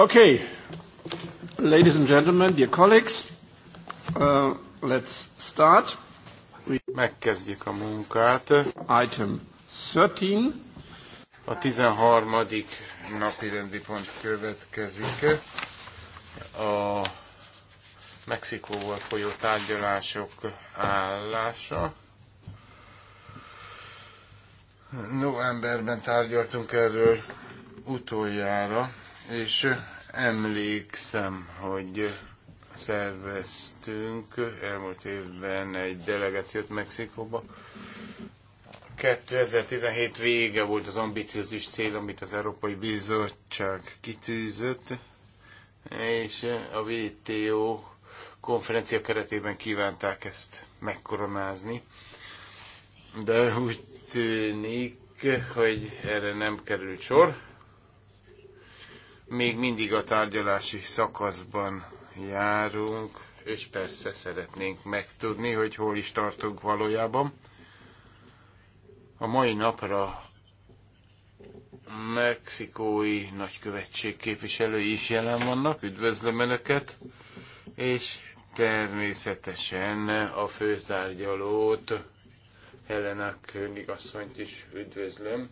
Okay, ladies and gentlemen, dear colleagues, uh, let's start. Megkezdjük a munkát. Item 13. A 13. napi rendi pont következik. A Mexikóval folyó tárgyalások állása. Novemberben tárgyaltunk erről utoljára, és Emlékszem, hogy szerveztünk elmúlt évben egy delegációt Mexikóba. 2017 vége volt az ambiciózus cél, amit az Európai Bizottság kitűzött, és a WTO konferencia keretében kívánták ezt megkoronázni. De úgy tűnik, hogy erre nem került sor még mindig a tárgyalási szakaszban járunk, és persze szeretnénk megtudni, hogy hol is tartunk valójában. A mai napra mexikói nagykövetség képviselői is jelen vannak, üdvözlöm Önöket, és természetesen a főtárgyalót, Helena Königasszonyt is üdvözlöm,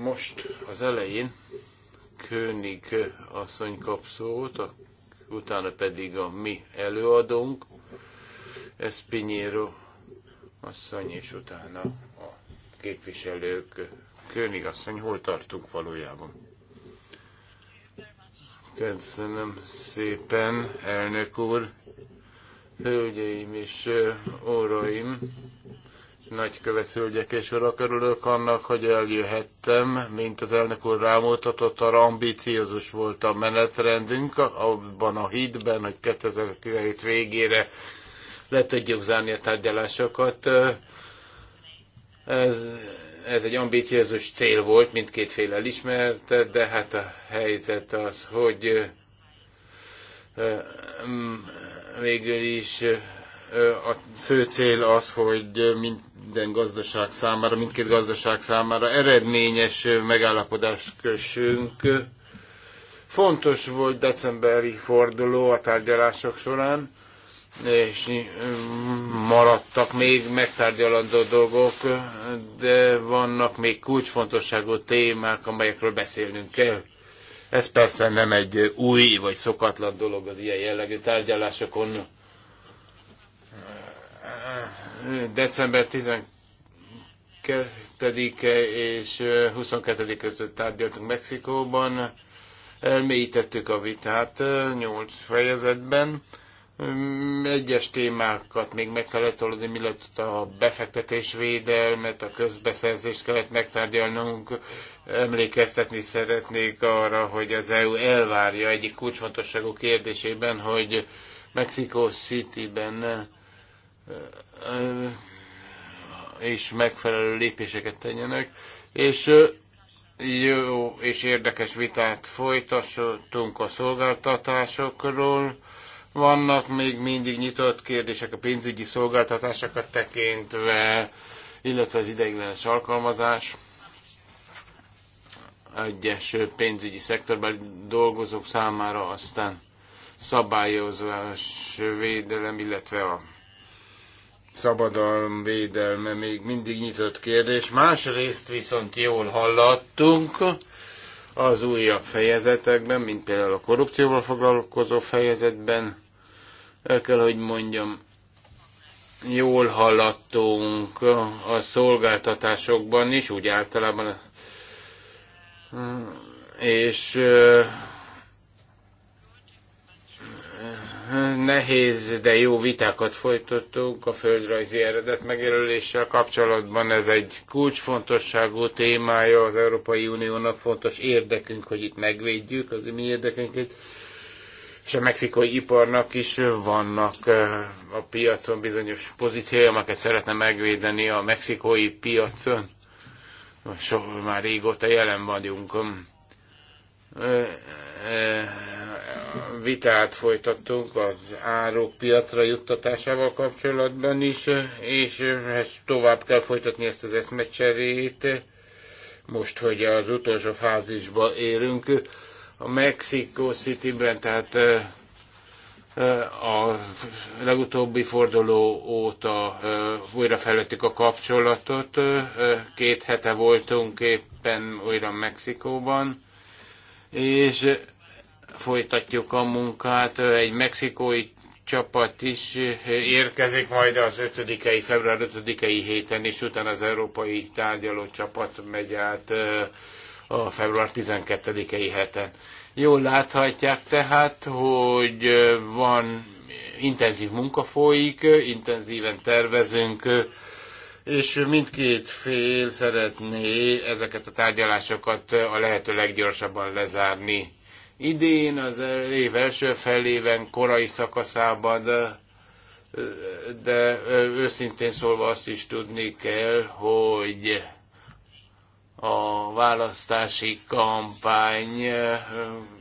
most az elején König asszony kap szót, utána pedig a mi előadónk, Espinyéro asszony, és utána a képviselők. König asszony, hol tartunk valójában? Köszönöm szépen, elnök úr, hölgyeim és óraim! Nagy hölgyek és örök örülök annak, hogy eljöhettem, mint az elnök úr rámutatott, arra ambíciózus volt a menetrendünk, abban a hídben hogy 2017 végére le tudjuk zárni a tárgyalásokat. Ez, ez egy ambíciózus cél volt, mindkét fél elismerte, de hát a helyzet az, hogy végül is a fő cél az, hogy minden gazdaság számára, mindkét gazdaság számára eredményes megállapodást kössünk. Fontos volt decemberi forduló a tárgyalások során, és maradtak még megtárgyalandó dolgok, de vannak még kulcsfontosságú témák, amelyekről beszélnünk kell. Ez persze nem egy új vagy szokatlan dolog az ilyen jellegű tárgyalásokon december 12-e és 22 között tárgyaltunk Mexikóban, elmélyítettük a vitát nyolc fejezetben, mm, egyes témákat még meg kellett oldani, illetve a befektetésvédelmet, a közbeszerzést kellett megtárgyalnunk. Emlékeztetni szeretnék arra, hogy az EU elvárja egyik kulcsfontosságú kérdésében, hogy Mexico City-ben és megfelelő lépéseket tenjenek, és jó és érdekes vitát folytassunk a szolgáltatásokról. Vannak még mindig nyitott kérdések a pénzügyi szolgáltatásokat tekintve, illetve az ideiglenes alkalmazás. Egyes pénzügyi szektorban dolgozók számára aztán szabályozás, védelem, illetve a szabadalom védelme még mindig nyitott kérdés. Másrészt viszont jól hallottunk az újabb fejezetekben, mint például a korrupcióval foglalkozó fejezetben, el kell, hogy mondjam, jól hallattunk a szolgáltatásokban is, úgy általában, és nehéz, de jó vitákat folytattunk a földrajzi eredet megjelöléssel kapcsolatban. Ez egy kulcsfontosságú témája az Európai Uniónak, fontos érdekünk, hogy itt megvédjük az mi érdekünket, és a mexikai iparnak is vannak eh, a piacon bizonyos pozíciója, amiket szeretne megvédeni a mexikói piacon. Most már régóta jelen vagyunk eh, eh, vitát folytattunk az árok piacra juttatásával kapcsolatban is, és tovább kell folytatni ezt az eszmecserét, most, hogy az utolsó fázisba érünk. A Mexico City-ben, tehát eh, eh, a legutóbbi forduló óta eh, újra felvettük a kapcsolatot. Két hete voltunk éppen újra Mexikóban, és folytatjuk a munkát. Egy mexikói csapat is érkezik majd az 5-i, február 5-i héten, és utána az európai tárgyaló csapat megy át a február 12-i heten. Jól láthatják tehát, hogy van intenzív munka folyik, intenzíven tervezünk, és mindkét fél szeretné ezeket a tárgyalásokat a lehető leggyorsabban lezárni Idén az év első felében, korai szakaszában, de, de őszintén szólva azt is tudni kell, hogy a választási kampány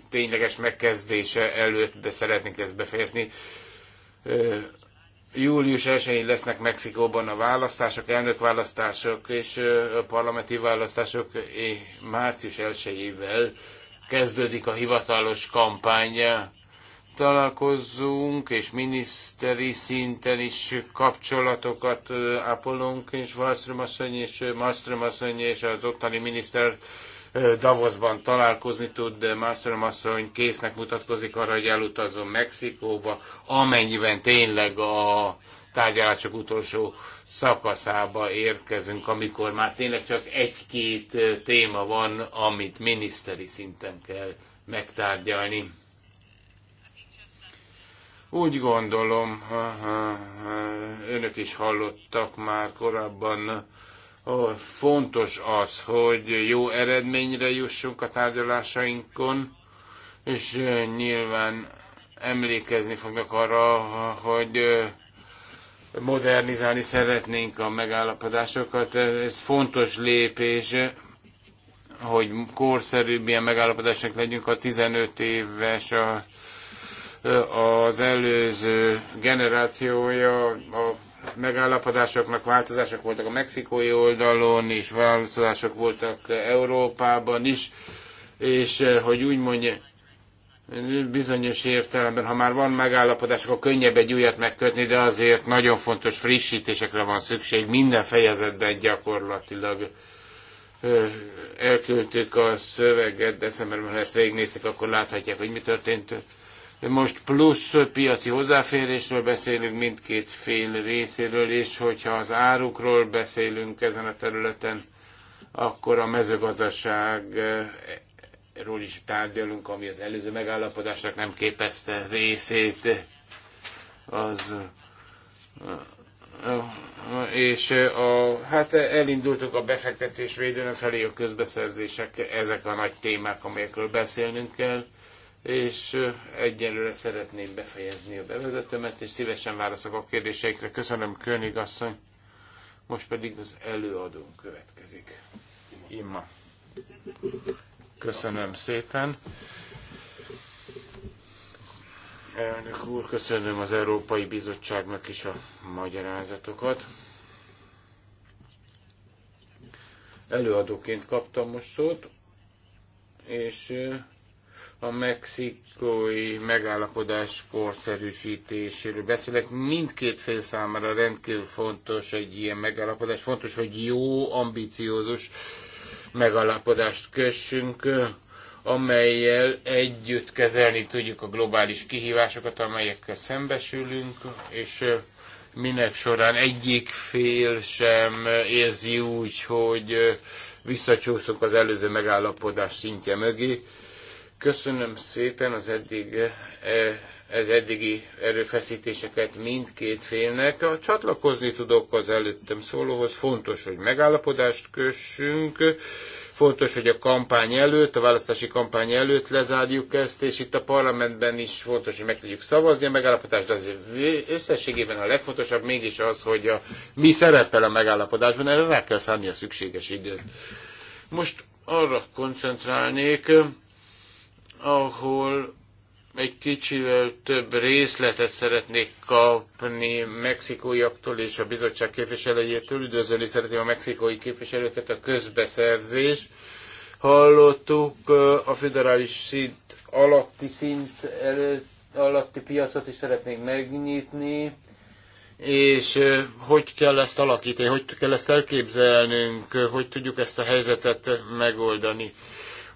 tényleges megkezdése előtt, de szeretnénk ezt befejezni. Július 1-én lesznek Mexikóban a választások, elnökválasztások és parlamenti választások március 1-ével kezdődik a hivatalos kampány. Találkozunk, és miniszteri szinten is kapcsolatokat ápolunk, és Malmström asszony és Malmström asszony és az ottani miniszter Davosban találkozni tud, de Malmström asszony késznek mutatkozik arra, hogy elutazom Mexikóba, amennyiben tényleg a tárgyalások utolsó szakaszába érkezünk, amikor már tényleg csak egy-két téma van, amit miniszteri szinten kell megtárgyalni. Úgy gondolom, önök is hallottak már korábban, fontos az, hogy jó eredményre jussunk a tárgyalásainkon, és nyilván emlékezni fognak arra, hogy modernizálni szeretnénk a megállapodásokat. Ez fontos lépés, hogy korszerűbb ilyen megállapodások legyünk. A 15 éves a, az előző generációja a megállapodásoknak változások voltak a mexikói oldalon, és változások voltak Európában is, és hogy úgy mondja, bizonyos értelemben, ha már van megállapodás, akkor könnyebb egy újat megkötni, de azért nagyon fontos frissítésekre van szükség minden fejezetben gyakorlatilag elküldtük a szöveget decemberben, ha ezt végignéztek, akkor láthatják, hogy mi történt. Most plusz piaci hozzáférésről beszélünk mindkét fél részéről, és hogyha az árukról beszélünk ezen a területen, akkor a mezőgazdaság ról is tárgyalunk, ami az előző megállapodásnak nem képezte részét, az és a, hát elindultunk a befektetés védőnök felé, a közbeszerzések, ezek a nagy témák, amelyekről beszélnünk kell, és egyelőre szeretném befejezni a bevezetőmet, és szívesen válaszok a kérdéseikre. Köszönöm, König asszony. Most pedig az előadón következik. Imma. Köszönöm szépen. Elnök úr, köszönöm az Európai Bizottságnak is a magyarázatokat. Előadóként kaptam most szót, és a mexikói megállapodás korszerűsítéséről beszélek. Mindkét fél számára rendkívül fontos egy ilyen megállapodás. Fontos, hogy jó, ambiciózus megalapodást kössünk, amelyel együtt kezelni tudjuk a globális kihívásokat, amelyekkel szembesülünk, és minek során egyik fél sem érzi úgy, hogy visszacsúszunk az előző megállapodás szintje mögé, Köszönöm szépen az eddig, e, az eddigi erőfeszítéseket mindkét félnek. A csatlakozni tudok az előttem szólóhoz. Fontos, hogy megállapodást kössünk. Fontos, hogy a kampány előtt, a választási kampány előtt lezárjuk ezt, és itt a parlamentben is fontos, hogy meg tudjuk szavazni a megállapodást, de az összességében a legfontosabb mégis az, hogy a, mi szerepel a megállapodásban, erre rá kell szállni a szükséges időt. Most arra koncentrálnék, ahol egy kicsivel több részletet szeretnék kapni mexikóiaktól és a bizottság képviselőjétől. Üdvözölni szeretném a mexikói képviselőket a közbeszerzés. Hallottuk a federális szint alatti szint előtt, alatti piacot is szeretnék megnyitni, és hogy kell ezt alakítani, hogy kell ezt elképzelnünk, hogy tudjuk ezt a helyzetet megoldani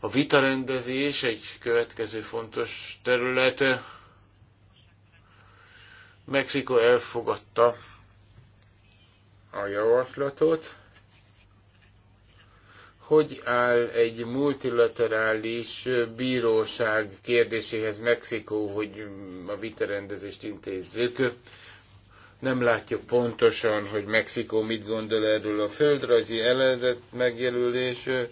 a vitarendezés egy következő fontos terület. Mexikó elfogadta a javaslatot, hogy áll egy multilaterális bíróság kérdéséhez Mexikó, hogy a vitarendezést intézzük. Nem látjuk pontosan, hogy Mexikó mit gondol erről a földrajzi eledet megjelölésről.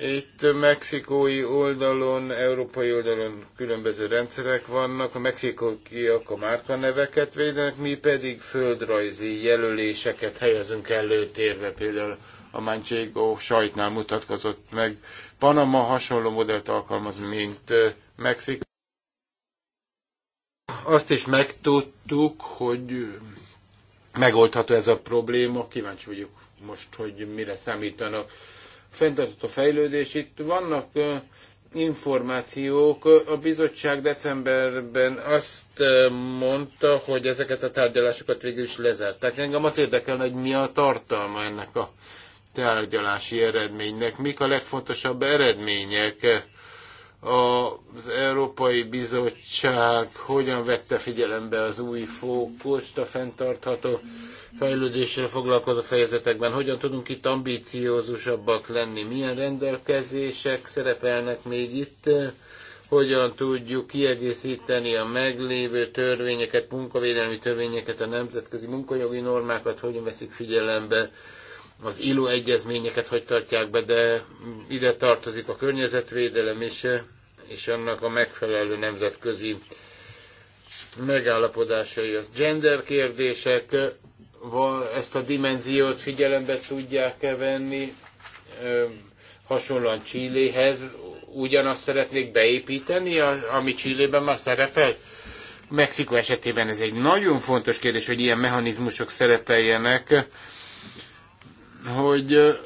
Itt mexikói oldalon, európai oldalon különböző rendszerek vannak, a mexikóiak a neveket védenek, mi pedig földrajzi jelöléseket helyezünk előtérbe, például a Manchego sajtnál mutatkozott meg. Panama hasonló modellt alkalmaz, mint Mexikó. Azt is megtudtuk, hogy megoldható ez a probléma. Kíváncsi vagyok most, hogy mire számítanak fenntartható fejlődés. Itt vannak információk. A bizottság decemberben azt mondta, hogy ezeket a tárgyalásokat végül is lezárták. Engem az érdekelne, hogy mi a tartalma ennek a tárgyalási eredménynek, mik a legfontosabb eredmények az Európai Bizottság hogyan vette figyelembe az új fókuszt, a fenntartható fejlődéssel foglalkozó fejezetekben. Hogyan tudunk itt ambíciózusabbak lenni? Milyen rendelkezések szerepelnek még itt? Hogyan tudjuk kiegészíteni a meglévő törvényeket, munkavédelmi törvényeket, a nemzetközi munkajogi normákat, hogyan veszik figyelembe? az ILO egyezményeket hogy tartják be, de ide tartozik a környezetvédelem is, és annak a megfelelő nemzetközi megállapodásai. A gender kérdések, ezt a dimenziót figyelembe tudják-e venni, hasonlóan Csilléhez, ugyanazt szeretnék beépíteni, ami Csillében már szerepel? Mexikó esetében ez egy nagyon fontos kérdés, hogy ilyen mechanizmusok szerepeljenek, hogy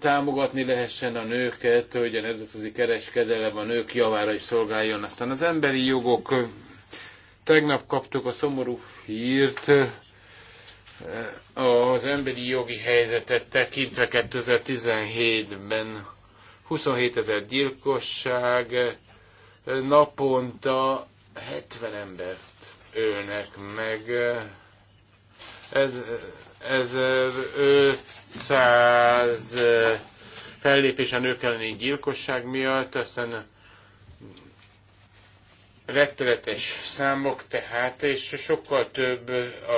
támogatni lehessen a nőket, hogy a nemzetközi kereskedelem a nők javára is szolgáljon. Aztán az emberi jogok. Tegnap kaptuk a szomorú hírt, az emberi jogi helyzetet tekintve 2017-ben 27 ezer gyilkosság, naponta 70 embert ölnek meg. Ez, ez 500 fellépés a nők elleni gyilkosság miatt, aztán rettenetes számok tehát, és sokkal több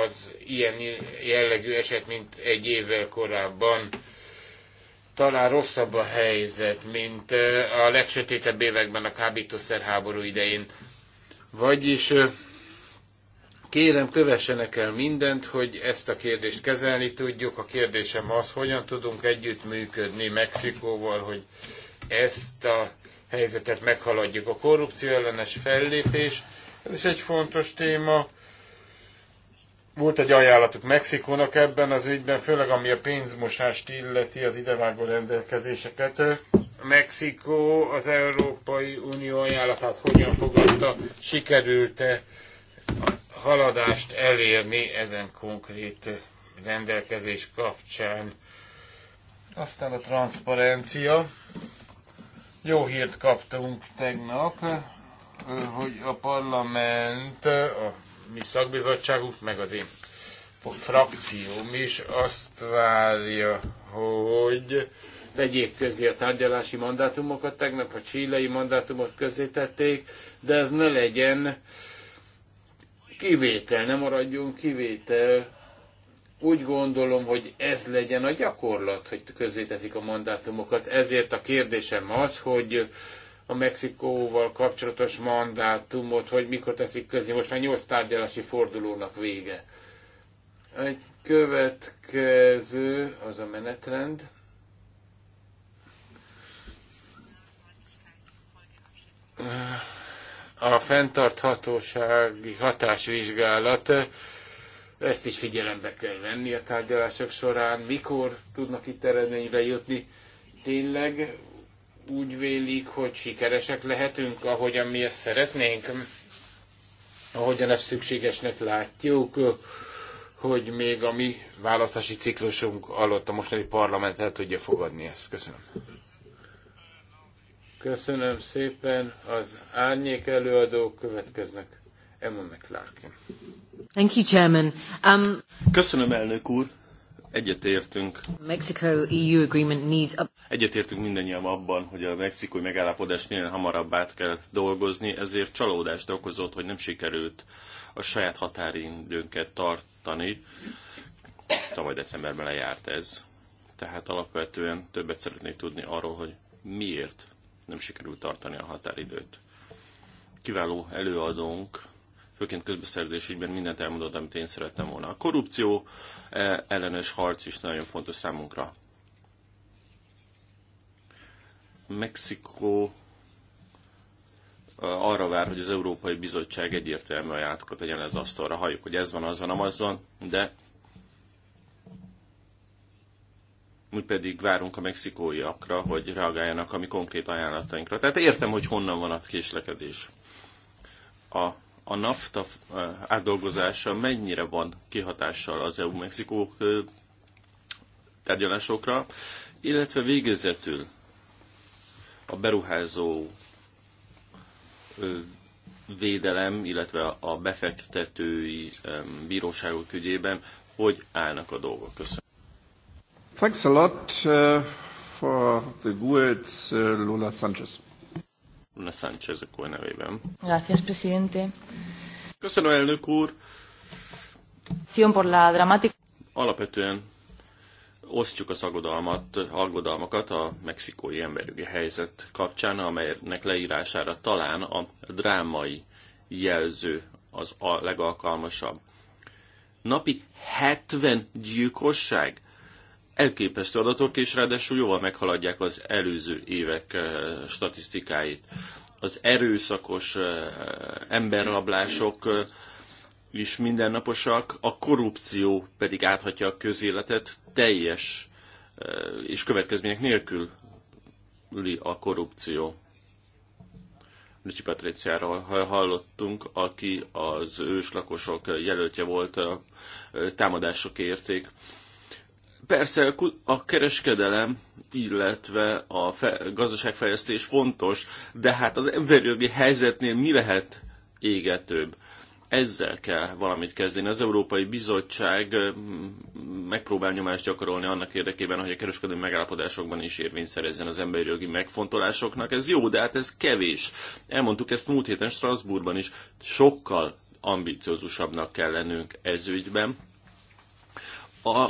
az ilyen jellegű eset, mint egy évvel korábban. Talán rosszabb a helyzet, mint a legsötétebb években a kábítószer háború idején. Vagyis kérem, kövessenek el mindent, hogy ezt a kérdést kezelni tudjuk. A kérdésem az, hogyan tudunk együttműködni Mexikóval, hogy ezt a helyzetet meghaladjuk. A korrupció ellenes fellépés, ez is egy fontos téma. Volt egy ajánlatuk Mexikónak ebben az ügyben, főleg ami a pénzmosást illeti az idevágó rendelkezéseket. Mexikó az Európai Unió ajánlatát hogyan fogadta, sikerült-e haladást elérni ezen konkrét rendelkezés kapcsán. Aztán a transzparencia. Jó hírt kaptunk tegnap, hogy a parlament, a mi szakbizottságunk, meg az én frakcióm is azt várja, hogy tegyék közé a tárgyalási mandátumokat. Tegnap a csilei mandátumot közé tették, de ez ne legyen kivétel, ne maradjon kivétel úgy gondolom, hogy ez legyen a gyakorlat, hogy közzétezik a mandátumokat. Ezért a kérdésem az, hogy a Mexikóval kapcsolatos mandátumot, hogy mikor teszik közé, most már nyolc tárgyalási fordulónak vége. Egy következő az a menetrend. A fenntarthatósági hatásvizsgálat ezt is figyelembe kell venni a tárgyalások során, mikor tudnak itt eredményre jutni. Tényleg úgy vélik, hogy sikeresek lehetünk, ahogyan mi ezt szeretnénk, ahogyan ezt szükségesnek látjuk, hogy még a mi választási ciklusunk alatt a mostani parlament el tudja fogadni ezt. Köszönöm. Köszönöm szépen. Az árnyék előadók következnek. Emma McClarkin. Thank you, Chairman. Um, Köszönöm, elnök úr. Egyetértünk. Mexico EU agreement needs a... Egyetértünk mindannyian abban, hogy a mexikói megállapodást minél hamarabb át kell dolgozni, ezért csalódást okozott, hogy nem sikerült a saját határindőnket tartani. Tavaly decemberben lejárt ez. Tehát alapvetően többet szeretnék tudni arról, hogy miért nem sikerült tartani a határidőt. Kiváló előadónk főként közbeszerzés ügyben mindent elmondott, amit én szerettem volna. A korrupció eh, ellenes harc is nagyon fontos számunkra. Mexikó eh, arra vár, hogy az Európai Bizottság egyértelmű ajánlatokat tegyen az asztalra. Halljuk, hogy ez van, az van, amaz van, de mi pedig várunk a mexikóiakra, hogy reagáljanak a mi konkrét ajánlatainkra. Tehát értem, hogy honnan van a késlekedés. A a NAFTA eh, átdolgozása mennyire van kihatással az EU-Mexikó eh, tárgyalásokra, illetve végezetül a beruházó eh, védelem, illetve a befektetői bíróságok ügyében hogy állnak a dolgok. Köszönöm. Thanks a lot for the words, Lola Sanchez. Luna Sánchez a nevében. Gracias, presidente. Köszönöm, elnök úr. Fion por la dramatic... Alapvetően osztjuk az aggodalmat, aggodalmakat a mexikói emberügyi helyzet kapcsán, amelynek leírására talán a drámai jelző az a legalkalmasabb. Napi 70 gyilkosság Elképesztő adatok, és ráadásul jóval meghaladják az előző évek eh, statisztikáit. Az erőszakos eh, emberrablások eh, is mindennaposak, a korrupció pedig áthatja a közéletet teljes és következmények nélkül üli a korrupció. Ricsi Patriciáról hallottunk, aki az őslakosok jelöltje volt, támadások érték Persze a kereskedelem, illetve a gazdaságfejlesztés fontos, de hát az emberi jogi helyzetnél mi lehet égetőbb? Ezzel kell valamit kezdeni. Az Európai Bizottság megpróbál nyomást gyakorolni annak érdekében, hogy a kereskedelmi megállapodásokban is érvény szerezzen az emberi jogi megfontolásoknak. Ez jó, de hát ez kevés. Elmondtuk ezt múlt héten Strasbourgban is. Sokkal ambiciózusabbnak kell lennünk ez ügyben. A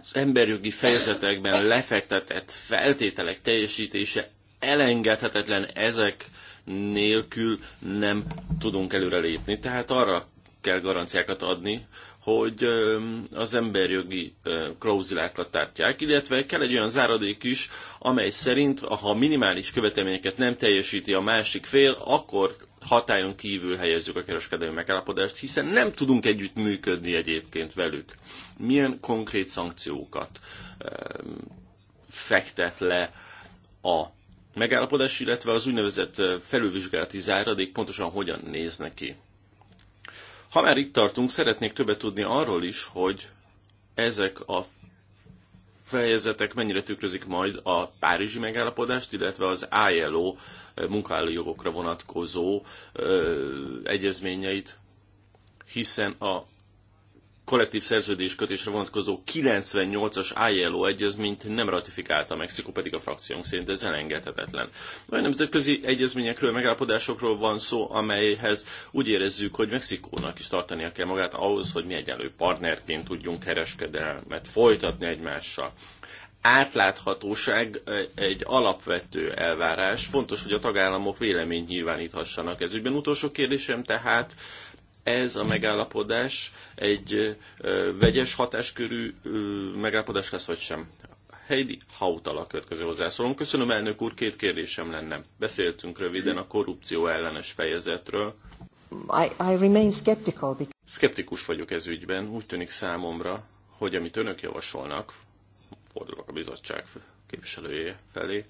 az emberjogi fejezetekben lefektetett feltételek teljesítése elengedhetetlen ezek nélkül nem tudunk előrelépni. Tehát arra kell garanciákat adni, hogy az emberjogi klauzulákat tartják, illetve kell egy olyan záradék is, amely szerint, ha minimális követelményeket nem teljesíti a másik fél, akkor hatályon kívül helyezzük a kereskedelmi megállapodást, hiszen nem tudunk együtt működni egyébként velük. Milyen konkrét szankciókat fektet le a megállapodás, illetve az úgynevezett felülvizsgálati záradék pontosan hogyan néz neki? Ha már itt tartunk, szeretnék többet tudni arról is, hogy ezek a fejezetek mennyire tükrözik majd a Párizsi megállapodást, illetve az ILO eh, munkaállójogokra vonatkozó ö, eh, egyezményeit, hiszen a kollektív szerződéskötésre vonatkozó 98-as ILO egyezményt nem ratifikálta Mexikó, pedig a frakciónk szerint ez elengedhetetlen. Olyan nemzetközi egyezményekről, megállapodásokról van szó, amelyhez úgy érezzük, hogy Mexikónak is tartania kell magát ahhoz, hogy mi egyenlő partnerként tudjunk kereskedelmet folytatni egymással átláthatóság eh, egy alapvető elvárás. Fontos, hogy a tagállamok véleményt nyilváníthassanak ez ügyben. Utolsó kérdésem tehát ez a megállapodás egy vegyes hatáskörű megállapodás lesz, vagy sem? Heidi Hautala következő hozzászólom. Köszönöm, elnök úr, két kérdésem lenne. Beszéltünk röviden a korrupció ellenes fejezetről. I, I remain skeptical because... Skeptikus vagyok ez ügyben. Úgy tűnik számomra, hogy amit önök javasolnak, fordulok a bizottság képviselője felé,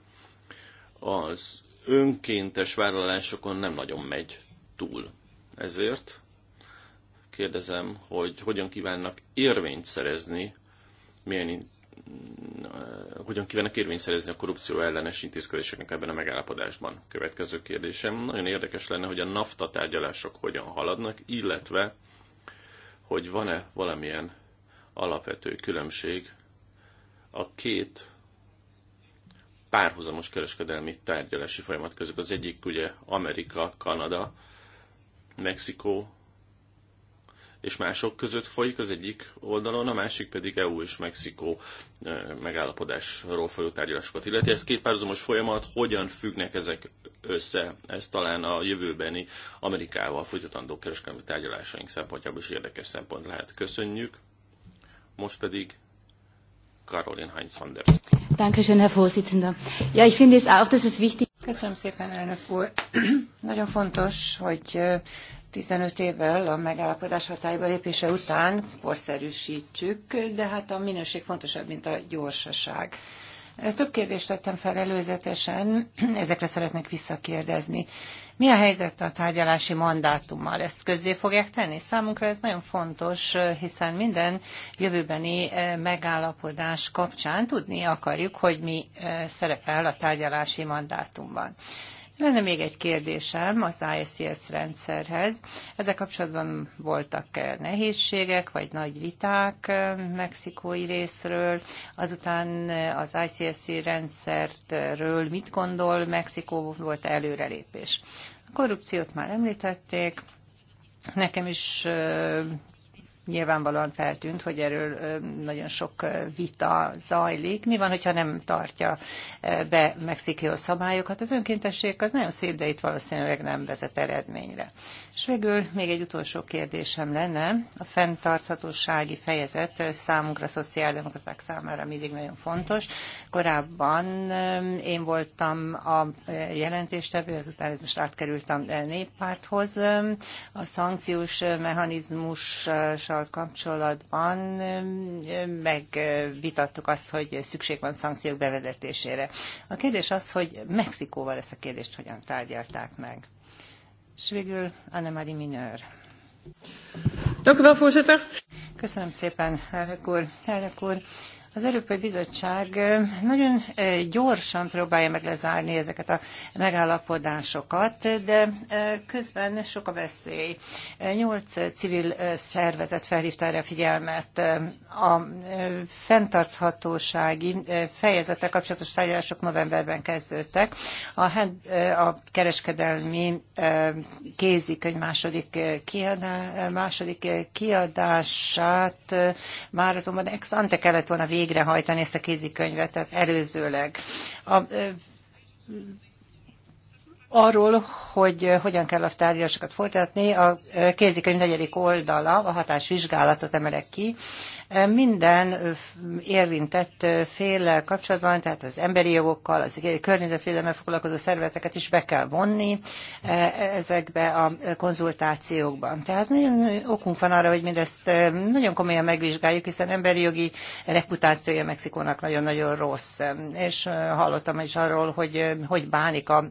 az önkéntes vállalásokon nem nagyon megy túl. Ezért kérdezem, hogy hogyan kívánnak érvényt szerezni, milyen, eh, hogyan kívánnak érvényt szerezni a korrupció ellenes intézkedéseknek ebben a megállapodásban. Következő kérdésem. Nagyon érdekes lenne, hogy a NAFTA tárgyalások hogyan haladnak, illetve hogy van-e valamilyen alapvető különbség a két párhuzamos kereskedelmi tárgyalási folyamat között. Az egyik ugye Amerika, Kanada, Mexikó, és mások között folyik az egyik oldalon, a másik pedig EU és Mexikó eh, megállapodásról folyó tárgyalásokat illetve Ez két párhuzamos folyamat, hogyan függnek ezek össze, ez talán a jövőbeni Amerikával folytatandó kereskedelmi tárgyalásaink szempontjából is érdekes szempont lehet. Köszönjük. Most pedig Caroline Heinz Sanders. Dankeschön, Herr Vorsitzender. Ja, ich finde es auch, dass es wichtig Köszönöm szépen, elnök úr. Nagyon fontos, hogy eh, 15 évvel a megállapodás hatályba lépése után korszerűsítsük, de hát a minőség fontosabb, mint a gyorsaság. Több kérdést tettem fel előzetesen, ezekre szeretnék visszakérdezni. Mi a helyzet a tárgyalási mandátummal? Ezt közzé fogják tenni? Számunkra ez nagyon fontos, hiszen minden jövőbeni eh, megállapodás kapcsán tudni akarjuk, hogy mi eh, szerepel a tárgyalási mandátumban. Lenne még egy kérdésem az ISCS rendszerhez. Ezzel kapcsolatban voltak nehézségek, vagy nagy viták eh, mexikói részről, azután eh, az ICSC rendszerről mit gondol Mexikó volt előrelépés. A korrupciót már említették, Nekem is eh, nyilvánvalóan feltűnt, hogy erről nagyon sok vita zajlik. Mi van, hogyha nem tartja be Mexikó szabályokat? Az önkéntesség az nagyon szép, de itt valószínűleg nem vezet eredményre. És végül még egy utolsó kérdésem lenne. A fenntarthatósági fejezet számunkra, szociáldemokraták számára mindig nagyon fontos. Korábban én voltam a jelentéstevő, azután ez most átkerültem néppárthoz. A szankciós mechanizmussal szankciókkal kapcsolatban megvitattuk azt, hogy szükség van szankciók bevezetésére. A kérdés az, hogy Mexikóval ezt a kérdést hogyan tárgyalták meg. És végül Anne-Marie Minőr. Köszönöm szépen, elnök úr. Elnök úr, az Európai Bizottság nagyon gyorsan próbálja meg lezárni ezeket a megállapodásokat, de közben sok a veszély. Nyolc civil szervezet felhívta erre figyelmet. A fenntarthatósági fejezete kapcsolatos tárgyalások novemberben kezdődtek. A, a kereskedelmi kézikönyv második, kiadá, második kiadását már azonban ex ante kellett volna végig végrehajtani ezt a kézikönyvet, tehát előzőleg. A, arról, hogy hogyan kell a tárgyalásokat folytatni, a kézikönyv negyedik oldala a hatásvizsgálatot emelek ki, minden érintett féllel kapcsolatban, tehát az emberi jogokkal, az környezetvédelemmel foglalkozó szerveteket is be kell vonni e, ezekbe a konzultációkban. Tehát nagyon okunk van arra, hogy mindezt nagyon komolyan megvizsgáljuk, hiszen emberi jogi reputációja Mexikónak nagyon-nagyon rossz. És hallottam is arról, hogy hogy bánik a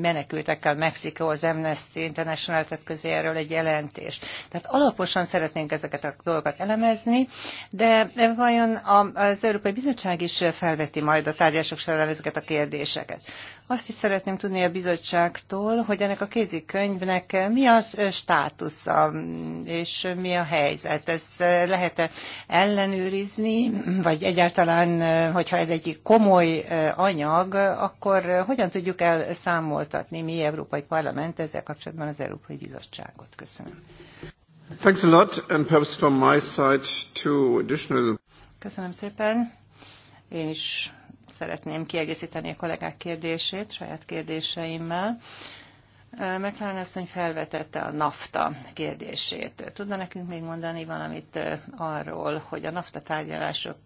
menekültekkel Mexikó, az Amnesty International tett közé erről egy jelentést. Tehát alaposan szeretnénk ezeket a dolgokat elemezni, de vajon az Európai Bizottság is felveti majd a tárgyások során ezeket a kérdéseket? Azt is szeretném tudni a bizottságtól, hogy ennek a kézikönyvnek mi az státusza, és mi a helyzet. Ez lehet-e ellenőrizni, vagy egyáltalán, hogyha ez egy komoly anyag, akkor hogyan tudjuk elszámoltatni mi Európai Parlament ezzel kapcsolatban az Európai Bizottságot? Köszönöm. Thanks a lot, and perhaps from my side two additional... Köszönöm szépen. Én is szeretném kiegészíteni a kollégák kérdését saját kérdéseimmel. McLaren asszony felvetette a NAFTA kérdését. Tudna nekünk még mondani valamit arról, hogy a NAFTA tárgyalások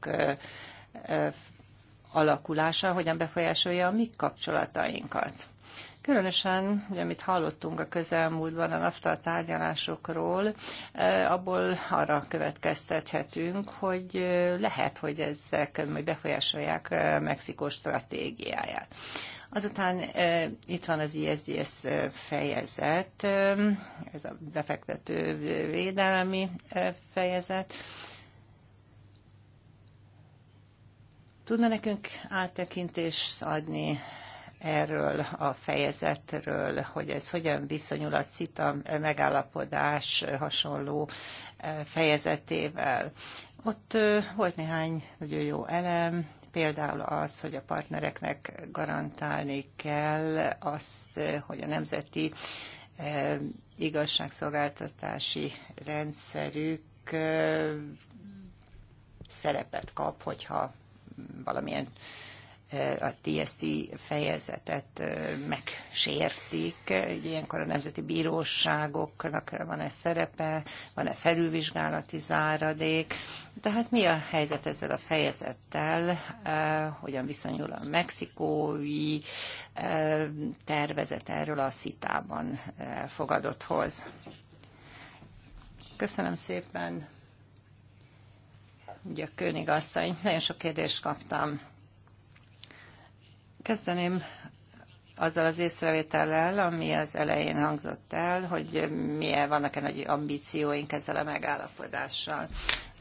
alakulása hogyan befolyásolja a mi kapcsolatainkat? Különösen, ugye, amit hallottunk a közelmúltban a NAFTA tárgyalásokról, e, abból arra következtethetünk, hogy e, lehet, hogy ezek majd befolyásolják e, Mexikó stratégiáját. Azután itt van az ISDS fejezet, ez a befektető védelmi fejezet. Tudna nekünk áttekintést adni erről a fejezetről, hogy ez hogyan viszonyul a CITA megállapodás hasonló e, fejezetével. Ott volt néhány nagyon jó elem, például az, hogy a partnereknek garantálni kell azt, hogy a nemzeti igazságszolgáltatási rendszerük szerepet kap, hogyha valamilyen a TSC fejezetet megsértik. Ilyenkor a nemzeti bíróságoknak van-e szerepe, van-e felülvizsgálati záradék. Tehát mi a helyzet ezzel a fejezettel, hogyan viszonyul a mexikói tervezet erről a szitában elfogadotthoz. Köszönöm szépen. Ugye a König asszony, nagyon sok kérdést kaptam. Kezdeném azzal az észrevétellel, ami az elején hangzott el, hogy milyen vannak-e nagy ambícióink ezzel a megállapodással.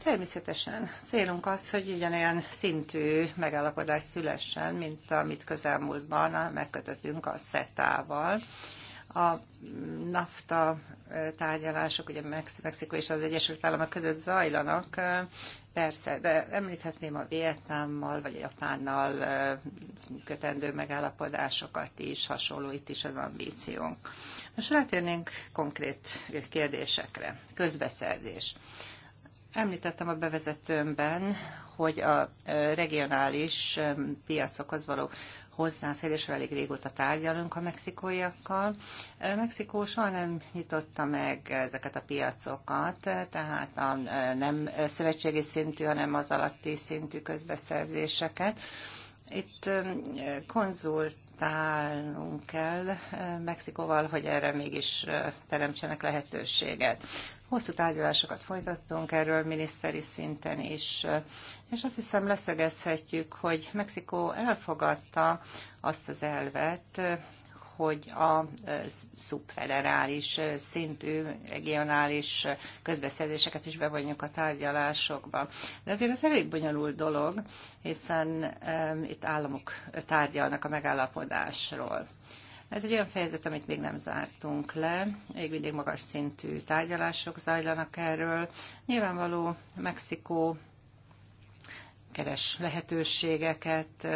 Természetesen célunk az, hogy ugyanolyan szintű megállapodás szülessen, mint amit közelmúltban megkötöttünk a SETA-val. A NAFTA eh, tárgyalások, ugye Mexikó és az Egyesült Államok között zajlanak, eh, Persze, de említhetném a Vietnámmal vagy a Japánnal kötendő megállapodásokat is, hasonló itt is az ambíciónk. Most rátérnénk konkrét kérdésekre. Közbeszerzés. Említettem a bevezetőmben, hogy a regionális piacokhoz való és elég régóta tárgyalunk a mexikóiakkal. Mexikó soha nem nyitotta meg ezeket a piacokat, tehát a nem szövetségi szintű, hanem az alatti szintű közbeszerzéseket. Itt konzult tálnunk kell Mexikóval, hogy erre mégis teremtsenek lehetőséget. Hosszú tárgyalásokat folytattunk erről miniszteri szinten is, és azt hiszem leszögezhetjük, hogy Mexikó elfogadta azt az elvet, hogy a e, szubfederális szintű regionális közbeszerzéseket is bevonjuk a tárgyalásokba. De azért ez elég bonyolult dolog, hiszen um, itt államok tárgyalnak a megállapodásról. Ez egy olyan fejezet, amit még nem zártunk le. Még mindig magas szintű tárgyalások zajlanak erről. Nyilvánvaló Mexikó keres lehetőségeket,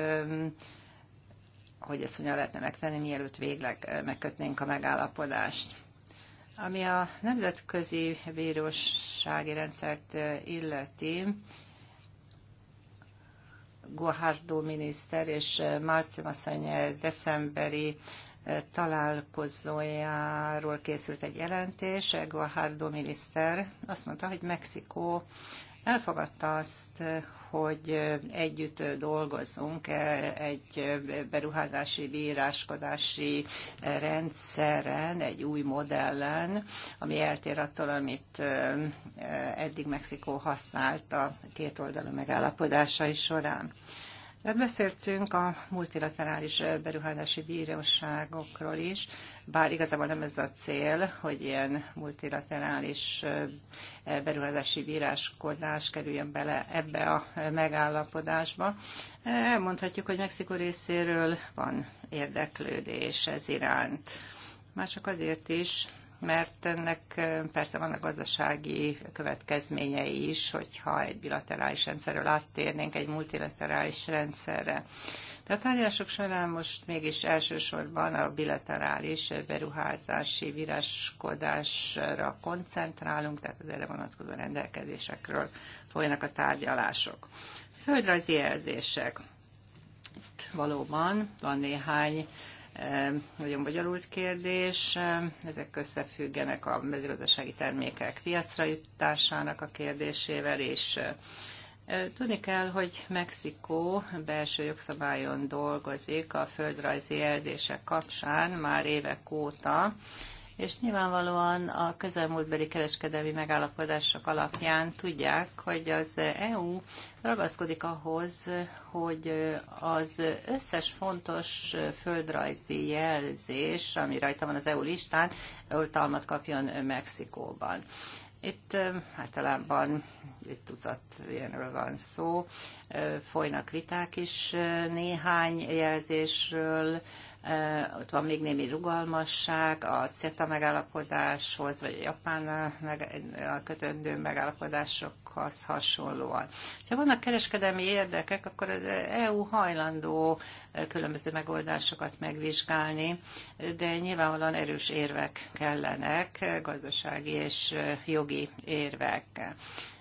hogy ezt hogyan lehetne megtenni, mielőtt végleg megkötnénk a megállapodást. Ami a nemzetközi bírósági rendszert illeti, Guajardo miniszter és Márcium Massanyer decemberi találkozójáról készült egy jelentés, Guajardo miniszter azt mondta, hogy Mexikó elfogadta azt, hogy együtt dolgozunk e, egy beruházási, bíráskodási rendszeren, egy új modellen, ami eltér attól, amit e, eddig Mexikó használt a két oldalú megállapodásai során. Beszéltünk a multilaterális beruházási bíróságokról is, bár igazából nem ez a cél, hogy ilyen multilaterális beruházási bíráskodás kerüljön bele ebbe a megállapodásba. Elmondhatjuk, hogy Mexikó részéről van érdeklődés ez iránt. Már csak azért is, mert ennek eh, persze vannak gazdasági következményei is, hogyha egy bilaterális rendszerről áttérnénk egy multilaterális rendszerre. De a tárgyalások során most mégis elsősorban a bilaterális beruházási viráskodásra koncentrálunk, tehát az erre vonatkozó rendelkezésekről folynak a tárgyalások. Földrajzi jelzések. Itt valóban van néhány nagyon bonyolult kérdés. Ezek összefüggenek a mezőgazdasági termékek piacra jutásának a kérdésével, és Tudni kell, hogy Mexikó belső jogszabályon dolgozik a földrajzi jelzések kapcsán már évek óta, és nyilvánvalóan a közelmúltbeli kereskedelmi megállapodások alapján tudják, hogy az EU ragaszkodik ahhoz, hogy az összes fontos földrajzi jelzés, ami rajta van az EU listán, oltalmat e kapjon Mexikóban. Itt általában egy tucat ilyenről van szó, folynak viták is néhány jelzésről, Eh, ott van még némi rugalmasság a CETA megállapodáshoz, vagy a Japán eh, meg, a eh, kötöndő megállapodásokhoz hasonlóan. Ha vannak kereskedelmi érdekek, akkor az EU hajlandó különböző megoldásokat megvizsgálni, de nyilvánvalóan erős érvek kellenek, gazdasági és jogi érvek.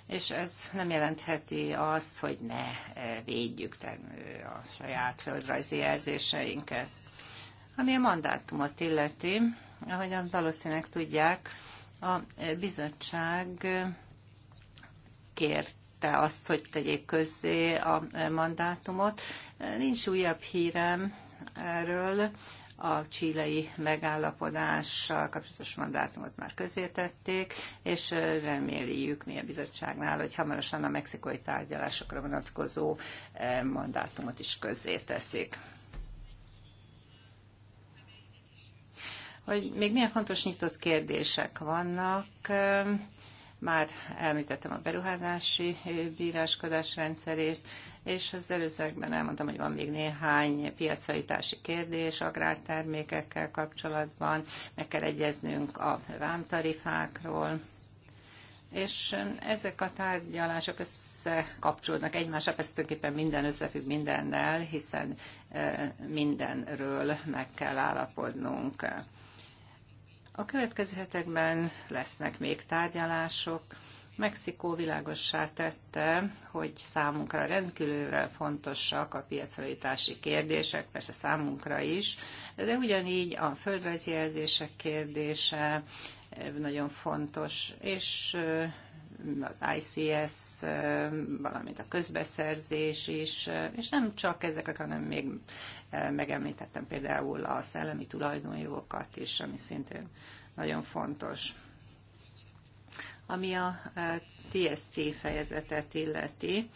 És ez nem jelentheti azt, hogy ne védjük a saját földrajzi jelzéseinket. Ami a mandátumot illeti, ahogyan valószínűleg tudják, a bizottság kérte azt, hogy tegyék közzé a mandátumot. Nincs újabb hírem erről. A csílei megállapodással kapcsolatos mandátumot már közzétették, és reméljük mi a bizottságnál, hogy hamarosan a mexikai tárgyalásokra vonatkozó eh, mandátumot is közzéteszik. hogy még milyen fontos nyitott kérdések vannak. Már említettem a beruházási bíráskodás rendszerét, és az előzőekben elmondtam, hogy van még néhány piacaitási kérdés agrártermékekkel kapcsolatban, meg kell egyeznünk a vámtarifákról, és ezek a tárgyalások összekapcsolódnak egymásra, persze tulajdonképpen minden összefügg mindennel, hiszen mindenről meg kell állapodnunk. A következő hetekben lesznek még tárgyalások. Mexikó világossá tette, hogy számunkra rendkívül fontosak a piacrealitási kérdések, persze számunkra is, de ugyanígy a földrajzi jelzések kérdése eh, nagyon fontos, és eh, az ICS, valamint a közbeszerzés is, és nem csak ezek, hanem még megemlítettem például a szellemi tulajdonjogokat is, ami szintén nagyon fontos. Ami a TSC fejezetet illeti,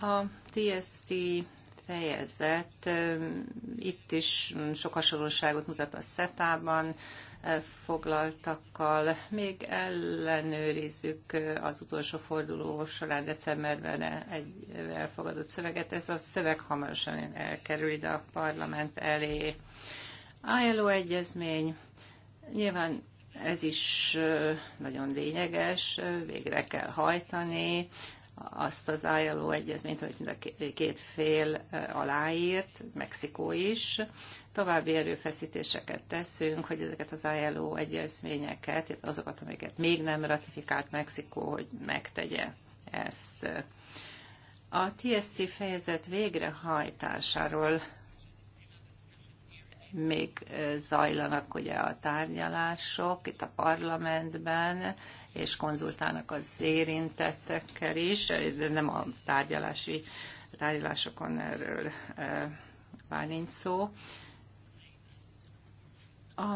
a TSC fejezet itt is sok hasonlóságot mutat a SETA-ban, foglaltakkal. Még ellenőrizzük az utolsó forduló során decemberben egy elfogadott szöveget. Ez a szöveg hamarosan elkerül ide a parlament elé. ILO egyezmény. Nyilván ez is nagyon lényeges, végre kell hajtani azt az ILO egyezményt, hogy mind a két fél aláírt, Mexikó is. További erőfeszítéseket teszünk, hogy ezeket az ILO egyezményeket, azokat, amiket még nem ratifikált Mexikó, hogy megtegye ezt. A TSC fejezet végrehajtásáról még zajlanak ugye a tárgyalások itt a parlamentben, és konzultálnak az érintettekkel is, de nem a tárgyalási a tárgyalásokon erről e, már nincs szó. A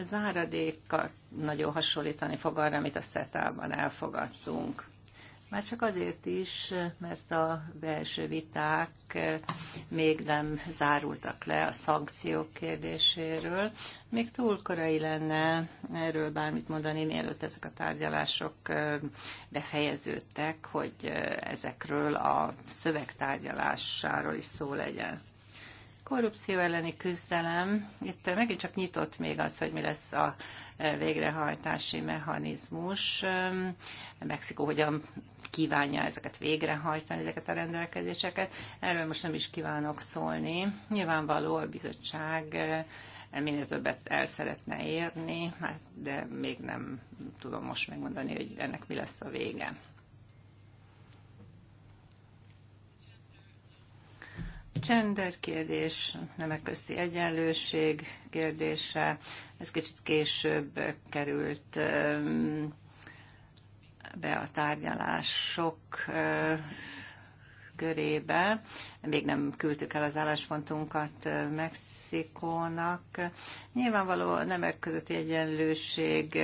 záradékkal nagyon hasonlítani fog arra, amit a szetában elfogadtunk. Már csak azért is, mert a belső viták még nem zárultak le a szankciók kérdéséről. Még túl korai lenne erről bármit mondani, mielőtt ezek a tárgyalások befejeződtek, hogy ezekről a szövegtárgyalásáról is szó legyen korrupció elleni küzdelem. Itt megint csak nyitott még az, hogy mi lesz a végrehajtási mechanizmus. Mexikó hogyan kívánja ezeket végrehajtani, ezeket a rendelkezéseket. Erről most nem is kívánok szólni. Nyilvánvaló a bizottság eh, minél többet el szeretne érni, hát, de még nem tudom most megmondani, hogy ennek mi lesz a vége. Gender kérdés, nemek közti egyenlőség kérdése, ez kicsit később került eh, be a tárgyalások körébe. Még nem küldtük el az álláspontunkat Mexikónak. Nyilvánvaló nemek közötti egyenlőség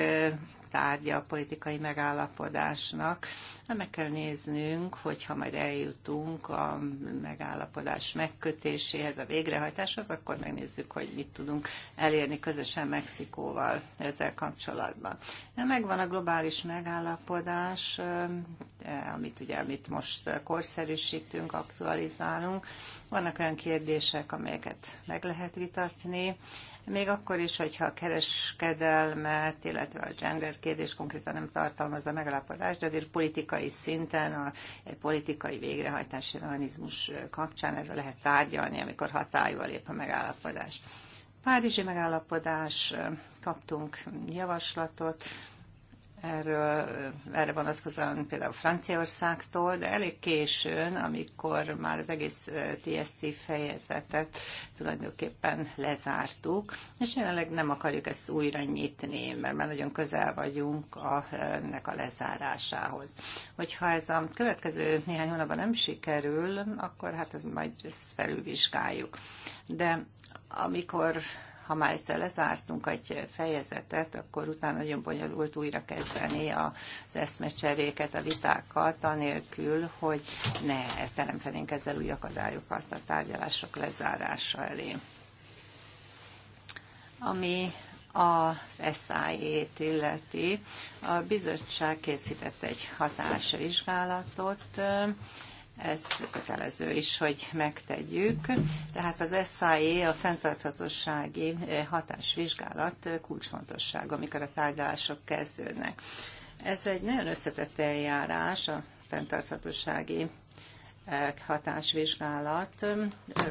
tárgya a politikai megállapodásnak. Hát meg kell néznünk, hogyha majd eljutunk a megállapodás megkötéséhez, a végrehajtáshoz, akkor megnézzük, hogy mit tudunk elérni közösen Mexikóval ezzel kapcsolatban. Hát megvan a globális megállapodás, eh, amit ugye amit most korszerűsítünk, aktualizálunk. Vannak olyan kérdések, amelyeket meg lehet vitatni, még akkor is, hogyha a kereskedelmet, illetve a gender kérdés konkrétan nem tartalmazza megállapodást, de azért politikai szinten, a politikai végrehajtási mechanizmus kapcsán erről lehet tárgyalni, amikor hatályba lép a megállapodás. Párizsi megállapodás, kaptunk javaslatot, erről, erre vonatkozóan például Franciaországtól, de elég későn, amikor már az egész TSC fejezetet tulajdonképpen lezártuk, és jelenleg nem akarjuk ezt újra nyitni, mert már nagyon közel vagyunk a, ennek a lezárásához. Hogyha ez a következő néhány hónapban nem sikerül, akkor hát ez majd ezt felülvizsgáljuk. De amikor ha már egyszer lezártunk egy fejezetet, akkor utána nagyon bonyolult újra kezdeni az eszmecseréket, a vitákat, anélkül, hogy ne teremtenénk ezzel új akadályokat a tárgyalások lezárása elé. Ami az SIA-t illeti. A bizottság készített egy hatásvizsgálatot, ez kötelező is, hogy megtegyük. Tehát az SIA, e, a fenntarthatósági eh, hatásvizsgálat eh, kulcsfontosság, amikor a tárgyalások kezdődnek. Ez egy nagyon összetett eljárás, a fenntarthatósági hatásvizsgálat.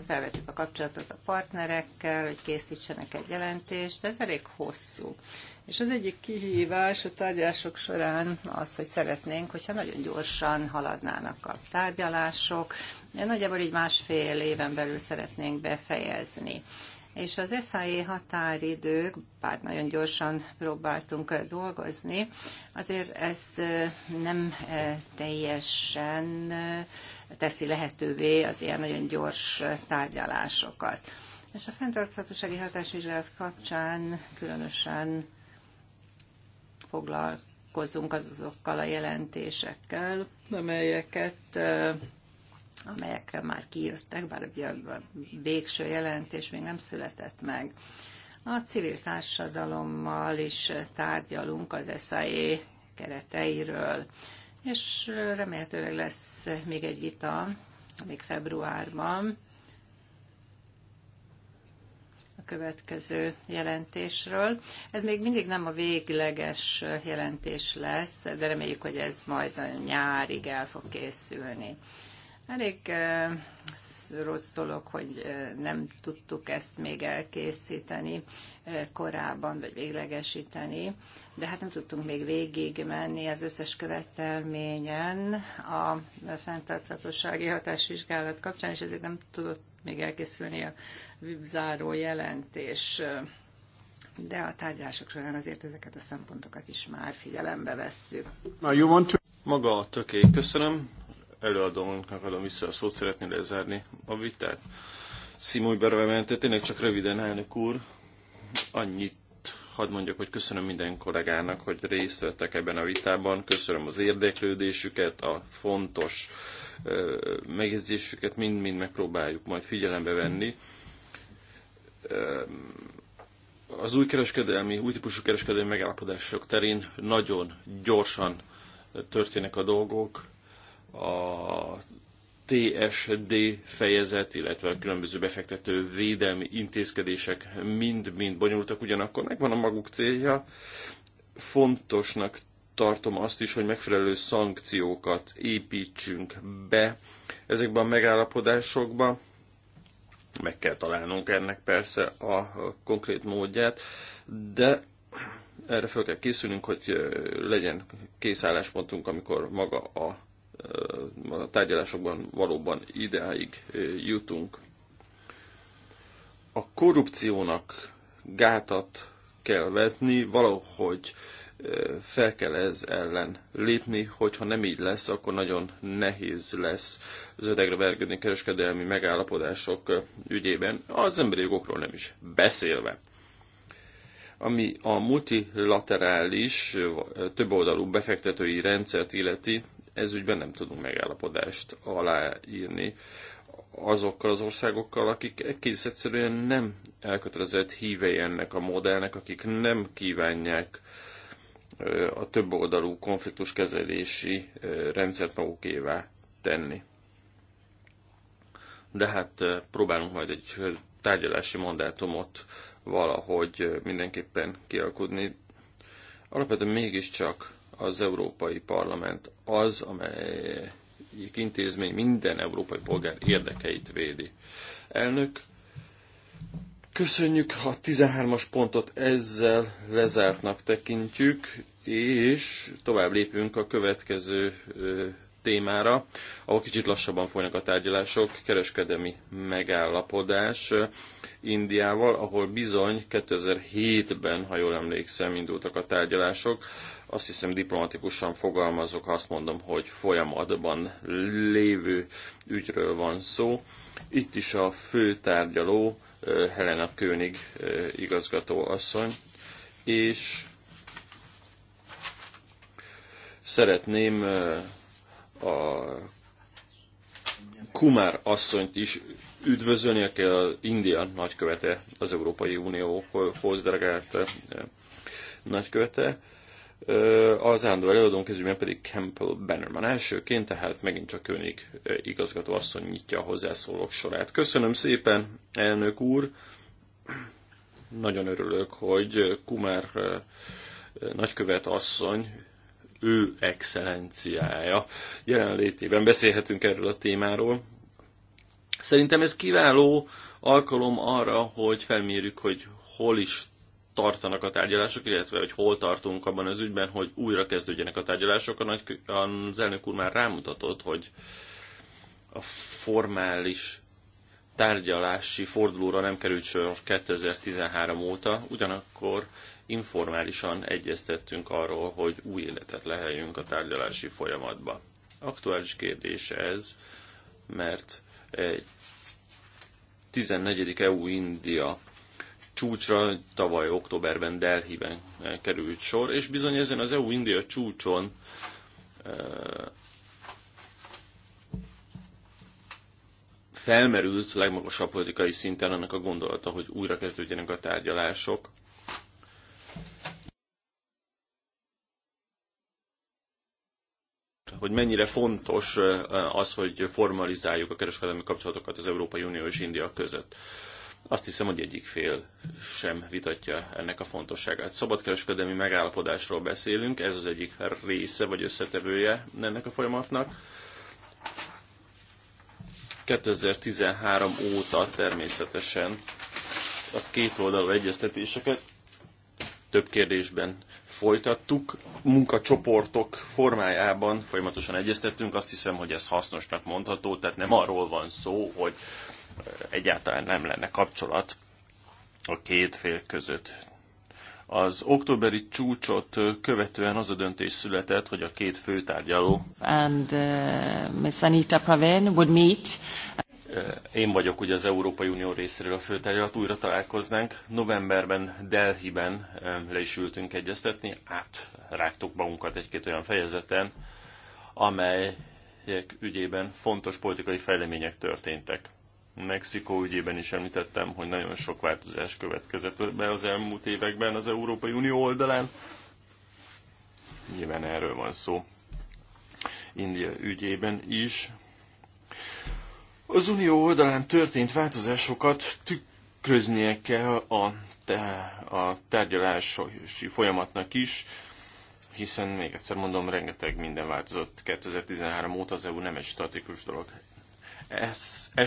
Felvettük a kapcsolatot a partnerekkel, hogy készítsenek egy jelentést, ez elég hosszú. És az egyik kihívás a tárgyalások során az, hogy szeretnénk, hogyha nagyon gyorsan haladnának a tárgyalások, de nagyjából így másfél éven belül szeretnénk befejezni. És az SAE határidők, bár nagyon gyorsan próbáltunk dolgozni, azért ez nem teljesen teszi lehetővé az ilyen nagyon gyors tárgyalásokat. És a fenntarthatósági hatásvizsgálat kapcsán különösen foglalkozunk azokkal a jelentésekkel, amelyeket eh, amelyek már kijöttek, bár ugye a végső jelentés még nem született meg. A civil társadalommal is tárgyalunk az SAE kereteiről és remélhetőleg lesz még egy vita, még februárban a következő jelentésről. Ez még mindig nem a végleges jelentés lesz, de reméljük, hogy ez majd a nyárig el fog készülni. Elég eh, rossz dolog, hogy nem tudtuk ezt még elkészíteni korábban, vagy véglegesíteni, de hát nem tudtunk még végig menni az összes követelményen a fenntarthatósági hatásvizsgálat kapcsán, és ezért nem tudott még elkészülni a záró jelentés. De a tárgyalások során azért ezeket a szempontokat is már figyelembe vesszük. maga a töké. Köszönöm előadónknak adom vissza a szót, szeretné lezárni a vitát. Szimúj bevemente, tényleg csak röviden, elnök úr, annyit hadd mondjak, hogy köszönöm minden kollégának, hogy részt vettek ebben a vitában, köszönöm az érdeklődésüket, a fontos megjegyzésüket, mind-mind megpróbáljuk majd figyelembe venni. Az új kereskedelmi, új típusú kereskedelmi megállapodások terén nagyon gyorsan történnek a dolgok, a TSD fejezet, illetve a különböző befektető védelmi intézkedések mind-mind bonyolultak, ugyanakkor megvan a maguk célja. Fontosnak tartom azt is, hogy megfelelő szankciókat építsünk be ezekbe a megállapodásokba. Meg kell találnunk ennek persze a konkrét módját, de erre fel kell készülnünk, hogy legyen készálláspontunk, amikor maga a a tárgyalásokban valóban ideig jutunk. A korrupciónak gátat kell vetni, valahogy fel kell ez ellen lépni, hogyha nem így lesz, akkor nagyon nehéz lesz az ödegre vergődni kereskedelmi megállapodások ügyében, az emberi jogokról nem is beszélve. Ami a multilaterális, többoldalú befektetői rendszert illeti, ezügyben nem tudunk megállapodást aláírni azokkal az országokkal, akik egész egyszerűen nem elkötelezett hívei ennek a modellnek, akik nem kívánják a több oldalú konfliktuskezelési rendszert magukévá tenni. De hát próbálunk majd egy tárgyalási mandátumot valahogy mindenképpen kialkudni. Alapvetően mégiscsak az Európai Parlament az, amely intézmény minden európai polgár érdekeit védi. Elnök, köszönjük a 13-as pontot, ezzel lezártnak tekintjük, és tovább lépünk a következő témára, ahol kicsit lassabban folynak a tárgyalások, Kereskedemi megállapodás Indiával, ahol bizony 2007-ben, ha jól emlékszem, indultak a tárgyalások azt hiszem diplomatikusan fogalmazok, azt mondom, hogy folyamatban lévő ügyről van szó. Itt is a fő tárgyaló Helena König asszony és szeretném a Kumár asszonyt is üdvözölni, aki az India nagykövete az Európai Unióhoz delegált nagykövete. Az állandó előadónk ezügyben pedig Campbell Bannerman elsőként, tehát megint csak König igazgató asszony nyitja a hozzászólók sorát. Köszönöm szépen, elnök úr! Nagyon örülök, hogy Kumár nagykövet asszony ő excellenciája jelenlétében beszélhetünk erről a témáról. Szerintem ez kiváló alkalom arra, hogy felmérjük, hogy hol is tartanak a tárgyalások, illetve hogy hol tartunk abban az ügyben, hogy újra kezdődjenek a tárgyalások. A nagy, az elnök úr már rámutatott, hogy a formális tárgyalási fordulóra nem került sor 2013 óta, ugyanakkor informálisan egyeztettünk arról, hogy új életet leheljünk a tárgyalási folyamatba. Aktuális kérdés ez, mert egy 14. EU-India csúcsra tavaly októberben Delhi-ben eh, került sor, és bizony ezen az EU-India csúcson eh, felmerült legmagasabb politikai szinten annak a gondolata, hogy újra kezdődjenek a tárgyalások. hogy mennyire fontos eh, az, hogy formalizáljuk a kereskedelmi kapcsolatokat az Európai Unió és India között. Azt hiszem, hogy egyik fél sem vitatja ennek a fontosságát. Szabadkereskedelmi megállapodásról beszélünk, ez az egyik része vagy összetevője ennek a folyamatnak. 2013 óta természetesen a két oldalú egyeztetéseket több kérdésben folytattuk. Munkacsoportok formájában folyamatosan egyeztettünk, azt hiszem, hogy ez hasznosnak mondható, tehát nem arról van szó, hogy egyáltalán nem lenne kapcsolat a két fél között. Az októberi csúcsot követően az a döntés született, hogy a két főtárgyaló And, uh, Miss Anita Pravin would meet. Uh, én vagyok ugye az Európai Unió részéről a főtárgyalat, hát újra találkoznánk. Novemberben Delhiben um, le is ültünk egyeztetni, átrágtuk magunkat egy-két olyan fejezeten, amelyek ügyében fontos politikai fejlemények történtek. Mexikó ügyében is említettem, hogy nagyon sok változás következett be az elmúlt években az Európai Unió oldalán. Nyilván erről van szó. India ügyében is. Az Unió oldalán történt változásokat tükröznie kell a, a tárgyalási folyamatnak is, hiszen még egyszer mondom, rengeteg minden változott 2013 óta, az EU nem egy statikus dolog.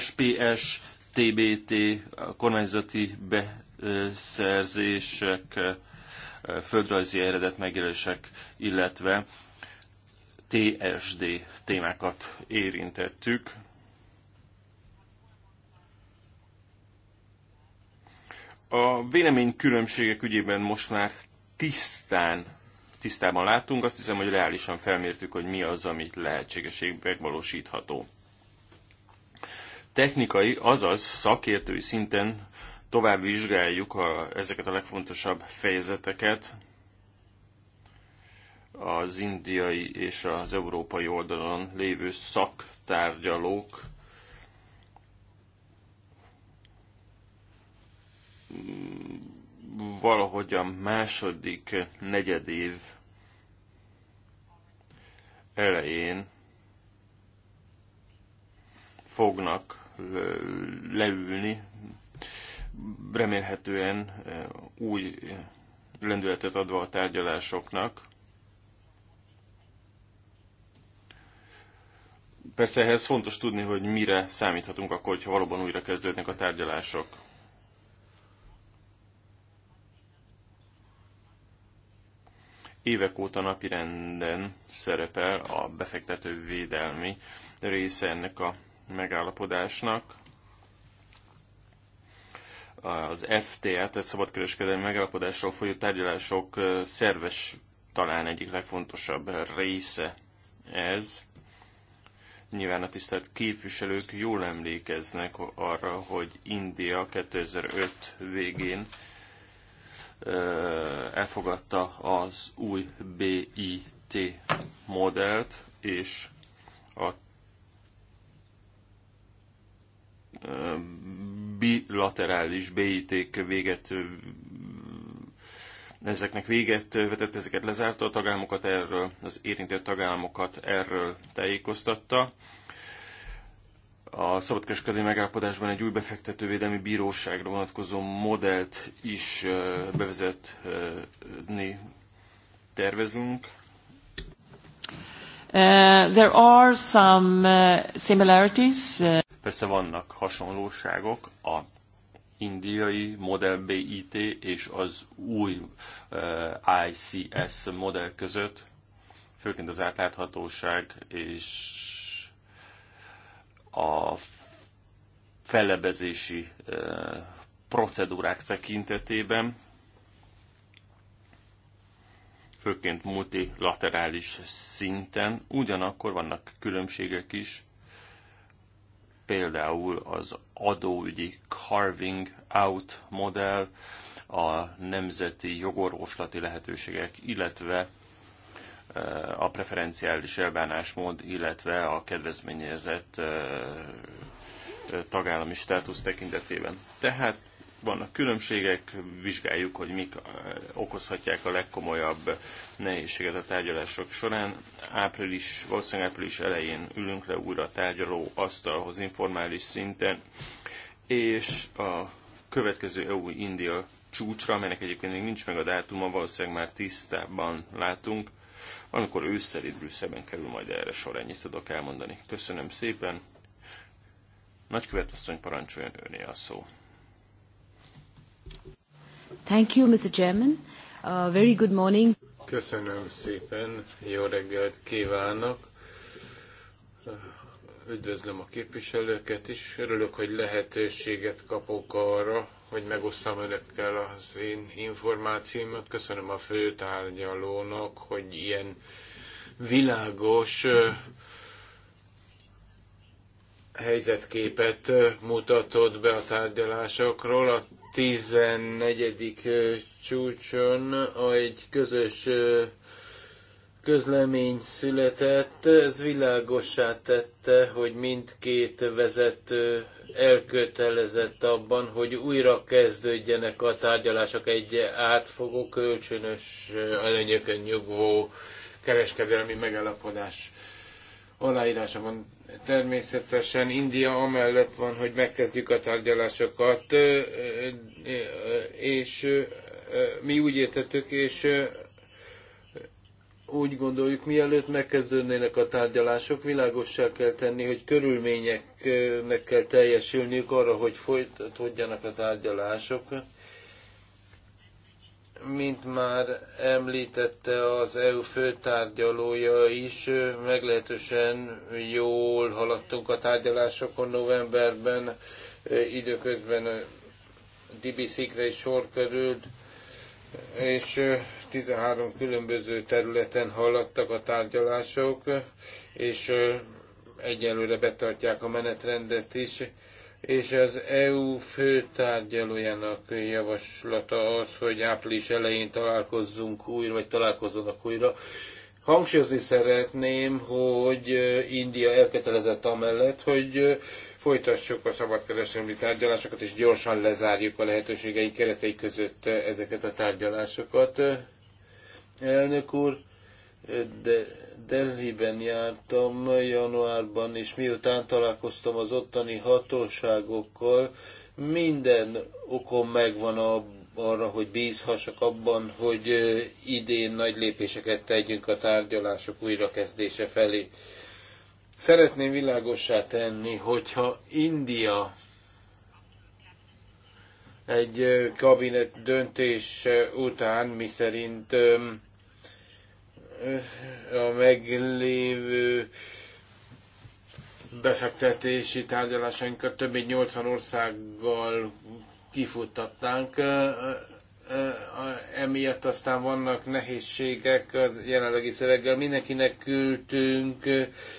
SPS, TBT, kormányzati beszerzések, földrajzi eredet megjelölések, illetve TSD témákat érintettük. A vélemény különbségek ügyében most már tisztán tisztában látunk, azt hiszem, hogy reálisan felmértük, hogy mi az, amit lehetségeség megvalósítható technikai, azaz szakértői szinten tovább vizsgáljuk a, ezeket a legfontosabb fejezeteket az indiai és az európai oldalon lévő szaktárgyalók valahogy a második negyedév elején fognak leülni, remélhetően új lendületet adva a tárgyalásoknak. Persze ehhez fontos tudni, hogy mire számíthatunk akkor, hogyha valóban újra kezdődnek a tárgyalások. Évek óta napirenden szerepel a védelmi része ennek a megállapodásnak, az FTA, tehát szabadkereskedelmi megállapodásról folyó tárgyalások szerves talán egyik legfontosabb része ez. Nyilván a tisztelt képviselők jól emlékeznek arra, hogy India 2005 végén elfogadta az új BIT modellt, és a bilaterális BIT-k véget ezeknek véget vetett, ezeket lezárta a tagállamokat erről, az érintett tagállamokat erről tájékoztatta. A szabadkereskedelmi megállapodásban egy új befektetővédelmi bíróságra vonatkozó modellt is bevezetni tervezünk. Uh, there are some uh, similarities. Uh... Persze vannak hasonlóságok a indiai modell BIT és az új uh, eh, ICS modell között, főként az átláthatóság és a fellebezési uh, procedúrák tekintetében, főként multilaterális szinten, ugyanakkor vannak különbségek is például az adóügyi carving out modell, a nemzeti jogorvoslati lehetőségek, illetve e, a preferenciális elbánásmód, illetve a kedvezményezett e, e, tagállami státusz tekintetében. Tehát vannak különbségek, vizsgáljuk, hogy mik okozhatják a legkomolyabb nehézséget a tárgyalások során. Április, valószínűleg április elején ülünk le újra a tárgyaló asztalhoz informális szinten, és a következő EU-India csúcsra, amelynek egyébként még nincs meg a dátuma, valószínűleg már tisztában látunk, amikor ősszel itt Brüsszelben kerül majd erre sor, ennyit tudok elmondani. Köszönöm szépen. Nagykövetasszony parancsoljon őné a szó. Thank you, Mr. Chairman. Uh, very good morning. Köszönöm szépen, jó reggelt kívánok. Üdvözlöm a képviselőket is. Örülök, hogy lehetőséget kapok arra, hogy megosszam önökkel az én információmat. Köszönöm a főtárgyalónak, hogy ilyen világos helyzetképet mutatott be a tárgyalásokról. A 14. csúcson egy közös közlemény született. Ez világossá tette, hogy mindkét vezető elkötelezett abban, hogy újra kezdődjenek a tárgyalások egy átfogó, kölcsönös, előnyökön nyugvó kereskedelmi megállapodás aláírásában Természetesen India amellett van, hogy megkezdjük a tárgyalásokat, és mi úgy értettük, és úgy gondoljuk, mielőtt megkezdődnének a tárgyalások, világossá kell tenni, hogy körülményeknek kell teljesülniük arra, hogy folytatódjanak a tárgyalások mint már említette az EU főtárgyalója is, meglehetősen jól haladtunk a tárgyalásokon novemberben, időközben a DBC-kre is sor került, és 13 különböző területen haladtak a tárgyalások, és egyelőre betartják a menetrendet is és az EU főtárgyalójának javaslata az, hogy április elején találkozzunk újra, vagy találkozzanak újra. Hangsúlyozni szeretném, hogy India elkötelezett amellett, hogy folytassuk a szabadkereskedelmi tárgyalásokat, és gyorsan lezárjuk a lehetőségei keretei között ezeket a tárgyalásokat. Elnök úr, de Delhiben jártam januárban, és miután találkoztam az ottani hatóságokkal, minden okom megvan a, arra, hogy bízhassak abban, hogy idén nagy lépéseket tegyünk a tárgyalások újrakezdése felé. Szeretném világossá tenni, hogyha India egy kabinet döntés után, miszerint a meglévő befektetési tárgyalásainkat több mint 80 országgal kifuttatnánk. Emiatt aztán vannak nehézségek az jelenlegi szöveggel. Mindenkinek küldtünk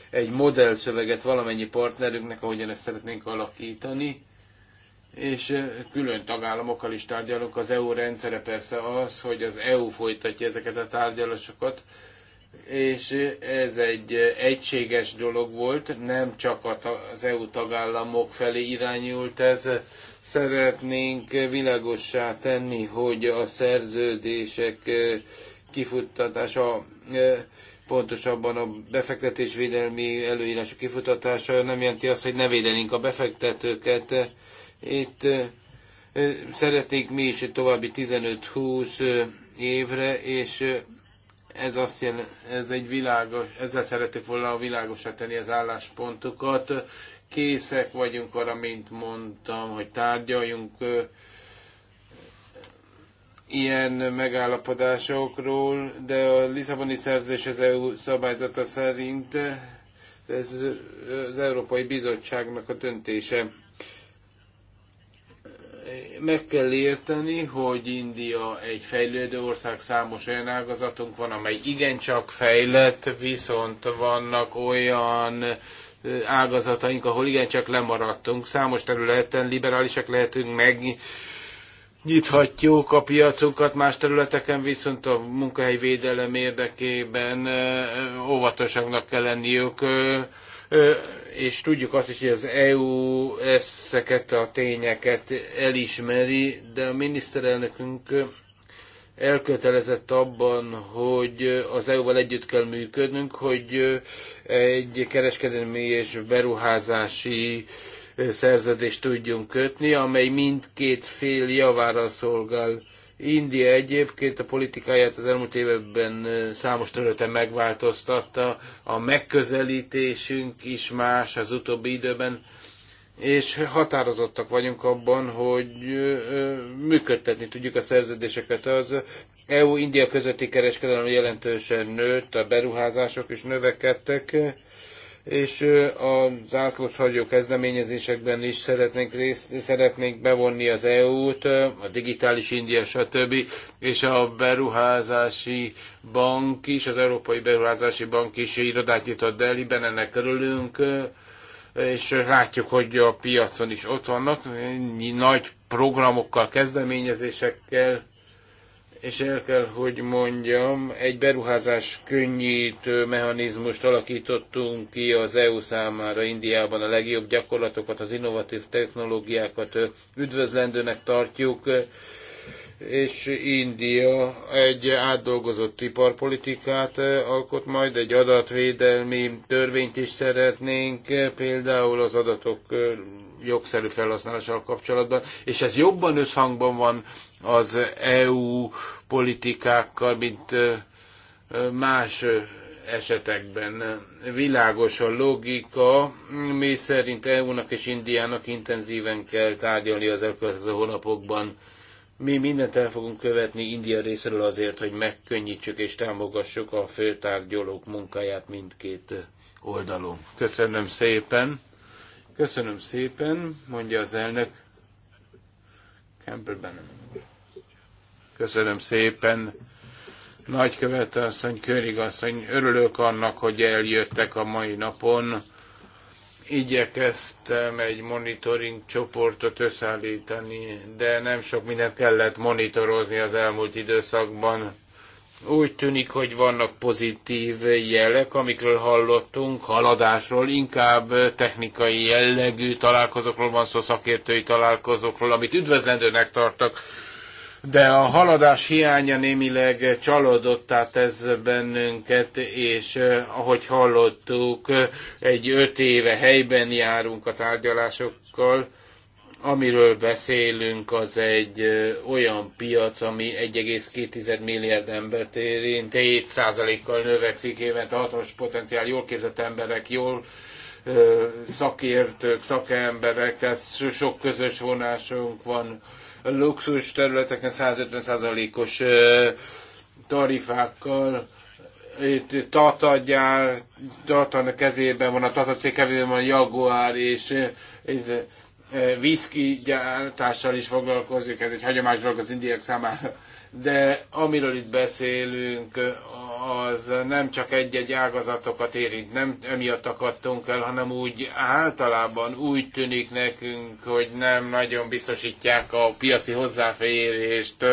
egy modellszöveget valamennyi partnerünknek, ahogyan ezt szeretnénk alakítani és külön tagállamokkal is tárgyalunk. Az EU rendszere persze az, hogy az EU folytatja ezeket a tárgyalásokat, és ez egy egységes dolog volt, nem csak az EU tagállamok felé irányult ez. Szeretnénk világossá tenni, hogy a szerződések kifuttatása pontosabban a befektetésvédelmi előírások kifutatása nem jelenti azt, hogy ne védenénk a befektetőket, itt szeretnék mi is további 15-20 évre, és ez, azt jel, ez egy világos, ezzel szerettük volna világosra tenni az álláspontokat. Készek vagyunk arra, mint mondtam, hogy tárgyaljunk ilyen megállapodásokról, de a Lisszaboni szerzés az EU szabályzata szerint ez az Európai Bizottságnak a döntése meg kell érteni, hogy India egy fejlődő ország, számos olyan ágazatunk van, amely igencsak fejlett, viszont vannak olyan ágazataink, ahol igencsak lemaradtunk. Számos területen liberálisak lehetünk, meg nyithatjuk a piacunkat más területeken, viszont a munkahely védelem érdekében óvatosaknak kell lenniük és tudjuk azt is, hogy az EU ezeket a tényeket elismeri, de a miniszterelnökünk elkötelezett abban, hogy az EU-val együtt kell működnünk, hogy egy kereskedelmi és beruházási szerződést tudjunk kötni, amely mindkét fél javára szolgál. India egyébként a politikáját az elmúlt években számos területen megváltoztatta, a megközelítésünk is más az utóbbi időben, és határozottak vagyunk abban, hogy működtetni tudjuk a szerződéseket. Az EU-India közötti kereskedelem jelentősen nőtt, a beruházások is növekedtek, és a zászlós hagyó kezdeményezésekben is szeretnénk, rész, szeretnénk bevonni az EU-t, a digitális India, stb. És a beruházási bank is, az Európai Beruházási Bank is irodát nyitott Deliben, ennek örülünk, és látjuk, hogy a piacon is ott vannak, nagy programokkal, kezdeményezésekkel, és el kell, hogy mondjam, egy beruházás könnyítő mechanizmust alakítottunk ki az EU számára Indiában a legjobb gyakorlatokat, az innovatív technológiákat üdvözlendőnek tartjuk, és India egy átdolgozott iparpolitikát alkot majd, egy adatvédelmi törvényt is szeretnénk, például az adatok jogszerű felhasználással kapcsolatban, és ez jobban összhangban van az EU politikákkal, mint más esetekben. Világos a logika, mi szerint EU-nak és Indiának intenzíven kell tárgyalni az elkövetkező hónapokban. Mi mindent el fogunk követni India részéről azért, hogy megkönnyítsük és támogassuk a főtárgyalók munkáját mindkét oldalon. Köszönöm szépen. Köszönöm szépen, mondja az elnök. Campbell Bannerman. Köszönöm szépen. Nagykövet asszony, körigasszony, örülök annak, hogy eljöttek a mai napon. Igyekeztem egy monitoring csoportot összeállítani, de nem sok mindent kellett monitorozni az elmúlt időszakban. Úgy tűnik, hogy vannak pozitív jelek, amikről hallottunk, haladásról, inkább technikai jellegű találkozókról van szó, szakértői találkozókról, amit üdvözlendőnek tartak de a haladás hiánya némileg csalódottá tesz bennünket, és ahogy hallottuk, egy öt éve helyben járunk a tárgyalásokkal, amiről beszélünk, az egy olyan piac, ami 1,2 milliárd embert érint, 7%-kal növekszik évente, hatalmas potenciál, jól képzett emberek, jól szakértők, szakemberek, tehát sok közös vonásunk van luxus területeken 150%-os tarifákkal, itt Tata gyár, Tata kezében van, a Tata cég kezében van Jaguar, és ez viszki gyártással is foglalkozik, ez egy hagyományos dolog az indiák számára. De amiről itt beszélünk, az nem csak egy-egy ágazatokat érint, nem emiatt akadtunk el, hanem úgy általában úgy tűnik nekünk, hogy nem nagyon biztosítják a piaci hozzáférést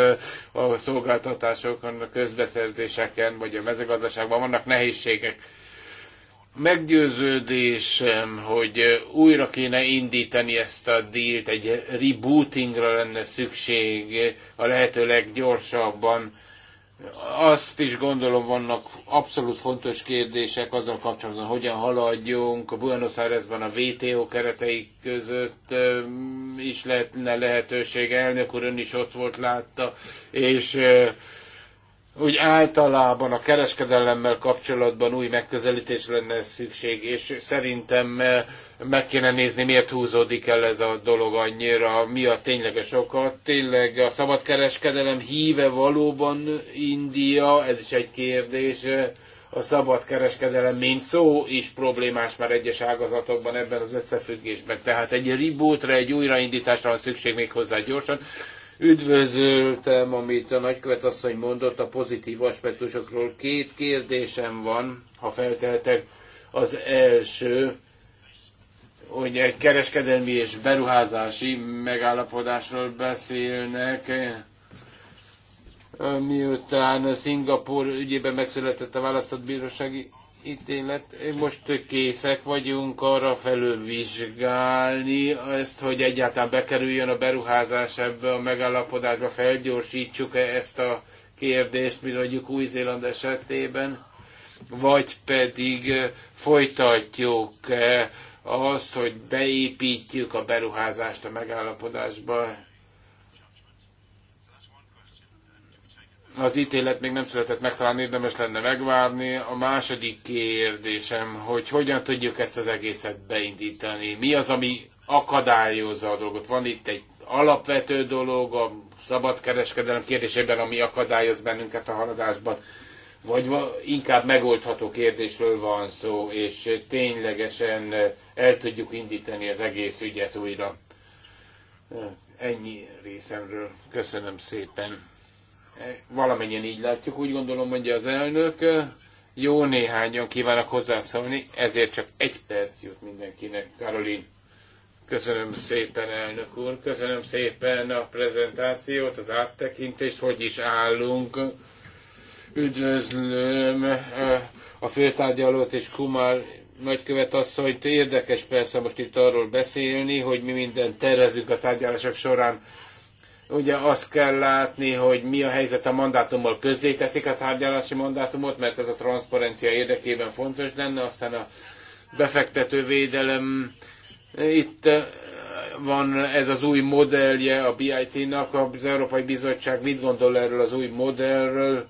a szolgáltatásokon, a közbeszerzéseken, vagy a mezőgazdaságban vannak nehézségek. Meggyőződésem, hogy újra kéne indítani ezt a dílt, egy rebootingra lenne szükség a lehető leggyorsabban azt is gondolom vannak abszolút fontos kérdések azzal kapcsolatban, hogyan haladjunk a Buenos Airesben a WTO keretei között is lehetne lehetőség. Elnök úr ön is ott volt, látta, és úgy általában a kereskedelemmel kapcsolatban új megközelítés lenne szükség, és szerintem eh, meg kéne nézni, miért húzódik el ez a dolog annyira, mi a tényleges oka. Tényleg a szabadkereskedelem híve valóban India, ez is egy kérdés. A szabadkereskedelem mint szó is problémás már egyes ágazatokban ebben az összefüggésben. Tehát egy ribótra, egy újraindításra van szükség még hozzá gyorsan Üdvözöltem, amit a nagykövet asszony mondott a pozitív aspektusokról. Két kérdésem van, ha felteltek. Az első, hogy egy kereskedelmi és beruházási megállapodásról beszélnek, miután Szingapur ügyében megszületett a választott bírósági ítélet. Most készek vagyunk arra felülvizsgálni ezt, hogy egyáltalán bekerüljön a beruházás ebbe a megállapodásba, felgyorsítsuk-e ezt a kérdést, mint mondjuk Új-Zéland esetében, vagy pedig folytatjuk -e azt, hogy beépítjük a beruházást a megállapodásba, az ítélet még nem született meg, talán érdemes lenne megvárni. A második kérdésem, hogy hogyan tudjuk ezt az egészet beindítani? Mi az, ami akadályozza a dolgot? Van itt egy alapvető dolog a szabadkereskedelem kérdésében, ami akadályoz bennünket a haladásban, vagy inkább megoldható kérdésről van szó, és ténylegesen el tudjuk indítani az egész ügyet újra. Ennyi részemről. Köszönöm szépen valamennyien így látjuk, úgy gondolom, mondja az elnök. Jó néhányan kívánok hozzászólni, ezért csak egy perc jut mindenkinek. Karolin, köszönöm szépen, elnök úr, köszönöm szépen a prezentációt, az áttekintést, hogy is állunk. Üdvözlöm eh, a főtárgyalót és Kumar nagykövet asszonyt. Érdekes persze most itt arról beszélni, hogy mi minden tervezünk a tárgyalások során ugye azt kell látni, hogy mi a helyzet a mandátummal közzé teszik a tárgyalási mandátumot, mert ez a transzparencia érdekében fontos lenne, aztán a befektetővédelem itt eh, van ez az új modellje a BIT-nak, az Európai Bizottság mit gondol erről az új modellről,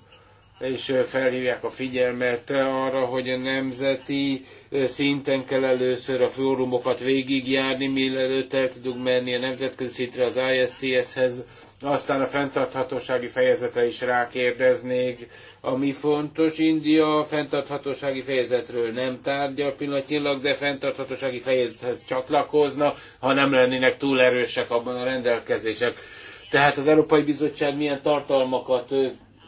és felhívják a figyelmet arra, hogy a nemzeti szinten kell először a fórumokat végigjárni, mielőtt el tudunk menni a nemzetközi szintre az ISTS-hez, aztán a fenntarthatósági fejezetre is rákérdeznék, ami fontos. India a fenntarthatósági fejezetről nem tárgyal pillanatnyilag, de fenntarthatósági fejezethez csatlakozna, ha nem lennének túl erősek abban a rendelkezések. Tehát az Európai Bizottság milyen tartalmakat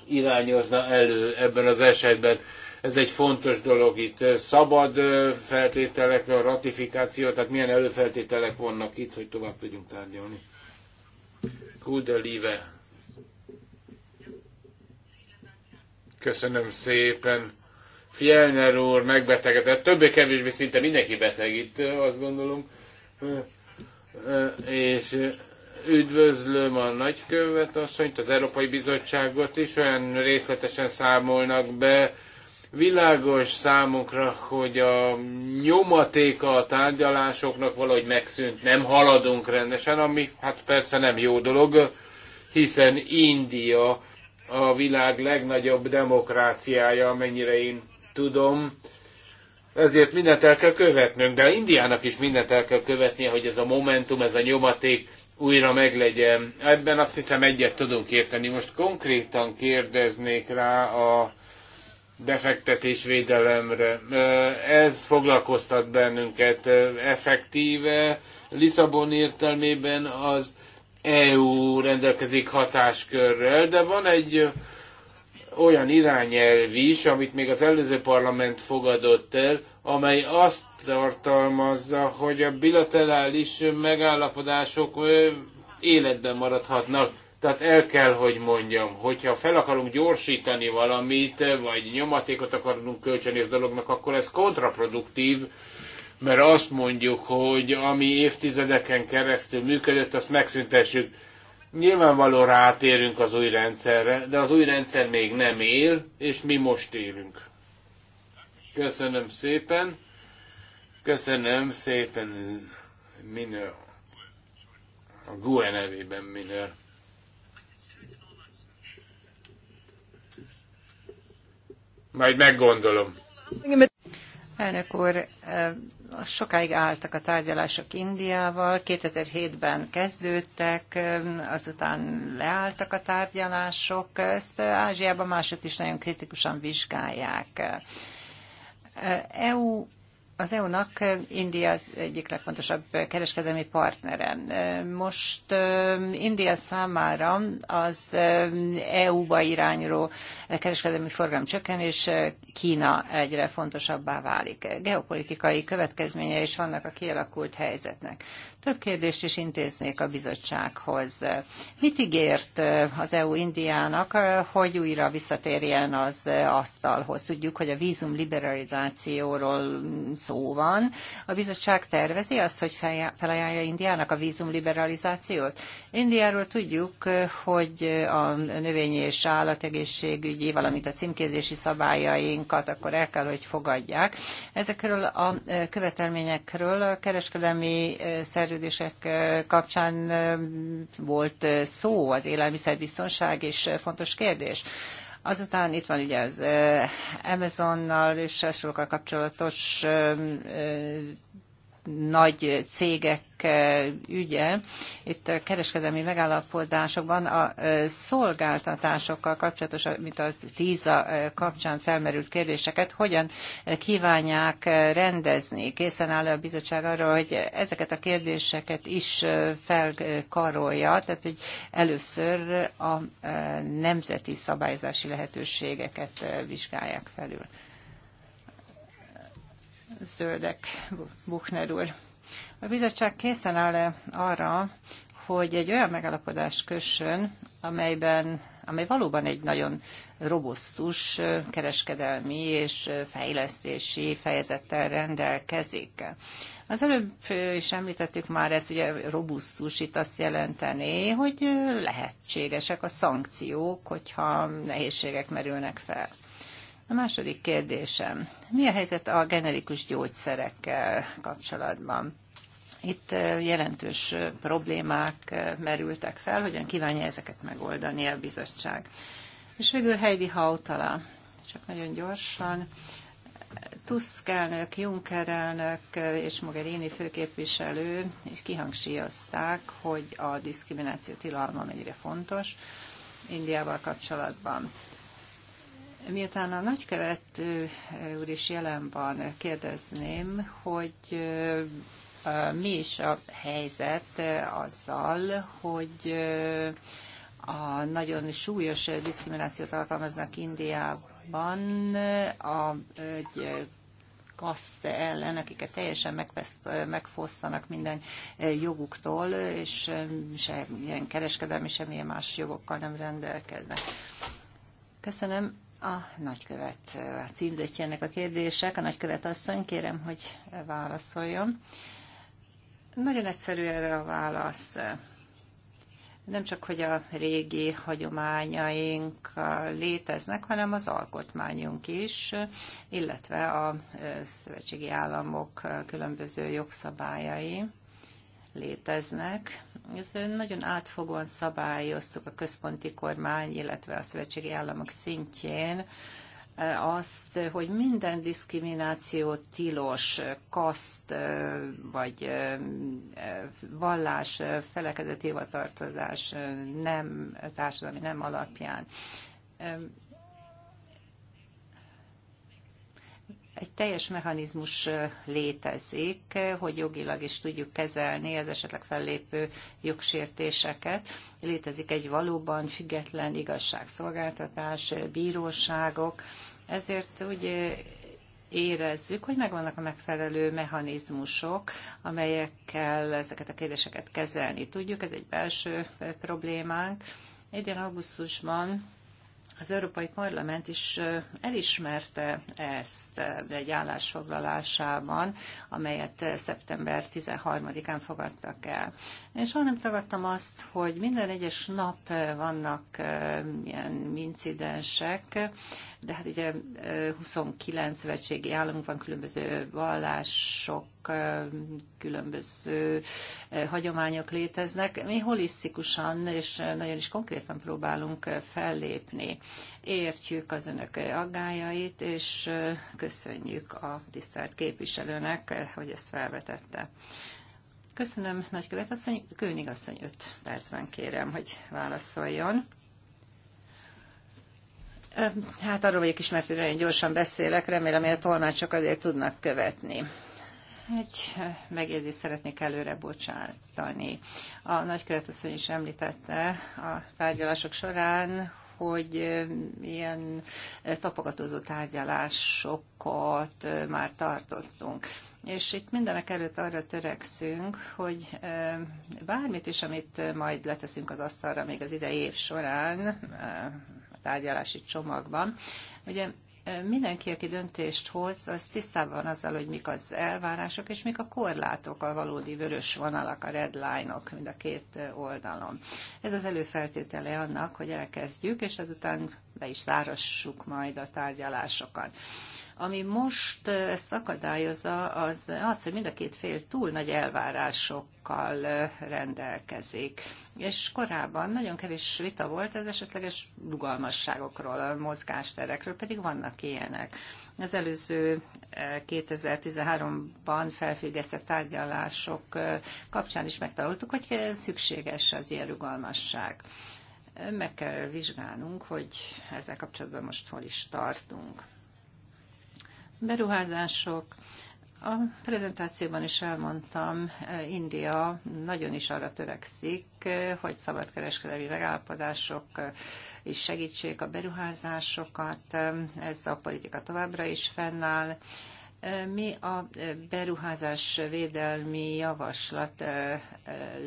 irányozna elő ebben az esetben. Ez egy fontos dolog itt. Szabad feltételekre a ratifikáció, tehát milyen előfeltételek vannak itt, hogy tovább tudjunk tárgyalni. Kudelíve. Köszönöm szépen. Fjellner úr megbetegedett, többé-kevésbé szinte mindenki beteg itt, azt gondolom. És Üdvözlöm a nagykövet asszonyt, az Európai Bizottságot is, olyan részletesen számolnak be. Világos számunkra, hogy a nyomatéka a tárgyalásoknak valahogy megszűnt, nem haladunk rendesen, ami hát persze nem jó dolog, hiszen India a világ legnagyobb demokráciája, amennyire én tudom. Ezért mindent el kell követnünk, de Indiának is mindent el kell követnie, hogy ez a momentum, ez a nyomaték újra meglegyen. Ebben azt hiszem egyet tudunk érteni. Most konkrétan kérdeznék rá a befektetésvédelemre. Ez foglalkoztat bennünket effektíve. Lisszabon értelmében az EU rendelkezik hatáskörrel, de van egy olyan irányelv is, amit még az előző parlament fogadott el, amely azt tartalmazza, hogy a bilaterális megállapodások életben maradhatnak. Tehát el kell, hogy mondjam, hogyha fel akarunk gyorsítani valamit, vagy nyomatékot akarunk kölcsönni a dolognak, akkor ez kontraproduktív, mert azt mondjuk, hogy ami évtizedeken keresztül működött, azt megszüntessük Nyilvánvaló rátérünk az új rendszerre, de az új rendszer még nem él, és mi most élünk. Köszönöm szépen. Köszönöm szépen minő. A GUE nevében minő. Majd meggondolom. Elnök úr, sokáig álltak a tárgyalások Indiával, 2007-ben kezdődtek, azután leálltak a tárgyalások, ezt Ázsiában másod is nagyon kritikusan vizsgálják. EU az EU-nak India az egyik legfontosabb kereskedelmi partnere. Most India számára az EU-ba irányuló kereskedelmi forgalom csökken, és Kína egyre fontosabbá válik. Geopolitikai következménye is vannak a kialakult helyzetnek. Több kérdést is intéznék a bizottsághoz. Mit ígért eh, az EU Indiának, eh, hogy újra visszatérjen az eh, asztalhoz? Tudjuk, hogy a vízum liberalizációról szó van. A bizottság tervezi azt, hogy felajánlja Indiának a vízum liberalizációt? Indiáról tudjuk, hogy a növény és állategészségügyi, valamint a címkézési szabályainkat akkor el kell, hogy fogadják. Ezekről a követelményekről a kereskedelmi szervezet szerződések kapcsán volt szó, az élelmiszerbiztonság is fontos kérdés. Azután itt van ugye az Amazonnal és a kapcsolatos nagy cégek ügye. Itt a kereskedelmi megállapodásokban a szolgáltatásokkal kapcsolatos, mint a TISA kapcsán felmerült kérdéseket, hogyan kívánják rendezni? Készen áll a bizottság arra, hogy ezeket a kérdéseket is felkarolja, tehát hogy először a nemzeti szabályzási lehetőségeket vizsgálják felül zöldek, Buchner úr. A bizottság készen áll-e arra, hogy egy olyan megállapodást kössön, amelyben amely valóban egy nagyon robusztus kereskedelmi és fejlesztési fejezettel rendelkezik. Az előbb is említettük már ezt, ugye robusztus itt azt jelenteni, hogy lehetségesek a szankciók, hogyha nehézségek merülnek fel. A második kérdésem, mi a helyzet a generikus gyógyszerekkel kapcsolatban? Itt jelentős problémák merültek fel, hogyan kívánja ezeket megoldani a bizottság. És végül Heidi Hautala, csak nagyon gyorsan. Tusk elnök, Juncker elnök és Mogherini főképviselő is kihangsúlyozták, hogy a diszkrimináció tilalma mennyire fontos Indiával kapcsolatban. Miután a nagykövet úr is jelen van, kérdezném, hogy mi is a helyzet azzal, hogy a nagyon súlyos diszkriminációt alkalmaznak Indiában a, egy kaszt ellen, akiket teljesen megfosztanak minden joguktól, és semmilyen kereskedelmi, semmilyen más jogokkal nem rendelkeznek. Köszönöm. A nagykövet a címzetje ennek a kérdések. A nagykövet asszony, kérem, hogy válaszoljon. Nagyon egyszerű erre a válasz nem csak, hogy a régi hagyományaink léteznek, hanem az alkotmányunk is, illetve a szövetségi államok különböző jogszabályai léteznek. Ez nagyon átfogóan szabályoztuk a központi kormány, illetve a szövetségi államok szintjén eh, azt, hogy minden diszkrimináció tilos, kaszt, eh, vagy eh, vallás, felekezeti hivatartozás nem, társadalmi nem alapján egy teljes mechanizmus létezik, hogy jogilag is tudjuk kezelni az esetleg fellépő jogsértéseket. Létezik egy valóban független igazságszolgáltatás, bíróságok, ezért úgy érezzük, hogy megvannak a megfelelő mechanizmusok, amelyekkel ezeket a kérdéseket kezelni tudjuk. Ez egy belső problémánk. Egyen augusztusban az Európai Parlament is elismerte ezt egy állásfoglalásában, amelyet szeptember 13-án fogadtak el. És soha nem tagadtam azt, hogy minden egyes nap vannak ilyen incidensek, de hát ugye 29 szövetségi államunk van, különböző vallások, különböző hagyományok léteznek. Mi holisztikusan és nagyon is konkrétan próbálunk fellépni. Értjük az önök aggájait, és köszönjük a tisztelt képviselőnek, hogy ezt felvetette. Köszönöm, nagykövet asszony. Kőnig asszony 5 percben kérem, hogy válaszoljon. Hát arról vagyok ismert, hogy nagyon gyorsan beszélek, remélem, hogy a tolmácsok azért tudnak követni. Egy megjegyzést szeretnék előre bocsátani. A nagykövet asszony is említette a tárgyalások során, hogy ilyen tapogatózó tárgyalásokat már tartottunk. És itt mindenek előtt arra törekszünk, hogy bármit is, amit majd leteszünk az asztalra még az idei év során, tárgyalási csomagban. Ugye mindenki, aki döntést hoz, az tisztában van azzal, hogy mik az elvárások, és mik a korlátok, a valódi vörös vonalak, a red line-ok -ok, mind a két oldalon. Ez az előfeltétele annak, hogy elkezdjük, és azután be is zárassuk majd a tárgyalásokat. Ami most ezt akadályozza, az az, hogy mind a két fél túl nagy elvárásokkal rendelkezik. És korábban nagyon kevés vita volt az esetleges rugalmasságokról, a mozgásterekről, pedig vannak ilyenek. Az előző 2013-ban felfüggesztett tárgyalások kapcsán is megtanultuk, hogy szükséges az ilyen rugalmasság. Meg kell vizsgálnunk, hogy ezzel kapcsolatban most hol is tartunk. Beruházások. A prezentációban is elmondtam, India nagyon is arra törekszik, hogy szabadkereskedelmi megállapodások is segítsék a beruházásokat. Ez a politika továbbra is fennáll mi a beruházás védelmi javaslat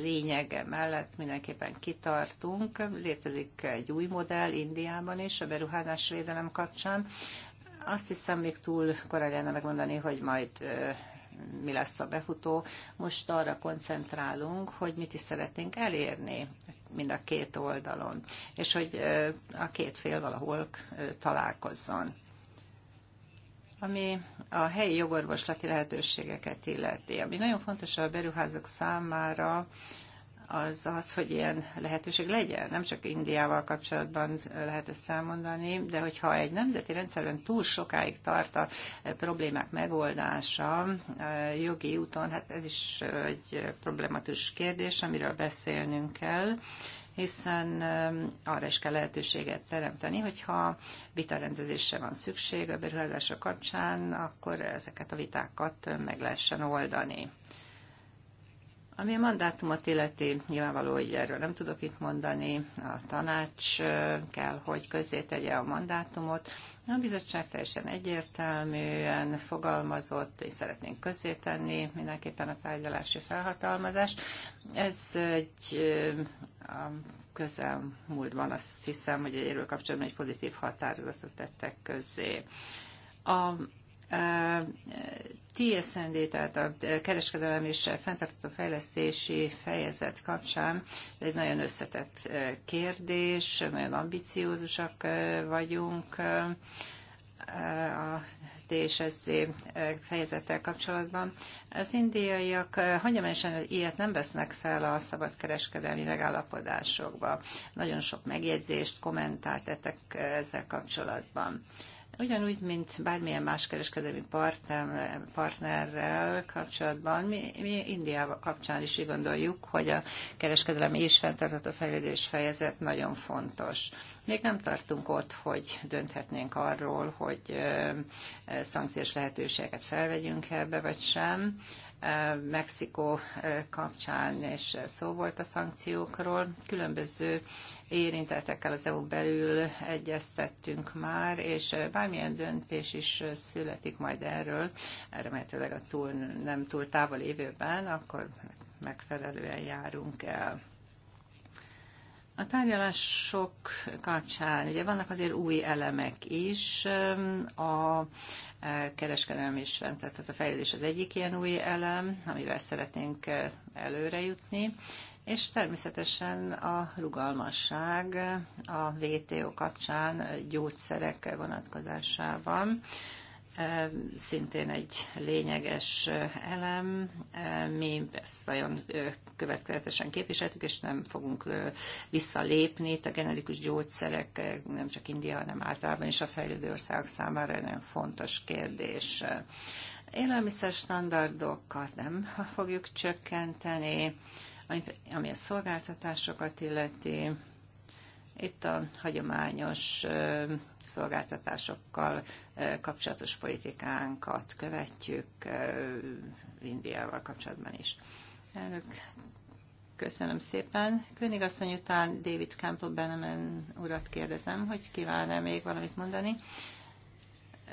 lényege mellett mindenképpen kitartunk. Létezik egy új modell Indiában is a beruházás védelem kapcsán. Azt hiszem, még túl korai lenne megmondani, hogy majd mi lesz a befutó. Most arra koncentrálunk, hogy mit is szeretnénk elérni mind a két oldalon, és hogy a két fél valahol találkozzon ami a helyi jogorvoslati lehetőségeket illeti. Ami nagyon fontos a beruházók számára, az az, hogy ilyen lehetőség legyen. Nem csak Indiával kapcsolatban lehet ezt elmondani, de hogyha egy nemzeti rendszerben túl sokáig tart a problémák megoldása e, jogi úton, hát ez is egy problematikus kérdés, amiről beszélnünk kell hiszen arra is kell lehetőséget teremteni, hogyha vitarendezésre van szükség a beruházások kapcsán, akkor ezeket a vitákat meg lehessen oldani. Ami a mandátumot illeti, nyilvánvaló, hogy erről nem tudok itt mondani, a tanács kell, hogy közé tegye a mandátumot. A bizottság teljesen egyértelműen fogalmazott, és szeretnénk közé tenni mindenképpen a tárgyalási felhatalmazást. Ez egy a közelmúltban azt hiszem, hogy egy kapcsolatban egy pozitív határozatot tettek közé. A TSMD, tehát a kereskedelem és fenntartható fejlesztési fejezet kapcsán egy nagyon összetett e, kérdés, nagyon ambiciózusak e, vagyunk e, a TSSZ fejezettel kapcsolatban. Az indiaiak hagyományosan ilyet nem vesznek fel a szabadkereskedelmi megállapodásokba. Nagyon sok megjegyzést, kommentárt tettek ezzel kapcsolatban. Ugyanúgy, mint bármilyen más kereskedelmi partnerrel kapcsolatban, mi, mi Indiával kapcsán is így gondoljuk, hogy a kereskedelem és fenntartható fejlődés fejezet nagyon fontos. Még nem tartunk ott, hogy dönthetnénk arról, hogy szankciós lehetőséget felvegyünk ebbe, vagy sem Mexikó kapcsán és szó volt a szankciókról. Különböző érintettekkel az EU belül egyeztettünk már, és bármilyen döntés is születik majd erről, remélhetőleg a túl, nem túl távol évőben, akkor megfelelően járunk el. A tárgyalások kapcsán ugye vannak azért új elemek is. A kereskedelem és fenntartható fejlődés az egyik ilyen új elem, amivel szeretnénk eh, előre jutni, és természetesen a rugalmasság a VTO kapcsán eh, gyógyszerek vonatkozásában szintén egy lényeges elem. Mi ezt nagyon következetesen képviseltük, és nem fogunk visszalépni. a generikus gyógyszerek nem csak India, hanem általában is a fejlődő országok számára egy nagyon fontos kérdés. Élelmiszer standardokat nem fogjuk csökkenteni, ami a szolgáltatásokat illeti itt a hagyományos szolgáltatásokkal kapcsolatos politikánkat követjük Indiával kapcsolatban is. Elnök, köszönöm szépen. Königasszony után David Campbell Benemen urat kérdezem, hogy kíván-e még valamit mondani.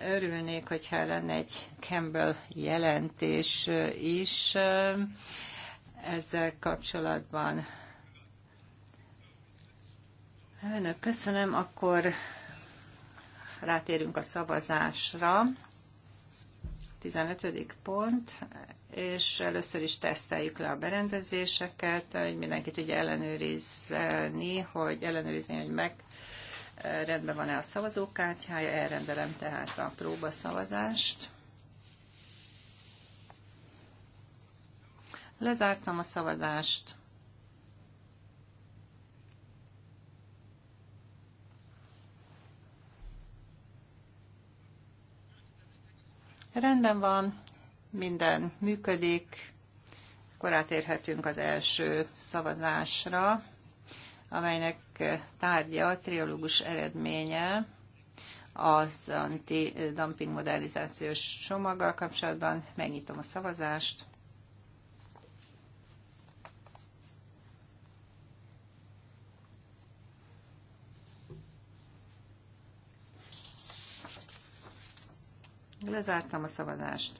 Örülnék, hogyha lenne egy Campbell jelentés is ezzel kapcsolatban Elnök, köszönöm. Akkor rátérünk a szavazásra. 15. pont, és először is teszteljük le a berendezéseket, hogy mindenki tudja ellenőrizni, hogy ellenőrizni, hogy meg eh, rendben van-e a szavazókártyája, elrendelem tehát a próbaszavazást. Lezártam a szavazást. Rendben van, minden működik, akkor átérhetünk az első szavazásra, amelynek tárgya a triológus eredménye az anti-dumping modernizációs csomaggal kapcsolatban. Megnyitom a szavazást. Lezártam a szavazást.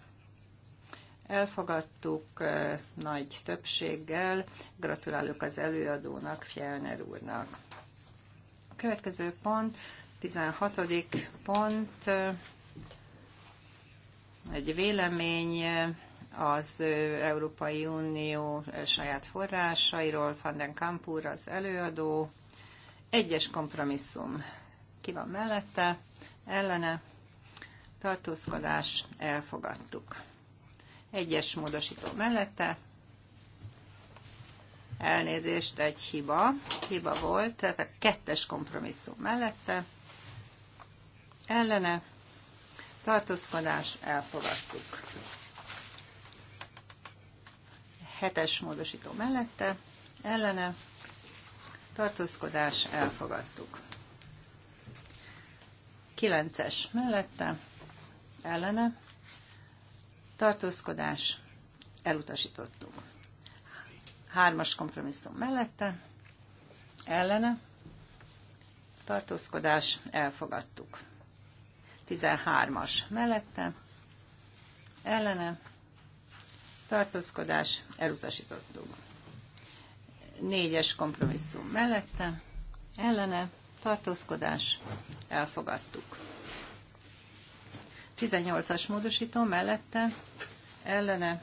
Elfogadtuk nagy többséggel. Gratulálok az előadónak, Fjellner úrnak. A következő pont, 16. pont, egy vélemény az Európai Unió saját forrásairól, Van den az előadó, egyes kompromisszum. Ki van mellette? Ellene? tartózkodás, elfogadtuk. Egyes módosító mellette, elnézést, egy hiba, hiba volt, tehát a kettes kompromisszum mellette, ellene, tartózkodás, elfogadtuk. Hetes módosító mellette, ellene, tartózkodás, elfogadtuk. Kilences mellette, ellene, tartózkodás, elutasítottuk. Hármas kompromisszum mellette, ellene, tartózkodás, elfogadtuk. 13-as mellette, ellene, tartózkodás, elutasítottuk. Négyes kompromisszum mellette, ellene, tartózkodás, elfogadtuk. 18-as módosító mellette ellene.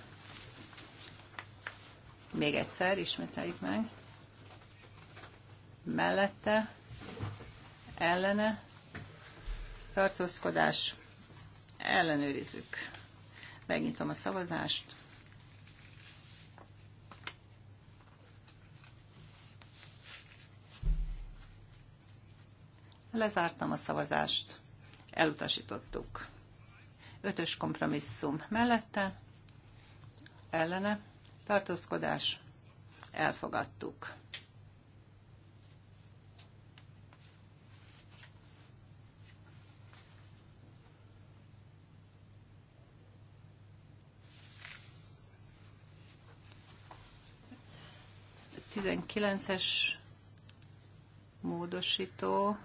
Még egyszer, ismételjük meg. Mellette ellene tartózkodás ellenőrizzük. Megnyitom a szavazást. Lezártam a szavazást. Elutasítottuk. Ötös kompromisszum mellette, ellene, tartózkodás, elfogadtuk. Tizenkilences módosító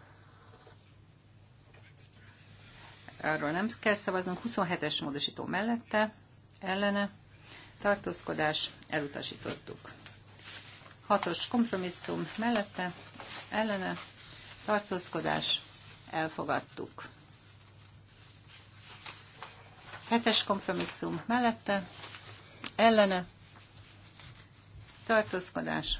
arról nem kell szavaznunk. 27-es módosító mellette, ellene, tartózkodás, elutasítottuk. 6-os kompromisszum mellette, ellene, tartózkodás, elfogadtuk. 7-es kompromisszum mellette, ellene, tartózkodás,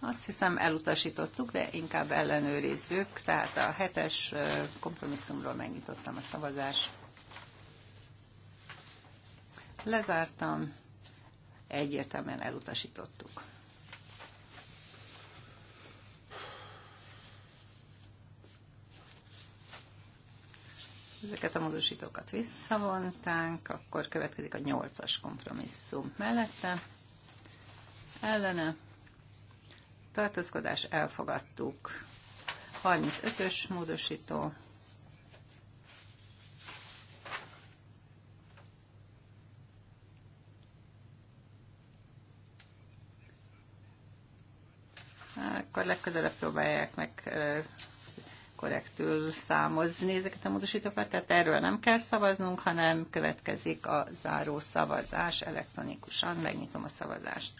Azt hiszem elutasítottuk, de inkább ellenőrizzük. Tehát a hetes kompromisszumról megnyitottam a szavazást. Lezártam, egyértelműen elutasítottuk. Ezeket a módosítókat visszavonták, akkor következik a nyolcas kompromisszum mellette. Ellene tartózkodás elfogadtuk. 35-ös módosító. Akkor legközelebb próbálják meg korrektül számozni ezeket a módosítókat, tehát erről nem kell szavaznunk, hanem következik a záró szavazás elektronikusan. Megnyitom a szavazást.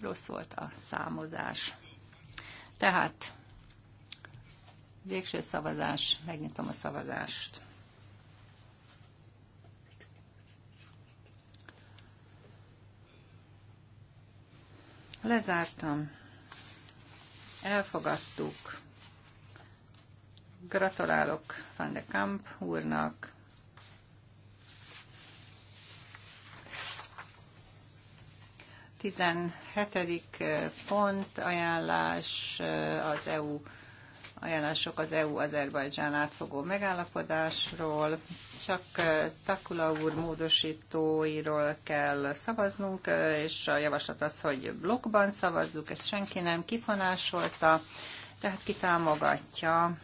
rossz volt a számozás. Tehát végső szavazás, megnyitom a szavazást. Lezártam. Elfogadtuk. Gratulálok Van de Kamp úrnak. 17. pont ajánlás az EU ajánlások az EU-Azerbajdzsán átfogó megállapodásról. Csak Takula úr módosítóiról kell szavaznunk, és a javaslat az, hogy blokkban szavazzuk, ezt senki nem kifonásolta, tehát ki támogatja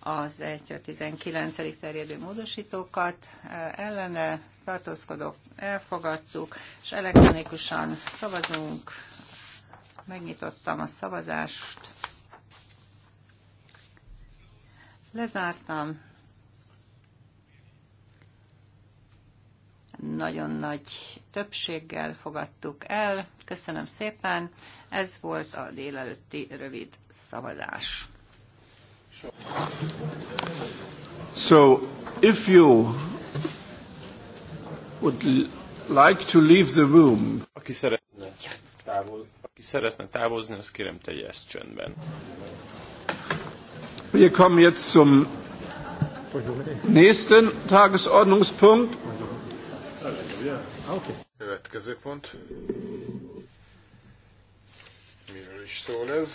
az 1-19. terjedő módosítókat ellene tartózkodok, elfogadtuk, és elektronikusan szavazunk. Megnyitottam a szavazást. Lezártam. Nagyon nagy többséggel fogadtuk el. Köszönöm szépen. Ez volt a délelőtti rövid szavazás. So, if you would like to leave the room. Aki szeretne, távol, aki szeretne távozni, azt kérem tegye ezt csendben. Wir kommen jetzt zum nächsten Tagesordnungspunkt. Következő pont. Miről is szól ez?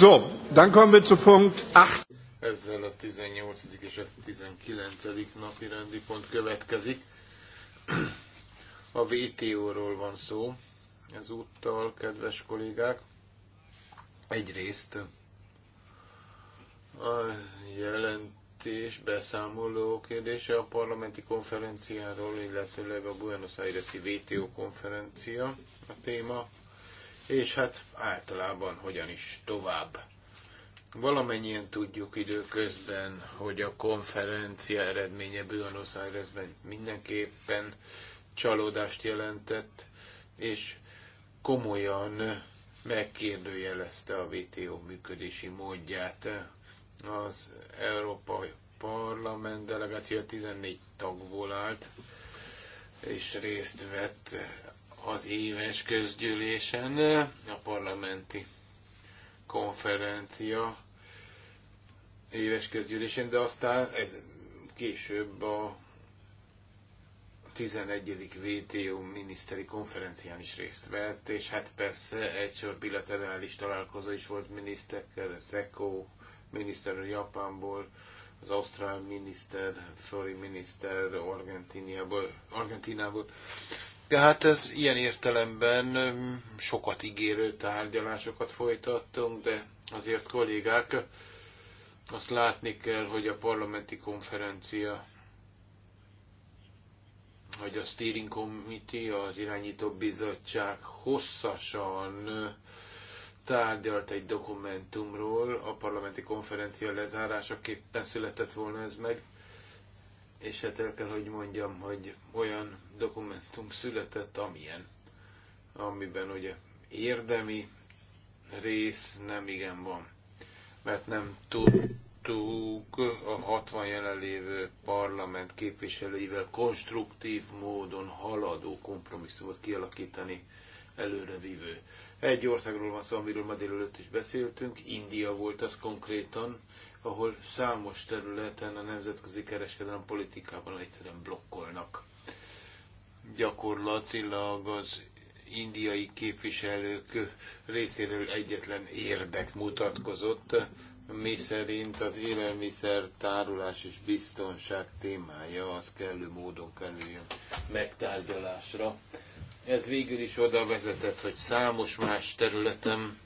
So, dann kommen wir zu Punkt 8. Ezzel a 18. és a 19. napi rendi pont következik. A VTO-ról van szó Ez úttal, kedves kollégák. Egyrészt a jelentés beszámoló kérdése a parlamenti konferenciáról, illetőleg a Buenos Aires-i VTO konferencia a téma és hát általában hogyan is tovább. Valamennyien tudjuk időközben, hogy a konferencia eredménye Buenos Airesben mindenképpen csalódást jelentett, és komolyan megkérdőjelezte a WTO működési módját. Az Európai Parlament delegáció 14 tagból állt, és részt vett az éves közgyűlésen, a parlamenti konferencia éves közgyűlésen, de aztán ez később a 11. WTO miniszteri konferencián is részt vett, és hát persze egy sor bilaterális találkozó is volt miniszterkel, Szeko miniszter a Japánból, az ausztrál miniszter, Flori miniszter Argentinából, Argentinából, hát ez ilyen értelemben sokat ígérő tárgyalásokat folytattunk, de azért kollégák, azt látni kell, hogy a parlamenti konferencia, hogy a steering committee, az irányító bizottság hosszasan tárgyalt egy dokumentumról, a parlamenti konferencia lezárásaképpen született volna ez meg, és hát el kell, hogy mondjam, hogy olyan dokumentum született, amilyen, amiben ugye érdemi rész nem igen van, mert nem tudtuk a 60 jelenlévő parlament képviselőivel konstruktív módon haladó kompromisszumot kialakítani előrevívő egy országról van szó, amiről ma délelőtt is beszéltünk, India volt az konkrétan, ahol számos területen a nemzetközi kereskedelem politikában egyszerűen blokkolnak. Gyakorlatilag az indiai képviselők részéről egyetlen érdek mutatkozott, mi szerint az élelmiszer tárolás és biztonság témája az kellő módon kerüljön megtárgyalásra. Ez végül is oda vezetett, hogy számos más területen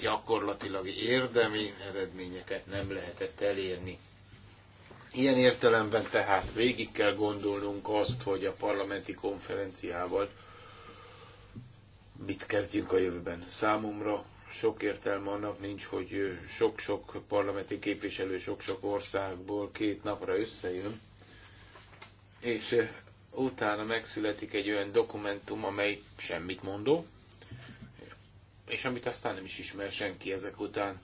gyakorlatilag érdemi eredményeket nem lehetett elérni. Ilyen értelemben tehát végig kell gondolnunk azt, hogy a parlamenti konferenciával mit kezdjünk a jövőben. Számomra sok értelme annak nincs, hogy sok-sok parlamenti képviselő sok-sok országból két napra összejön, és utána megszületik egy olyan dokumentum, amely semmit mondó, és amit aztán nem is ismer senki ezek után.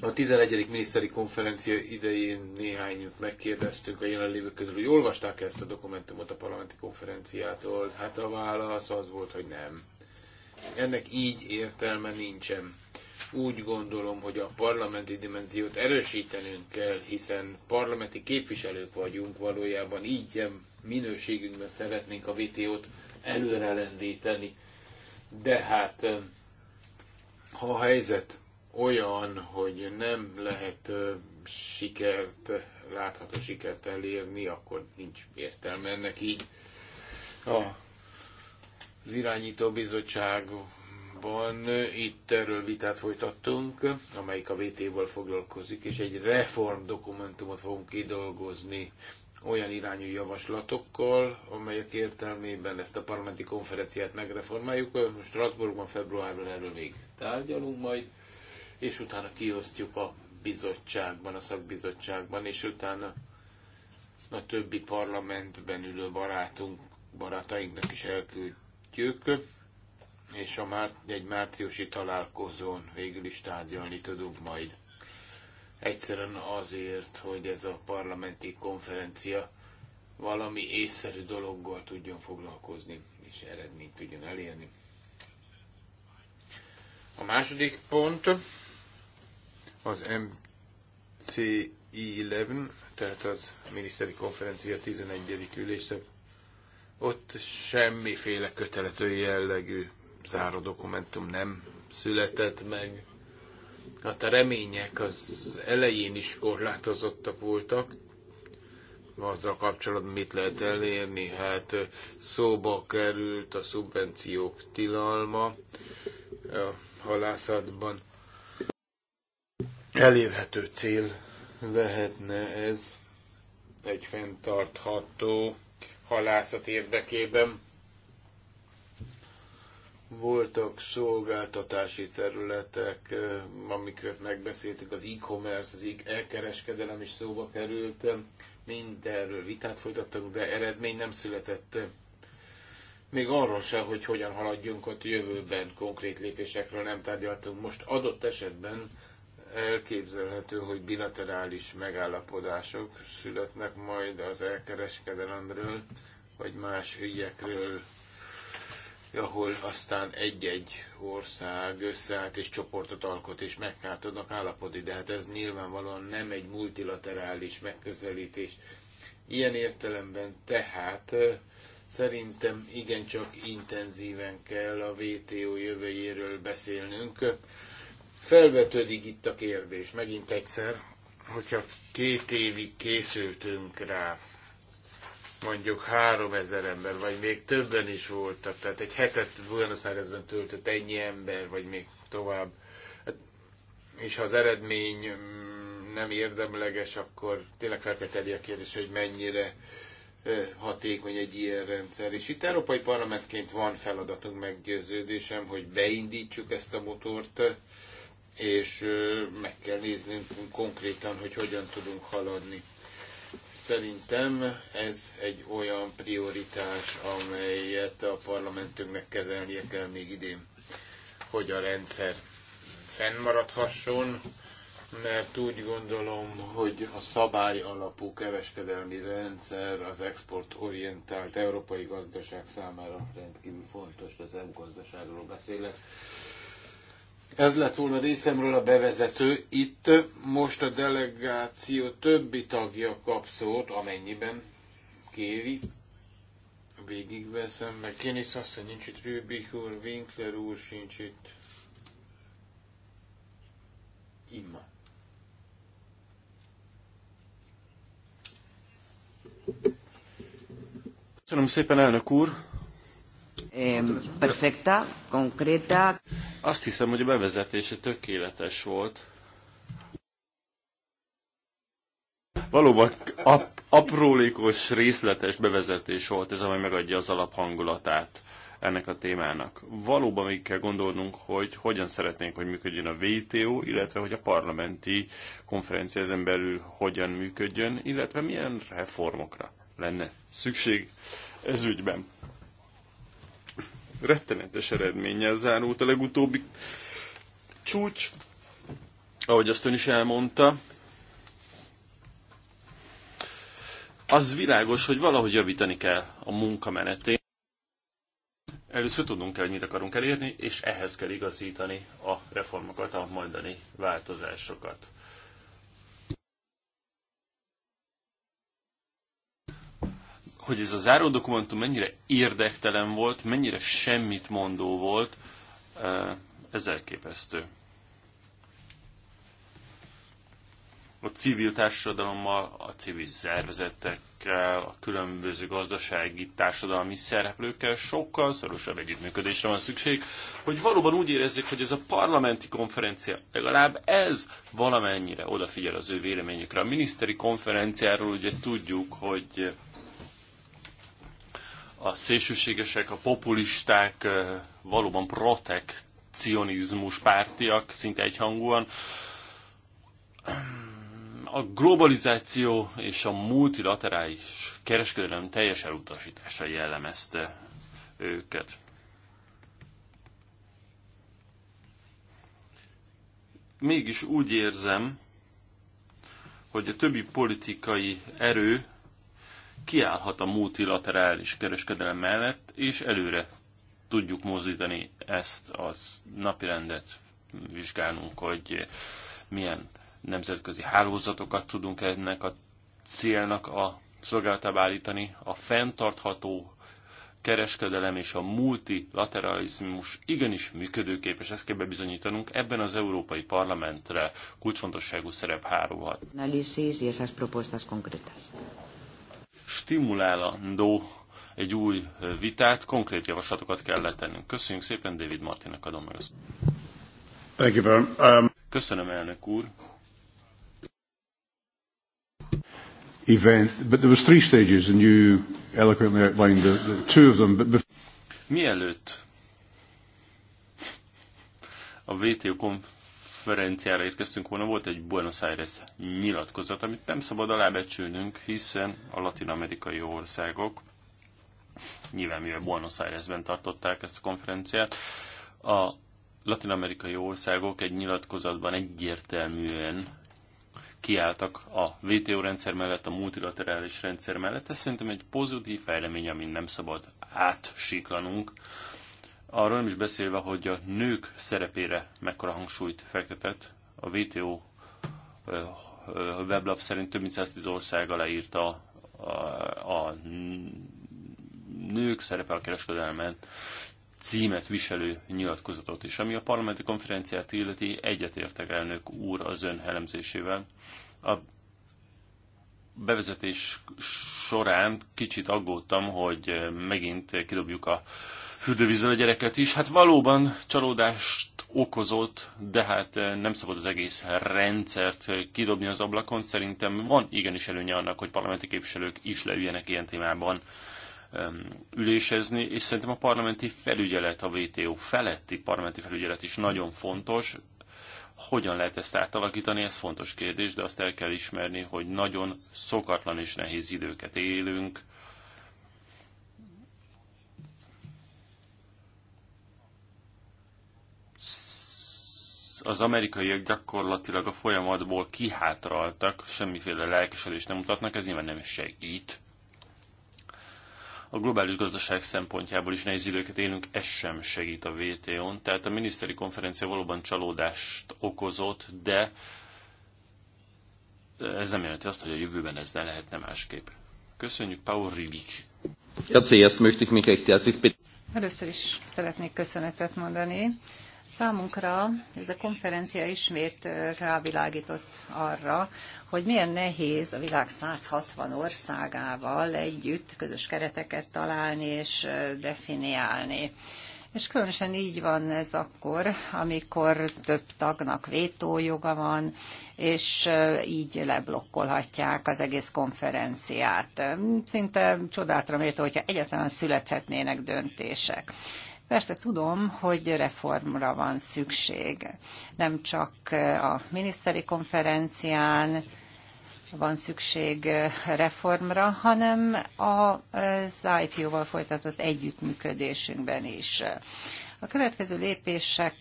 A 11. miniszteri konferencia idején néhányat megkérdeztünk a jelenlévők közül, hogy olvasták ezt a dokumentumot a parlamenti konferenciától. Hát a válasz az volt, hogy nem. Ennek így értelme nincsen úgy gondolom, hogy a parlamenti dimenziót erősítenünk kell, hiszen parlamenti képviselők vagyunk valójában, így minőségünkben szeretnénk a VTO-t előrelendíteni. De hát, ha a helyzet olyan, hogy nem lehet sikert, látható sikert elérni, akkor nincs értelme ennek így. A, az irányító bizottság korábban eh, itt erről vitát folytattunk, amelyik a VT-val foglalkozik, és egy reform dokumentumot fogunk kidolgozni olyan irányú javaslatokkal, amelyek értelmében ezt a parlamenti konferenciát megreformáljuk. Most Strasbourgban februárban erről még tárgyalunk majd, és utána kiosztjuk a bizottságban, a szakbizottságban, és utána a többi parlamentben ülő barátunk, barátainknak is elküldjük és a már, egy márciusi találkozón végül is tárgyalni tudunk majd. Egyszerűen azért, hogy ez a parlamenti konferencia valami észszerű dologgal tudjon foglalkozni, és eredményt tudjon elérni. A második pont az MCI-11, tehát az miniszteri konferencia 11. ülése. Ott semmiféle kötelező jellegű záró dokumentum nem született meg. Hát a remények az elején is korlátozottak voltak, azzal kapcsolatban mit lehet elérni, hát szóba került a szubvenciók tilalma a halászatban. Elérhető cél lehetne ez egy fenntartható halászat érdekében. Voltak szolgáltatási területek, amiket megbeszéltük, az e-commerce, az e-kereskedelem is szóba került, mindenről vitát folytattunk, de eredmény nem született. Még arról sem, hogy hogyan haladjunk ott jövőben, konkrét lépésekről nem tárgyaltunk. Most adott esetben elképzelhető, hogy bilaterális megállapodások születnek majd az elkereskedelemről, vagy más ügyekről ahol aztán egy-egy ország összeállt és csoportot alkot és meg kell tudnak állapodni, de hát ez nyilvánvalóan nem egy multilaterális megközelítés. Ilyen értelemben tehát szerintem igencsak intenzíven kell a WTO jövőjéről beszélnünk. Felvetődik itt a kérdés, megint egyszer, hogyha két évig készültünk rá, mondjuk három ezer ember, vagy még többen is voltak, tehát egy hetet Buenos Airesben töltött ennyi ember, vagy még tovább. Hát, és ha az eredmény mm, nem érdemleges, akkor tényleg fel kell a kérdés, hogy mennyire hatékony egy ilyen rendszer. És itt Európai Parlamentként van feladatunk, meggyőződésem, hogy beindítsuk ezt a motort, és meg kell néznünk konkrétan, hogy hogyan tudunk haladni. Szerintem ez egy olyan prioritás, amelyet a parlamentünknek kezelnie kell még idén, hogy a rendszer fennmaradhasson, mert úgy gondolom, hogy a szabály alapú kereskedelmi rendszer az exportorientált európai gazdaság számára rendkívül fontos, az EU gazdaságról beszélek, ez lett volna részemről a bevezető. Itt most a delegáció többi tagja kap szót, amennyiben kéri. Végigveszem, meg Kénisz asszony nincs itt, Rübik úr, Winkler úr sincs itt. Imma. Köszönöm szépen, elnök úr! perfekta, konkréta. Azt hiszem, hogy a bevezetése tökéletes volt. Valóban ap- aprólékos, részletes bevezetés volt ez, amely megadja az alaphangulatát ennek a témának. Valóban még kell gondolnunk, hogy hogyan szeretnénk, hogy működjön a VTO, illetve hogy a parlamenti konferencia ezen belül hogyan működjön, illetve milyen reformokra lenne szükség ez ügyben rettenetes eredménnyel zárult a legutóbbi csúcs, ahogy azt ön is elmondta. Az világos, hogy valahogy javítani kell a menetén. Először tudnunk kell, hogy mit akarunk elérni, és ehhez kell igazítani a reformokat, a majdani változásokat. hogy ez a záró dokumentum mennyire érdektelen volt, mennyire semmit mondó volt, ez elképesztő. A civil társadalommal, a civil szervezetekkel, a különböző gazdasági, társadalmi szereplőkkel sokkal szorosabb együttműködésre van szükség, hogy valóban úgy érezzék, hogy ez a parlamenti konferencia legalább ez valamennyire odafigyel az ő véleményükre. A miniszteri konferenciáról ugye tudjuk, hogy a szélsőségesek, a populisták, valóban protekcionizmus pártiak szinte egyhangúan. A globalizáció és a multilaterális kereskedelem teljes elutasítása jellemezte őket. Mégis úgy érzem, hogy a többi politikai erő kiállhat a multilaterális kereskedelem mellett, és előre tudjuk mozdítani ezt az napirendet, vizsgálnunk, hogy milyen nemzetközi hálózatokat tudunk ennek a célnak a szolgálatába állítani. A fenntartható kereskedelem és a multilateralizmus igenis működőképes, ezt kell bebizonyítanunk, ebben az Európai Parlamentre kulcsfontosságú szerep hárulhat. Análisis és esas propuestas stimulálandó egy új vitát, konkrét javaslatokat kell letennünk. Köszönjük szépen, David Martinek adom meg azt. Thank you, um, Köszönöm, elnök úr. Event, but there was three stages and you eloquently outlined the, the two of them. But before... Mielőtt a WTO konf konferenciára érkeztünk volna, volt egy Buenos Aires nyilatkozat, amit nem szabad alábecsülnünk, hiszen a latin-amerikai országok, nyilván mivel Buenos Airesben tartották ezt a konferenciát, a latin-amerikai országok egy nyilatkozatban egyértelműen kiálltak a WTO rendszer mellett, a multilaterális rendszer mellett. Ez szerintem egy pozitív fejlemény, amin nem szabad átsiklanunk. Arról nem is beszélve, hogy a nők szerepére mekkora hangsúlyt fektetett. A WTO weblap szerint több mint 110 ország aláírta a, a nők szerepe a kereskedelmen címet viselő nyilatkozatot is. Ami a parlamenti konferenciát illeti, egyetértek elnök úr az ön elemzésével. A bevezetés során kicsit aggódtam, hogy megint kidobjuk a fürdővízzel a gyereket is. Hát valóban csalódást okozott, de hát eh, nem szabad az egész rendszert eh, kidobni az ablakon. Szerintem van igenis előnye annak, hogy parlamenti képviselők is leüljenek ilyen témában ülésezni, és szerintem a parlamenti felügyelet, a WTO feletti parlamenti felügyelet is nagyon fontos. Hogyan lehet ezt átalakítani, ez fontos kérdés, de azt el kell ismerni, hogy nagyon szokatlan és nehéz időket élünk, az amerikaiak gyakorlatilag a folyamatból kihátraltak, semmiféle lelkesedést nem mutatnak, ez nyilván nem segít. A globális gazdaság szempontjából is nehéz időket élünk, ez sem segít a WTO-n, tehát a miniszteri konferencia valóban csalódást okozott, de ez nem jelenti azt, hogy a jövőben ez ne lehetne másképp. Köszönjük, Paul Rivik. Először is szeretnék köszönetet mondani Számunkra ez a konferencia ismét rávilágított arra, hogy milyen nehéz a világ 160 országával együtt közös kereteket találni és definiálni. És különösen így van ez akkor, amikor több tagnak vétójoga van, és így leblokkolhatják az egész konferenciát. Szinte csodálatra méltó, hogyha egyáltalán születhetnének döntések. Persze tudom, hogy reformra van szükség. Nem csak a miniszteri konferencián, van szükség reformra, hanem az IPO-val folytatott együttműködésünkben is. A következő lépések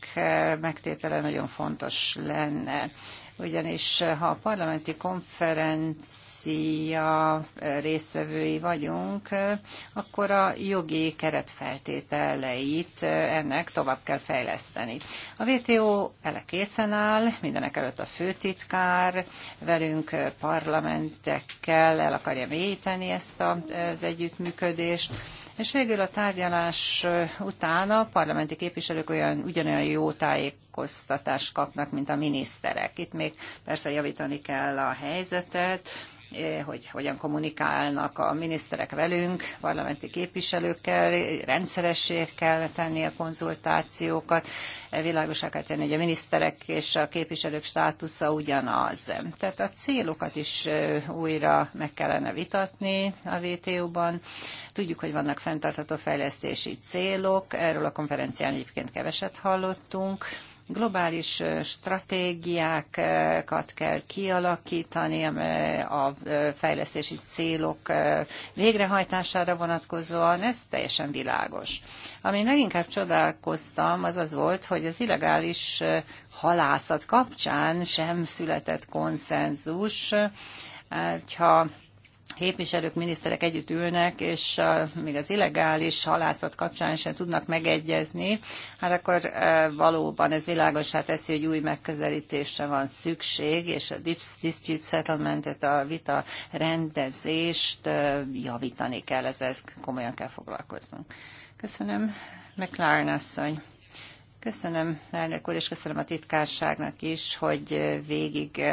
megtétele nagyon fontos lenne, ugyanis ha a parlamenti konferenc konferencia résztvevői vagyunk, akkor a jogi keretfeltételeit eh, ennek tovább kell fejleszteni. A WTO ele készen áll, mindenek előtt a főtitkár velünk eh, parlamentekkel el akarja mélyíteni ezt az együttműködést, és végül a tárgyalás eh, után a parlamenti képviselők olyan, ugyanolyan jó tájékoztatást kapnak, mint a miniszterek. Itt még persze javítani kell a helyzetet, Eh, hogy hogyan kommunikálnak a miniszterek velünk, parlamenti képviselőkkel, rendszeressé kell tenni a konzultációkat, eh, világosá kell tenni, hogy a miniszterek és a képviselők státusza ugyanaz. Tehát a célokat is eh, újra meg kellene vitatni a WTO-ban. Tudjuk, hogy vannak fenntartható fejlesztési célok, erről a konferencián egyébként keveset hallottunk, Globális stratégiákat kell kialakítani a fejlesztési célok végrehajtására vonatkozóan, ez teljesen világos. Ami leginkább csodálkoztam, az az volt, hogy az illegális halászat kapcsán sem született konszenzus, hát, ha képviselők, miniszterek együtt ülnek, és még az illegális halászat kapcsán sem tudnak megegyezni, hát akkor valóban ez világosá teszi, hogy új megközelítésre van szükség, és a dispute settlement a vita rendezést javítani kell, ezzel komolyan kell foglalkoznunk. Köszönöm. McLaren asszony. Köszönöm, elnök úr, és köszönöm a titkárságnak is, hogy végig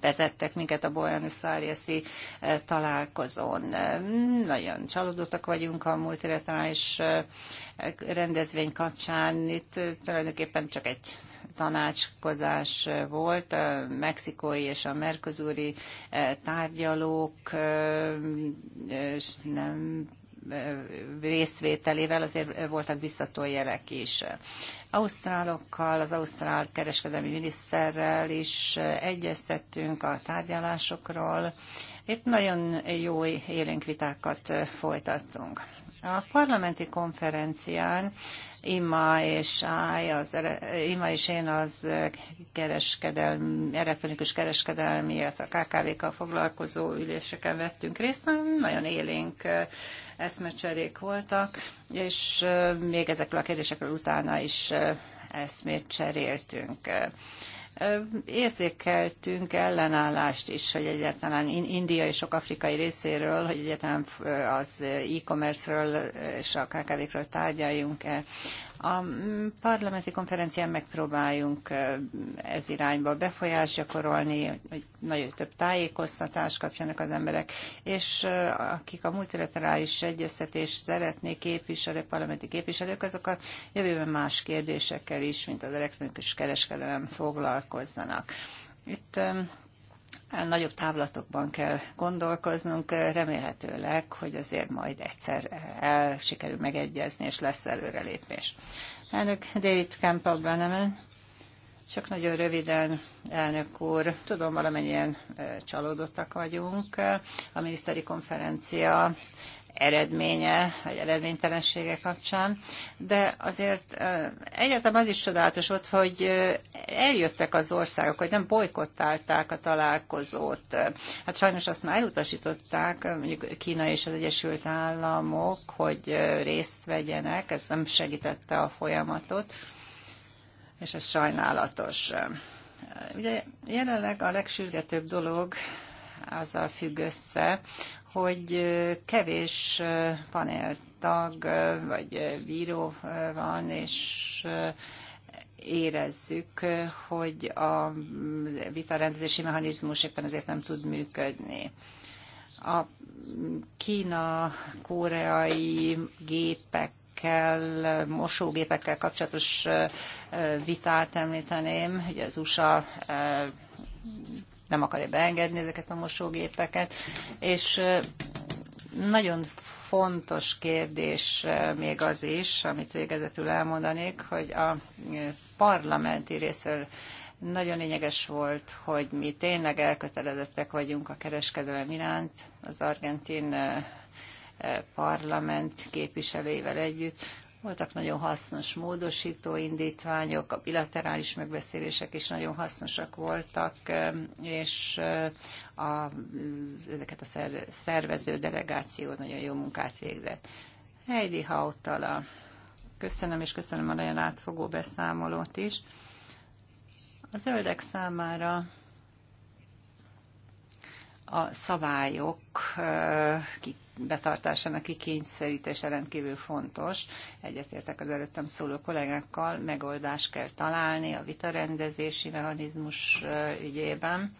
vezettek minket a Buenos Aires-i találkozón. Nagyon csalódottak vagyunk a multilaterális rendezvény kapcsán. Itt tulajdonképpen csak egy tanácskozás volt, a mexikói és a merkozúri tárgyalók nem részvételével azért voltak biztató jelek is. Ausztrálokkal, az Ausztrál kereskedelmi miniszterrel is egyeztettünk a tárgyalásokról. Itt nagyon jó élénk vitákat folytattunk. A parlamenti konferencián Ima és, I, az, Ima és én az kereskedelmi, elektronikus kereskedelmi, illetve a KKV-kkal foglalkozó üléseken vettünk részt. Nagyon élénk eszmecserék voltak, és még ezekről a kérdésekről utána is eszmét cseréltünk érzékeltünk ellenállást is, hogy egyáltalán India és sok afrikai részéről, hogy egyáltalán az e-commerce-ről és a KKV-kről tárgyaljunk-e. A mm, parlamenti konferencián megpróbáljunk ez irányba befolyást gyakorolni, hogy nagyon több tájékoztatást kapjanak az emberek, és akik a multilaterális egyeztetést szeretnék képviselő parlamenti képviselők, azok a jövőben más kérdésekkel is, mint az elektronikus kereskedelem foglalkozzanak. Itt nagyobb távlatokban kell gondolkoznunk, remélhetőleg, hogy azért majd egyszer el sikerül megegyezni, és lesz előrelépés. Elnök David Campbell Bannerman, csak nagyon röviden, elnök úr, tudom, valamennyien csalódottak vagyunk. A miniszteri konferencia eredménye, vagy eredménytelensége kapcsán, de azért egyáltalán az is csodálatos volt, hogy eljöttek az országok, hogy nem bolykottálták a találkozót. Hát sajnos azt már elutasították, mondjuk Kína és az Egyesült Államok, hogy részt vegyenek, ez nem segítette a folyamatot, és ez sajnálatos. Ugye jelenleg a legsürgetőbb dolog azzal függ össze, hogy kevés paneltag vagy bíró van, és érezzük, hogy a vitarendezési mechanizmus éppen azért nem tud működni. A kína-koreai gépek gépekkel, mosógépekkel kapcsolatos vitát említeném. hogy az USA nem akarja beengedni ezeket a mosógépeket, és nagyon fontos kérdés még az is, amit végezetül elmondanék, hogy a parlamenti részről nagyon lényeges volt, hogy mi tényleg elkötelezettek vagyunk a kereskedelem iránt az argentin parlament képviselőivel együtt, voltak nagyon hasznos módosító indítványok, a bilaterális megbeszélések is nagyon hasznosak voltak, és eh, a, ezeket a szervező delegáció nagyon jó munkát végzett. Heidi Hautala. Köszönöm, és köszönöm a nagyon átfogó beszámolót is. A zöldek számára a szabályok betartásának kikényszerítése rendkívül fontos. Egyetértek az előttem szóló kollégákkal, megoldást kell találni a vitarendezési mechanizmus ügyében.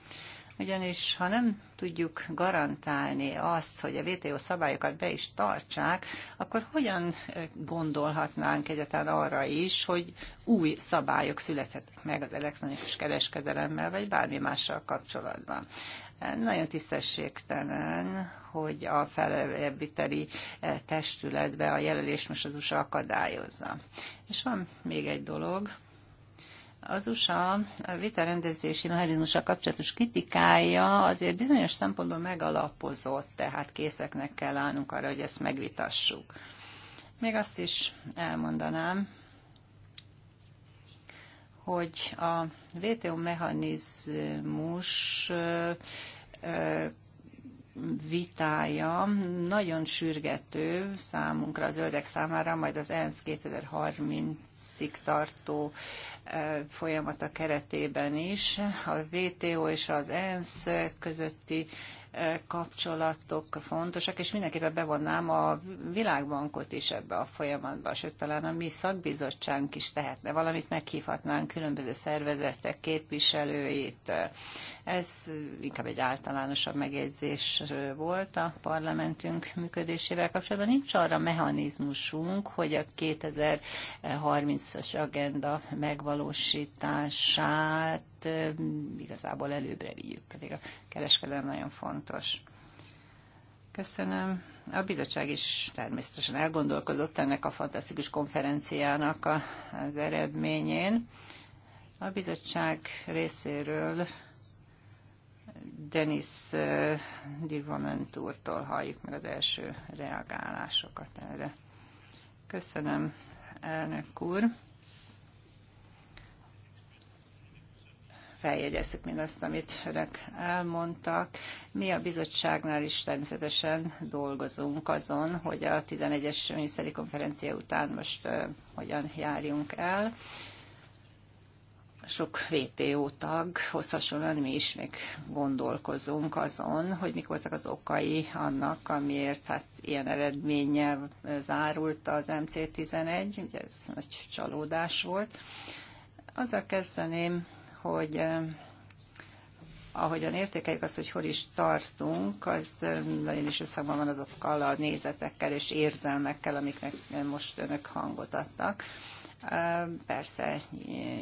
Ugyanis, ha nem tudjuk garantálni azt, hogy a VTO szabályokat be is tartsák, akkor hogyan gondolhatnánk egyáltalán arra is, hogy új szabályok születhetnek meg az elektronikus kereskedelemmel, vagy bármi mással kapcsolatban. Nagyon tisztességtelen, hogy a felelebbiteli eh, testületbe a jelölést most az USA akadályozza. És van még egy dolog, az USA a vitarendezési mechanizmusa kapcsolatos kritikája azért bizonyos szempontból megalapozott, tehát készeknek kell állnunk arra, hogy ezt megvitassuk. Még azt is elmondanám, hogy a WTO mechanizmus vitája nagyon sürgető számunkra, az zöldek számára, majd az ENSZ 2030-ig tartó folyamata keretében is. A WTO és az ENSZ közötti kapcsolatok fontosak, és mindenképpen bevonnám a világbankot is ebbe a folyamatba, sőt talán a mi szakbizottságunk is tehetne valamit, meghívhatnánk különböző szervezetek képviselőit, ez inkább egy általánosabb megjegyzés volt a parlamentünk működésével kapcsolatban. Nincs arra mechanizmusunk, hogy a 2030-as agenda megvalósítását um, igazából előbbre vigyük, pedig a kereskedelem nagyon fontos. Köszönöm. A bizottság is természetesen elgondolkozott ennek a fantasztikus konferenciának az eredményén. A bizottság részéről Denis Divonent úrtól halljuk meg az első reagálásokat erre. Köszönöm, elnök úr. feljegyezzük mindazt, amit önök elmondtak. Mi a bizottságnál is természetesen dolgozunk azon, hogy a 11-es miniszteri konferencia után most hogyan járjunk el sok VTO tag, hasonlóan mi is még gondolkozunk azon, hogy mik voltak az okai annak, amiért hát ilyen eredménnyel zárult az MC11, ugye ez nagy csalódás volt. Azzal kezdeném, hogy eh, ahogyan értékeljük azt, hogy hol is tartunk, az eh, nagyon is összhangban van azokkal a nézetekkel és érzelmekkel, amiknek most önök hangot adtak. Persze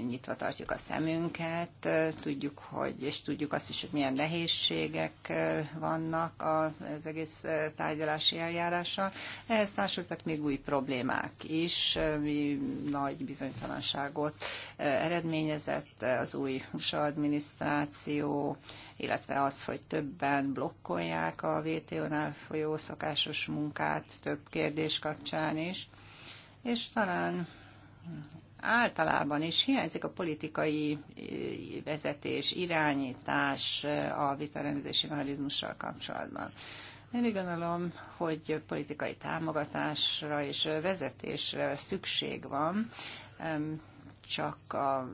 nyitva tartjuk a szemünket, tudjuk, hogy, és tudjuk azt is, hogy milyen nehézségek vannak az egész tárgyalási eljárással. Ehhez társultak még új problémák is, mi nagy bizonytalanságot eredményezett az új USA adminisztráció, illetve az, hogy többen blokkolják a vto nál folyó szokásos munkát több kérdés kapcsán is. És talán általában is hiányzik a politikai eh, vezetés, irányítás eh, a vitarendezési mechanizmussal kapcsolatban. Én úgy gondolom, hogy politikai támogatásra és vezetésre szükség van, csak a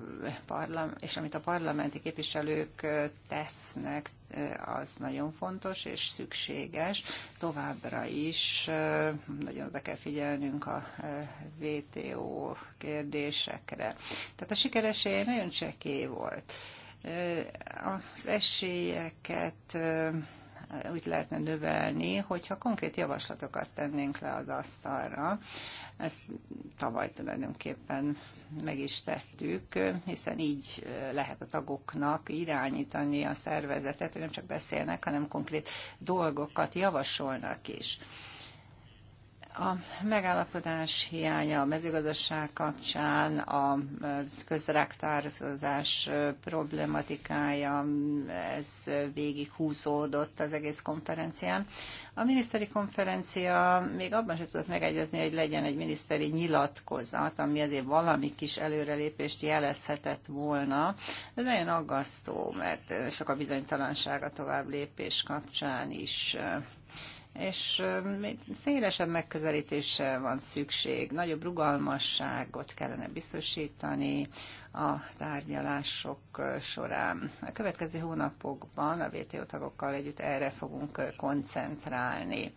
parlament, és amit a parlamenti képviselők eh, tesznek, Eh, az nagyon fontos és szükséges. Továbbra is eh, nagyon oda kell figyelnünk a VTO eh, kérdésekre. Tehát a sikeresé nagyon csekély volt. Az esélyeket Eh, úgy lehetne növelni, hogyha konkrét javaslatokat tennénk le az asztalra. Ezt tavaly tulajdonképpen meg is tettük, hiszen így eh, lehet a tagoknak irányítani a szervezetet, hogy nem csak beszélnek, hanem konkrét dolgokat javasolnak is. A megállapodás hiánya a mezőgazdaság kapcsán, a közraktározás problematikája, ez végig húzódott az egész konferencián. A miniszteri konferencia még abban sem tudott megegyezni, hogy legyen egy miniszteri nyilatkozat, ami azért valami kis előrelépést jelezhetett volna. Ez nagyon aggasztó, mert sok a bizonytalanság a tovább lépés kapcsán is és szélesebb megközelítésre van szükség, nagyobb rugalmasságot kellene biztosítani a tárgyalások során. A következő hónapokban a WTO tagokkal együtt erre fogunk koncentrálni.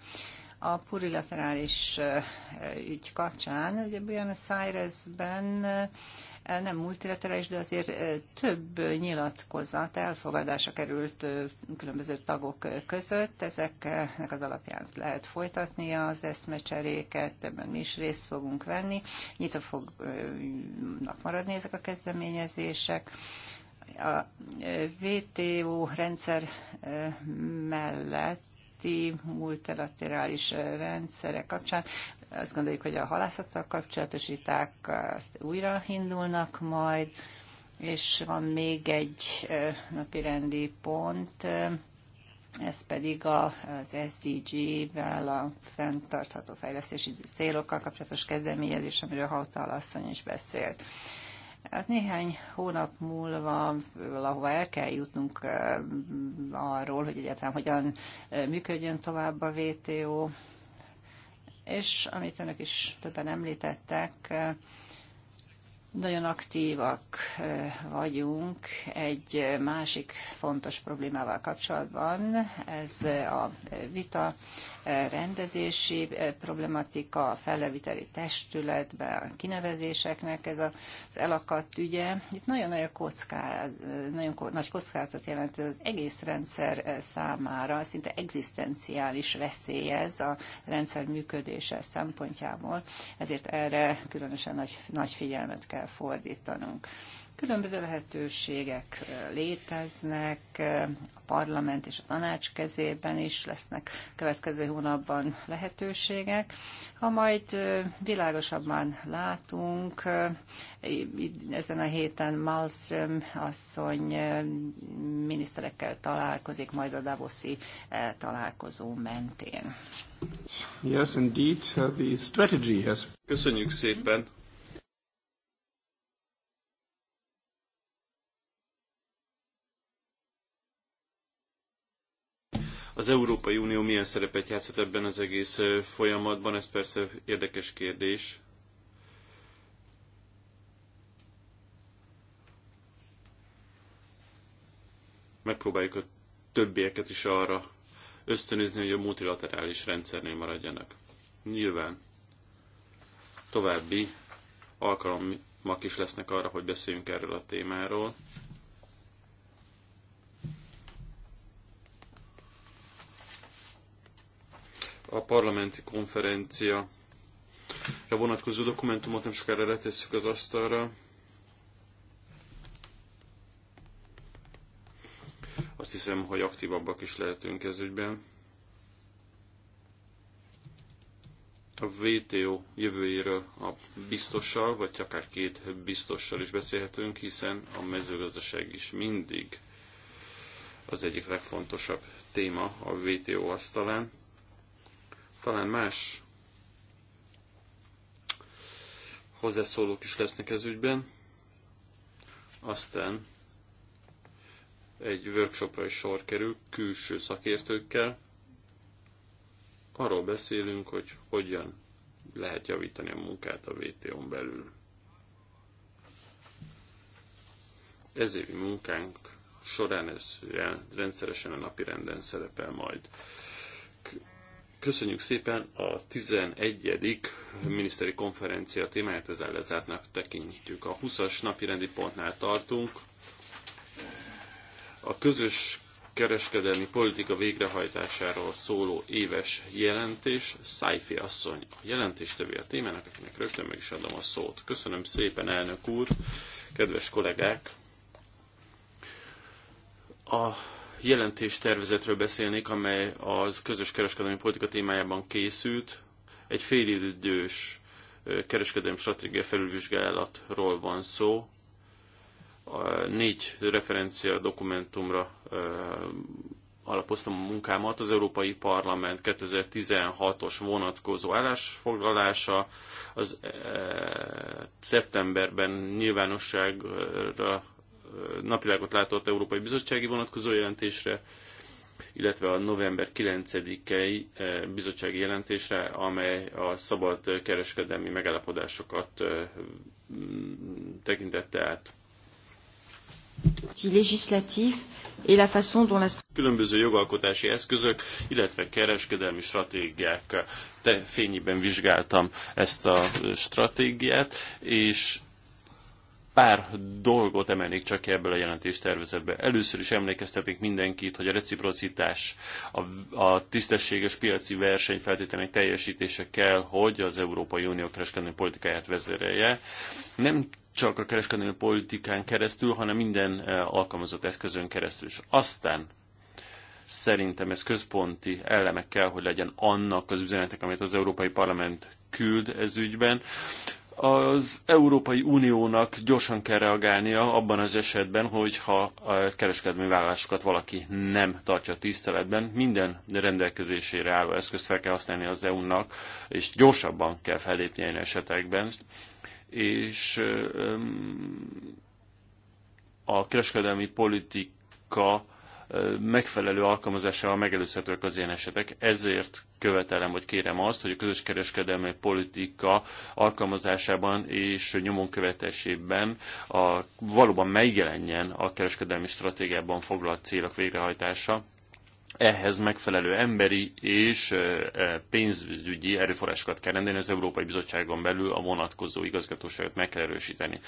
A purilaterális ügy kapcsán, ugye Buenos Airesben Eh, nem multilaterális, de azért eh, több nyilatkozat elfogadása került eh, különböző tagok között. Ezeknek az alapján lehet folytatni az eszmecseréket, ebben mi is részt fogunk venni. Nyitva fognak maradni ezek a kezdeményezések a VTO rendszer mellett multilaterális rendszerek kapcsán azt gondoljuk, hogy a halászattal kapcsolatos viták azt újra indulnak majd, és van még egy napi rendi pont, ez pedig az SDG-vel, a fenntartható fejlesztési célokkal kapcsolatos kezdeményezés, amiről Hautal asszony is beszélt. Hát néhány hónap múlva valahova el kell jutnunk arról, hogy egyáltalán hogyan működjön tovább a VTO és amit önök is többen említettek, nagyon aktívak vagyunk egy másik fontos problémával kapcsolatban, ez a vita rendezési problematika, a felleviteli testületbe, a kinevezéseknek ez az elakadt ügye. Itt nagyon, -nagyon, kockáz, nagyon nagy kockázat jelent az egész rendszer számára, szinte egzisztenciális veszély ez a rendszer működése szempontjából, ezért erre különösen nagy, nagy figyelmet kell kell fordítanunk. Különböző lehetőségek léteznek, a parlament és a tanács kezében is lesznek következő hónapban lehetőségek. Ha majd világosabban látunk, ezen a héten Malmström asszony miniszterekkel találkozik, majd a Davoszi találkozó mentén. Yes, indeed, uh, the strategy has... Köszönjük szépen! Az Európai Unió milyen szerepet játszott ebben az egész folyamatban, ez persze érdekes kérdés. Megpróbáljuk a többieket is arra ösztönözni, hogy a multilaterális rendszernél maradjanak. Nyilván további alkalommal is lesznek arra, hogy beszéljünk erről a témáról. a parlamenti konferencia vonatkozó dokumentumot nem sokára letesszük az asztalra. Azt hiszem, hogy aktívabbak is lehetünk ez ügyben. a VTO jövőjéről a biztossal, vagy akár két biztossal is beszélhetünk, hiszen a mezőgazdaság is mindig az egyik legfontosabb téma a VTO asztalán. Talán más hozzászólók is lesznek ez ügyben. Aztán egy workshopra is sor kerül külső szakértőkkel. Arról beszélünk, hogy hogyan lehet javítani a munkát a VTO-n belül. Ez évi munkánk során ez rendszeresen a renden szerepel majd. Köszönjük szépen a 11. miniszteri konferencia témáját, ezzel lezártnak tekintjük. A 20-as napi rendi pontnál tartunk. A közös kereskedelmi politika végrehajtásáról szóló éves jelentés. Szájfi asszony a jelentéstevő a témának, akinek rögtön meg is adom a szót. Köszönöm szépen, elnök úr, kedves kollégák! A jelentéstervezetről beszélnék, amely az közös kereskedelmi politika témájában készült. Egy félidős kereskedelmi stratégia felülvizsgálatról van szó. A négy referencia dokumentumra alapoztam a munkámat. Az Európai Parlament 2016-os vonatkozó állásfoglalása az szeptemberben nyilvánosságra napvilágot látott Európai Bizottsági vonatkozó jelentésre, illetve a november 9-i eh, bizottsági jelentésre, amely a szabad kereskedelmi megállapodásokat eh, mm, tekintette át. Különböző jogalkotási eszközök, illetve kereskedelmi stratégiák te fényében vizsgáltam ezt a stratégiát, és pár dolgot emelnék csak ebből a jelentés tervezetbe. Először is emlékeztetnék mindenkit, hogy a reciprocitás, a, a tisztességes piaci verseny feltételenek teljesítése kell, hogy az Európai Unió kereskedelmi politikáját vezérelje. Nem csak a kereskedelmi politikán keresztül, hanem minden eh, alkalmazott eszközön keresztül is. Aztán szerintem ez központi elemek kell, hogy legyen annak az üzenetek, amit az Európai Parlament küld ez ügyben az Európai Uniónak gyorsan kell reagálnia abban az esetben, hogyha a kereskedelmi vállalásokat valaki nem tartja tiszteletben, minden rendelkezésére álló eszközt fel kell használni az EU-nak, és gyorsabban kell fellépni ilyen esetekben. És a kereskedelmi politika megfelelő alkalmazásával megelőzhetőek az ilyen esetek. Ezért követelem, vagy kérem azt, hogy a közös kereskedelmi politika alkalmazásában és nyomon követésében a, valóban megjelenjen a kereskedelmi stratégiában foglalt célok végrehajtása, ehhez megfelelő emberi és pénzügyi erőforrásokat kell rendelni az Európai Bizottságon belül a vonatkozó igazgatóságot meg kell erősíteni.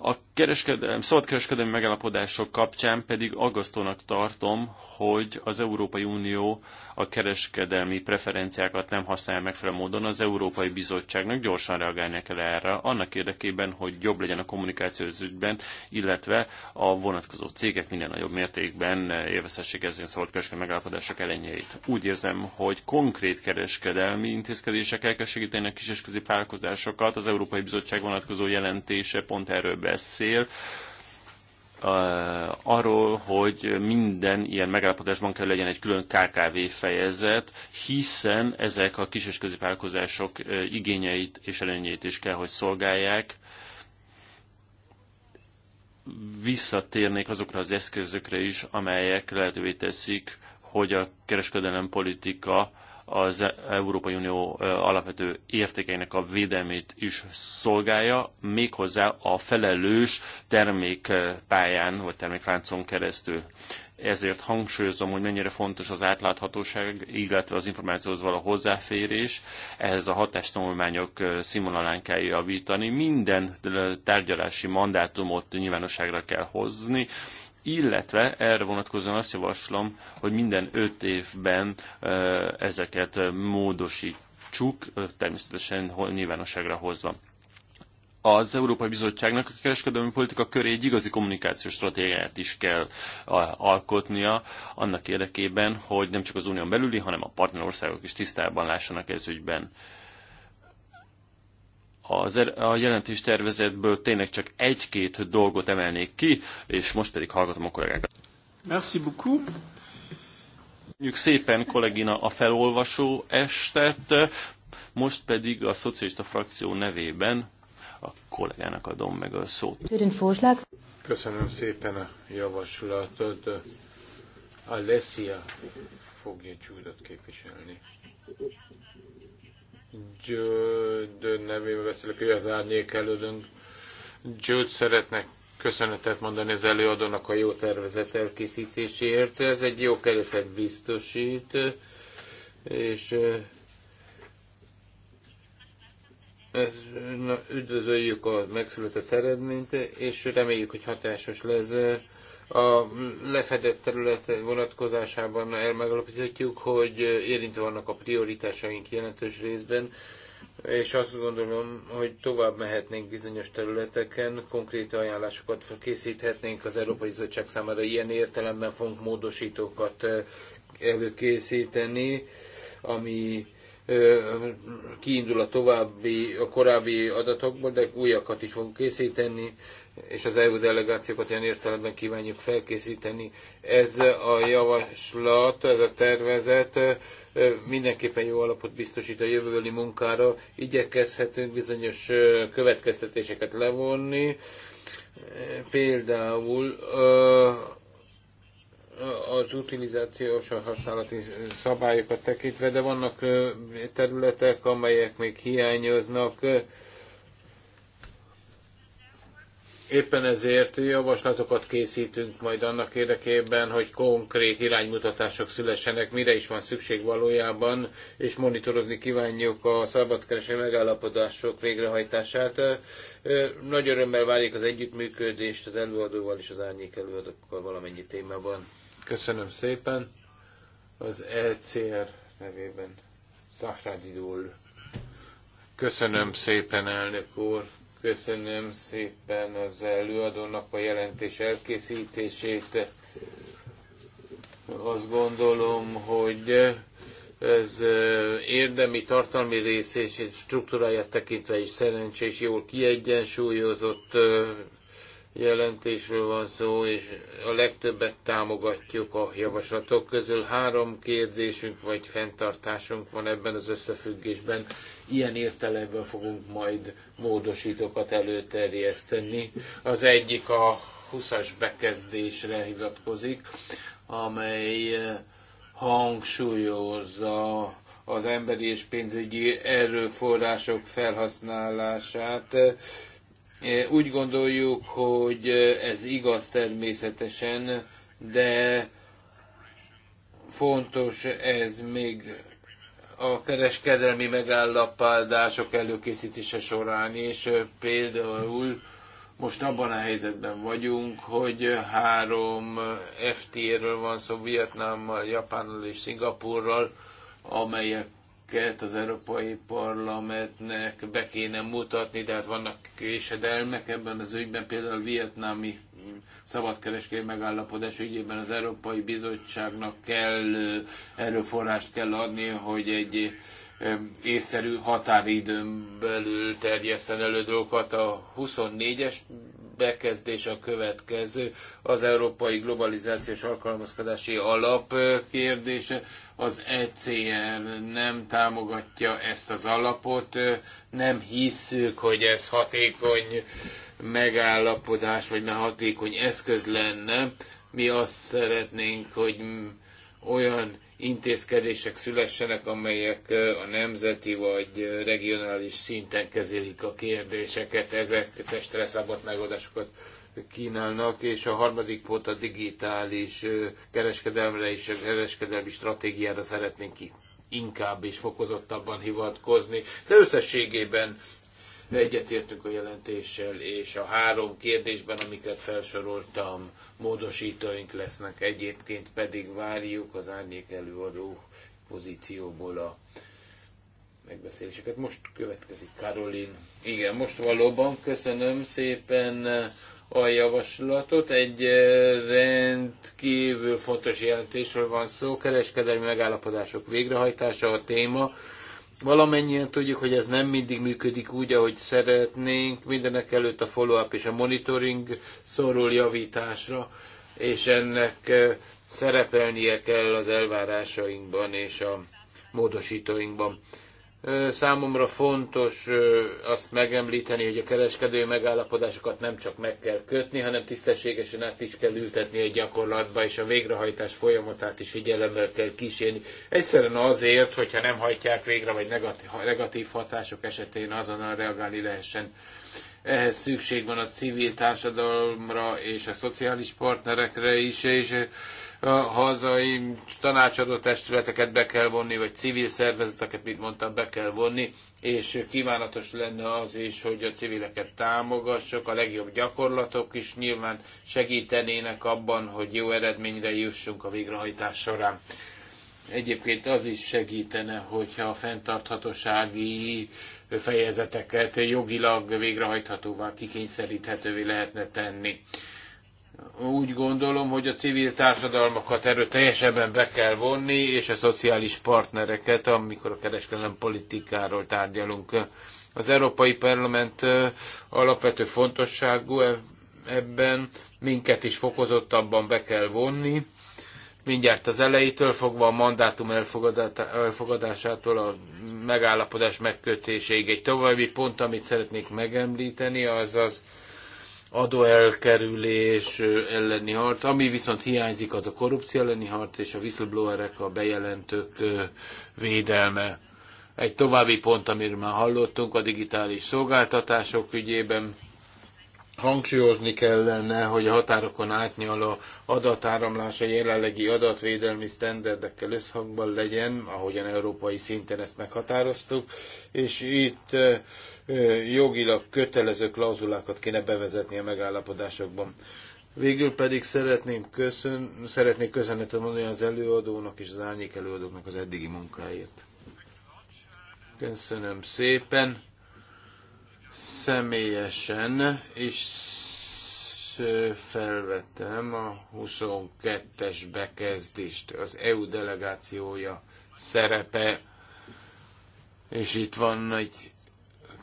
A kereskedelmi, szabadkereskedelmi megállapodások kapcsán pedig aggasztónak tartom, hogy az Európai Unió a kereskedelmi preferenciákat nem használja megfelelő módon. Az Európai Bizottságnak gyorsan reagálnia kell erre, annak érdekében, hogy jobb legyen a kommunikáció az ügyben, illetve a vonatkozó cégek minden nagyobb mértékben élvezhessék ezen szabadkereskedelmi megállapodásokat megállapodások elenyeit. Úgy érzem, hogy konkrét kereskedelmi intézkedések el kell segíteni a kis és középvállalkozásokat. Az Európai Bizottság vonatkozó jelentése pont erről beszél, arról, hogy minden ilyen megállapodásban kell legyen egy külön KKV fejezet, hiszen ezek a kis és középvállalkozások igényeit és előnyeit is kell, hogy szolgálják visszatérnék azokra az eszközökre is, amelyek lehetővé teszik, hogy a kereskedelem politika az Európai Unió alapvető értékeinek a védelmét is szolgálja, méghozzá a felelős termékpályán vagy termékláncon keresztül. Ezért hangsúlyozom, hogy mennyire fontos az átláthatóság, illetve az információhoz való hozzáférés. Ehhez a hatástanulmányok színvonalán kell javítani. Minden tárgyalási mandátumot nyilvánosságra kell hozni, illetve erre vonatkozóan azt javaslom, hogy minden öt évben ezeket módosítsuk, természetesen nyilvánosságra hozva az Európai Bizottságnak a kereskedelmi politika köré egy igazi kommunikációs stratégiát is kell alkotnia, annak érdekében, hogy nem csak az unión belüli, hanem a partnerországok is tisztában lássanak ez ügyben az, er- a jelentés tervezetből tényleg csak egy-két dolgot emelnék ki, és most pedig hallgatom a kollégákat. Merci beaucoup. Köszönjük szépen, kollégina, a felolvasó estet. Most pedig a szocialista frakció nevében a kollégának adom meg a szót. Köszönöm szépen a javaslatot. A Alessia fogja csúdat képviselni. Győd nevében beszélek, ő az árnyék elődünk. Győd szeretnek köszönetet mondani az előadónak a jó tervezet elkészítéséért. Ez egy jó keretet biztosít, és eh, ez, na, üdvözöljük a megszületett eredményt, és reméljük, hogy hatásos lesz eh, a lefedett terület vonatkozásában elmegalapíthatjuk, hogy érintve vannak a prioritásaink jelentős részben, és azt gondolom, hogy tovább mehetnénk bizonyos területeken, konkrét ajánlásokat készíthetnénk az Európai Bizottság számára, ilyen értelemben fogunk módosítókat előkészíteni, ami kiindul a további, a korábbi adatokból, de újakat is fogunk készíteni, és az EU delegációkat ilyen értelemben kívánjuk felkészíteni. Ez a javaslat, ez a tervezet mindenképpen jó alapot biztosít a jövőbeli munkára. Igyekezhetünk bizonyos következtetéseket levonni. Például az utilizációs, a használati szabályokat tekintve, de vannak területek, amelyek még hiányoznak, Éppen ezért javaslatokat készítünk majd annak érdekében, hogy konkrét iránymutatások szülessenek, mire is van szükség valójában, és monitorozni kívánjuk a szabadkereső megállapodások végrehajtását. Nagy örömmel várjuk az együttműködést az előadóval és az árnyék előadókkal valamennyi témában. Köszönöm szépen. Az ECR nevében Szahrádi Köszönöm szépen, elnök úr Köszönöm szépen az előadónak a jelentés elkészítését. Azt gondolom, hogy ez érdemi, tartalmi rész és struktúráját tekintve is szerencsés, jól kiegyensúlyozott jelentésről van szó, és a legtöbbet támogatjuk a javaslatok közül. Három kérdésünk vagy fenntartásunk van ebben az összefüggésben. Ilyen értelemben fogunk majd módosítókat előterjeszteni. Az egyik a 20-as bekezdésre hivatkozik, amely eh, hangsúlyozza az emberi és pénzügyi erőforrások felhasználását E, úgy gondoljuk, hogy ez igaz természetesen, de fontos ez még a kereskedelmi megállapodások előkészítése során, és például most abban a helyzetben vagyunk, hogy három ft ről van szó Vietnámmal, Japánnal és Szingapurral, amelyek amiket az Európai Parlamentnek be kéne mutatni, de hát vannak késedelmek ebben az ügyben, például a vietnámi szabadkereskedelmi megállapodás ügyében az Európai Bizottságnak kell erőforrást kell adni, hogy egy észszerű határidőn belül terjeszten elő dolgokat. A 24-es bekezdés a következő, az Európai Globalizációs Alkalmazkodási Alap kérdése. Az ECR nem támogatja ezt az alapot, nem hiszük, hogy ez hatékony megállapodás, vagy hatékony eszköz lenne. Mi azt szeretnénk, hogy olyan intézkedések szülessenek, amelyek a nemzeti vagy regionális szinten kezelik a kérdéseket, ezek testre szabott megoldásokat kínálnak, és a harmadik pont a digitális kereskedelemre és a kereskedelmi stratégiára szeretnénk inkább és fokozottabban hivatkozni, de összességében Egyetértünk a jelentéssel, és a három kérdésben, amiket felsoroltam, módosítóink lesznek. Egyébként pedig várjuk az árnyék előadó pozícióból a megbeszéléseket. Most következik Karolin. Igen, most valóban köszönöm szépen a javaslatot. Egy rendkívül fontos jelentésről van szó. Kereskedelmi megállapodások végrehajtása a téma. Valamennyien tudjuk, hogy ez nem mindig működik úgy, ahogy szeretnénk. Mindenek előtt a follow-up és a monitoring szorul javításra, és ennek eh, szerepelnie kell az elvárásainkban és a módosítóinkban. Számomra fontos azt megemlíteni, hogy a kereskedő megállapodásokat nem csak meg kell kötni, hanem tisztességesen át is kell ültetni egy gyakorlatba, és a végrehajtás folyamatát is figyelemmel kell kísérni. Egyszerűen azért, hogyha nem hajtják végre, vagy negatív hatások esetén azonnal reagálni lehessen. Ehhez szükség van a civil társadalomra és a szociális partnerekre is, és hazai tanácsadó testületeket be kell vonni, vagy civil szervezeteket, mint mondtam, be kell vonni, és kívánatos lenne az is, hogy a civileket támogassuk, a legjobb gyakorlatok is nyilván segítenének abban, hogy jó eredményre jussunk a végrehajtás során. Egyébként az is segítene, hogyha a fenntarthatósági fejezeteket jogilag végrehajthatóvá, kikényszeríthetővé lehetne tenni úgy gondolom, hogy a civil társadalmakat erőteljesebben be kell vonni, és a szociális partnereket, amikor a kereskedelem politikáról tárgyalunk. Az Európai Parlament alapvető fontosságú e- ebben, minket is fokozottabban be kell vonni. Mindjárt az elejétől fogva a mandátum elfogadásától a megállapodás megkötéséig. Egy további pont, amit szeretnék megemlíteni, az az adóelkerülés elleni harc. Ami viszont hiányzik, az a korrupció elleni harc és a whistleblowerek, a bejelentők védelme. Egy további pont, amiről már hallottunk, a digitális szolgáltatások ügyében hangsúlyozni kellene, hogy a határokon átnyaló adatáramlás a jelenlegi adatvédelmi sztenderdekkel összhangban legyen, ahogyan európai szinten ezt meghatároztuk, és itt jogilag kötelező klauzulákat kéne bevezetni a megállapodásokban. Végül pedig szeretném köszön, szeretnék köszönetet mondani az előadónak és az árnyék előadóknak az eddigi munkáért. Köszönöm szépen. Személyesen is felvettem a 22-es bekezdést, az EU delegációja szerepe, és itt van egy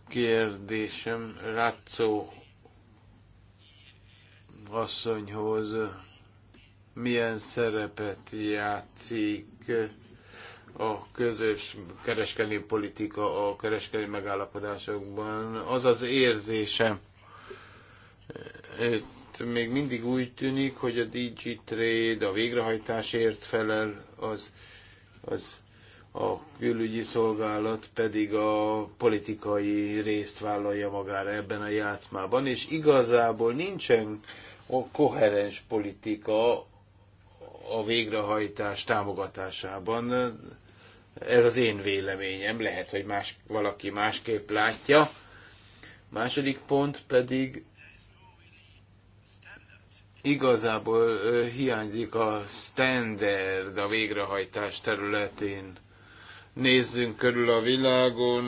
kérdésem Ratszó asszonyhoz milyen szerepet játszik a közös kereskedelmi politika, a kereskedelmi megállapodásokban. Az az érzése, itt még mindig úgy tűnik, hogy a Digitrade, a végrehajtásért felel, az, az a külügyi szolgálat pedig a politikai részt vállalja magára ebben a játszmában, és igazából nincsen a koherens politika a végrehajtás támogatásában. Ez az én véleményem, lehet, hogy más, valaki másképp látja. Második pont pedig igazából hiányzik a standard a végrehajtás területén nézzünk körül a világon,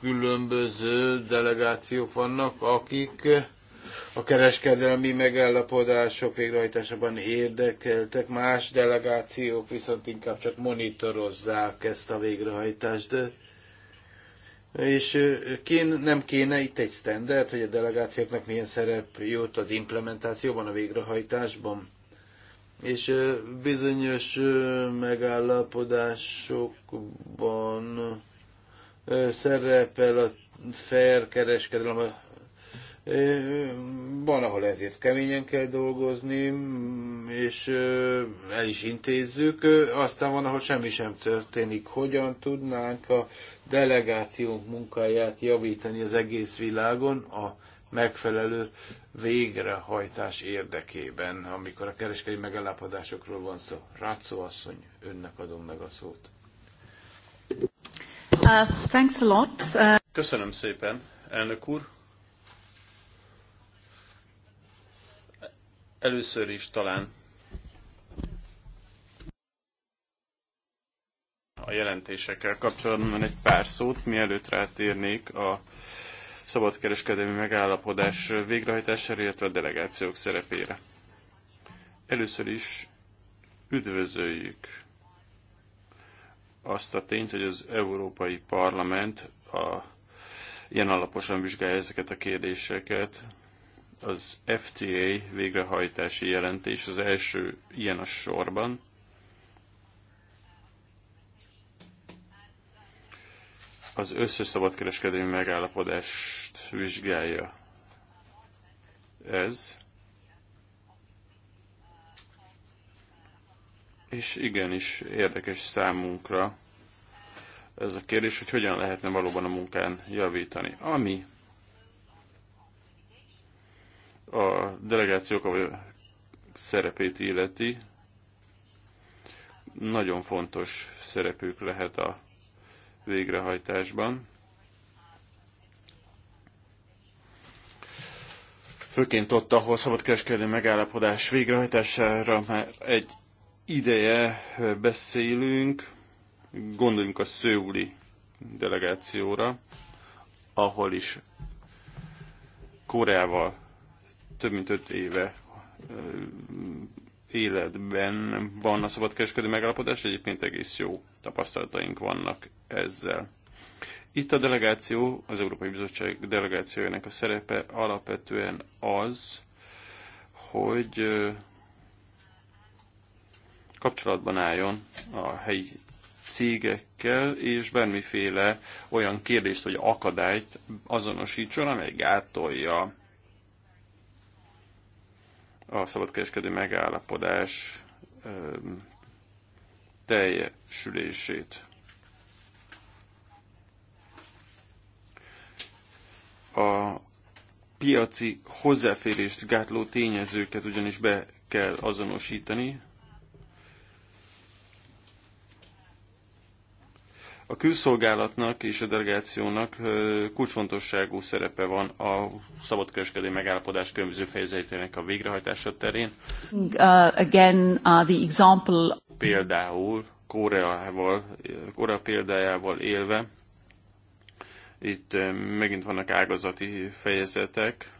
különböző delegációk vannak, akik a kereskedelmi megállapodások végrehajtásában érdekeltek, más delegációk viszont inkább csak monitorozzák ezt a végrehajtást. De és kéne, nem kéne itt egy standard, hogy a delegációknak milyen szerep jut az implementációban, a végrehajtásban? és bizonyos megállapodásokban szerepel a fair kereskedelem. Van, ahol ezért keményen kell dolgozni, és el is intézzük. Aztán van, ahol semmi sem történik. Hogyan tudnánk a delegációnk munkáját javítani az egész világon a megfelelő végrehajtás érdekében, amikor a kereskedelmi megállapodásokról van szó. Rácó asszony, önnek adom meg a szót. Uh, thanks a lot. Uh... Köszönöm szépen, elnök úr. Először is talán a jelentésekkel kapcsolatban egy pár szót, mielőtt rátérnék a szabadkereskedelmi megállapodás végrehajtására, illetve a delegációk szerepére. Először is üdvözöljük azt a tényt, hogy az Európai Parlament a, ilyen alaposan vizsgálja ezeket a kérdéseket. Az FTA végrehajtási jelentés az első ilyen a sorban, az összes szabadkereskedelmi megállapodást vizsgálja. Ez. És igenis érdekes számunkra ez a kérdés, hogy hogyan lehetne valóban a munkán javítani. Ami a delegációk szerepét illeti, nagyon fontos szerepük lehet a végrehajtásban. Főként ott, ahol szabadkereskedelmi megállapodás végrehajtására már egy ideje beszélünk, gondoljunk a szőuli delegációra, ahol is Koreával több mint öt éve életben van a szabadkereskedő megállapodás, egyébként egész jó tapasztalataink vannak ezzel. Itt a delegáció, az Európai Bizottság delegációjának a szerepe alapvetően az, hogy kapcsolatban álljon a helyi cégekkel, és bármiféle olyan kérdést vagy akadályt azonosítson, amely gátolja a szabadkereskedő megállapodás teljesülését. A piaci hozzáférést gátló tényezőket ugyanis be kell azonosítani, A külszolgálatnak és a delegációnak kulcsfontosságú szerepe van a szabadkereskedő megállapodás különböző fejezetének a végrehajtása terén. Uh, again, uh, the example... Például Koreával, Korea példájával élve, itt megint vannak ágazati fejezetek,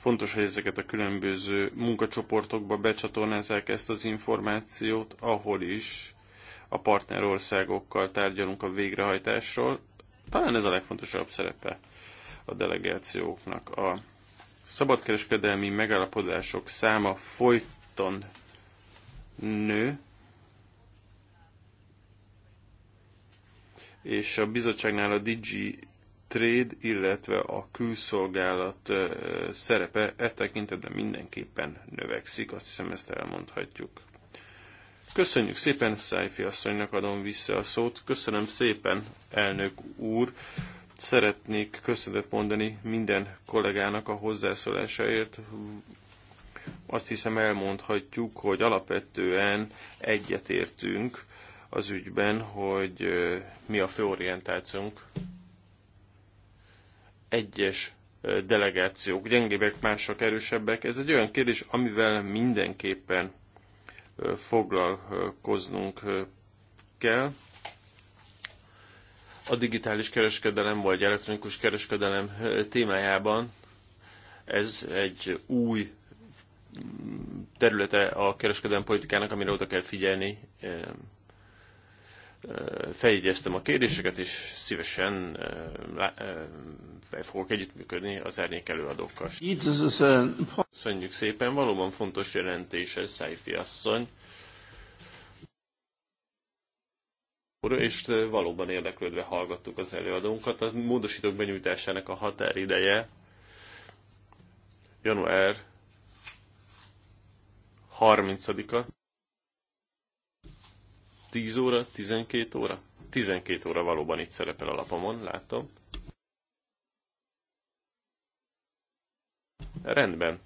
Fontos, hogy ezeket a különböző munkacsoportokba becsatornázzák ezt az információt, ahol is a partnerországokkal tárgyalunk a végrehajtásról. Talán ez a legfontosabb szerepe a delegációknak. A szabadkereskedelmi megállapodások száma folyton nő, és a bizottságnál a DG trade, illetve a külszolgálat szerepe e tekintetben mindenképpen növekszik, azt hiszem ezt elmondhatjuk. Köszönjük szépen, Szájfi asszonynak adom vissza a szót. Köszönöm szépen, elnök úr. Szeretnék köszönet mondani minden kollégának a hozzászólásáért. Azt hiszem elmondhatjuk, hogy alapvetően egyetértünk az ügyben, hogy mi a főorientációnk egyes delegációk gyengébbek, mások erősebbek. Ez egy olyan kérdés, amivel mindenképpen foglalkoznunk kell. A digitális kereskedelem vagy elektronikus kereskedelem témájában ez egy új területe a kereskedelmi politikának, amire oda kell figyelni, feljegyeztem a kérdéseket, és szívesen eh, eh, fel fogok együttműködni az árnyék előadókkal. Köszönjük szépen, valóban fontos jelentés ez, Szájfi asszony. És eh, valóban érdeklődve hallgattuk az előadónkat. A módosítók benyújtásának a határideje január 30-a. 10 óra, 12 óra? 12 óra valóban itt szerepel a lapomon, látom. Rendben.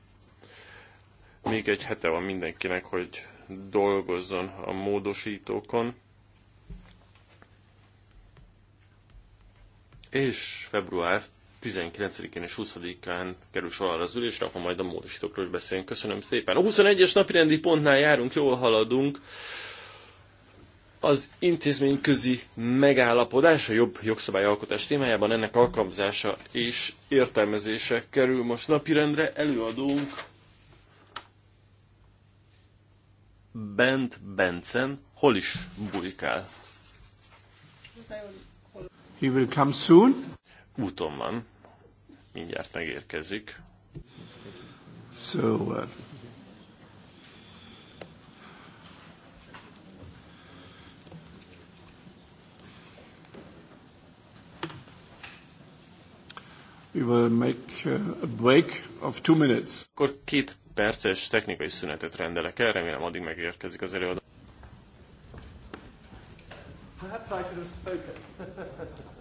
Még egy hete van mindenkinek, hogy dolgozzon a módosítókon. És február 19-én és 20-án kerül sor az ülésre, akkor majd a módosítókról is beszélünk. Köszönöm szépen. A 21-es napirendi pontnál járunk, jól haladunk az intézményközi megállapodás a jobb jogszabályalkotás témájában ennek alkalmazása és értelmezése kerül most napirendre. előadunk Bent Bencen hol is bujkál. He will come soon. Úton van. Mindjárt megérkezik. So, uh, We will make uh, a break of two minutes. Akkor két perces technikai szünetet rendelek el, remélem addig megérkezik az előadó. Perhaps I should have spoken.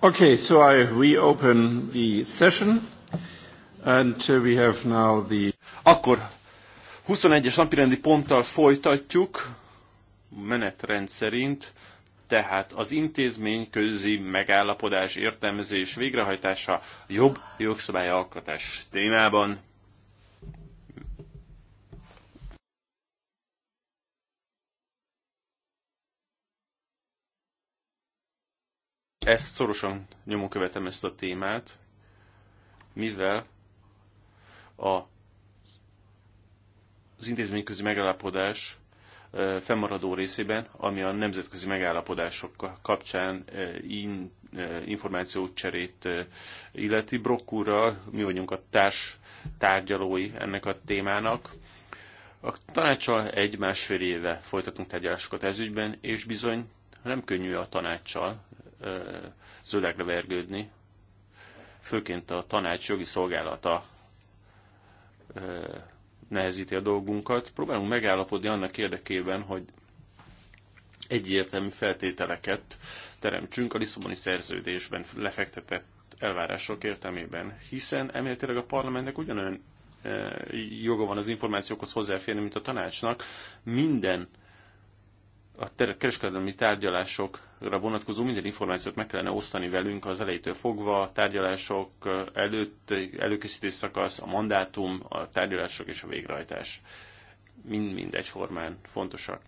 Okay, so I reopen the session, and uh, we have now the... Akkor 21-es napirendi ponttal folytatjuk menetrend szerint, tehát az intézmény közi megállapodás értelmezés végrehajtása jobb jogszabályalkotás témában ezt szorosan nyomon követem ezt a témát, mivel a, az intézményközi megállapodás fennmaradó részében, ami a nemzetközi megállapodások kapcsán in, információcserét illeti. Brock úrral, mi vagyunk a társ tárgyalói ennek a témának. A tanácssal egy-másfél éve folytatunk tárgyalásokat ez ügyben, és bizony nem könnyű a tanácssal zöldekre vergődni, főként a tanács jogi szolgálata nehezíti a dolgunkat. Próbálunk megállapodni annak érdekében, hogy egyértelmű feltételeket teremtsünk a Lisszaboni szerződésben lefektetett elvárások értelmében, hiszen emléletileg a parlamentnek ugyanolyan e, joga van az információkhoz hozzáférni, mint a tanácsnak. Minden a kereskedelmi tárgyalások vonatkozó minden információt meg kellene osztani velünk az elejétől fogva, tárgyalások előtt, előkészítés szakasz, a mandátum, a tárgyalások és a végrehajtás. Mind-mind egyformán fontosak.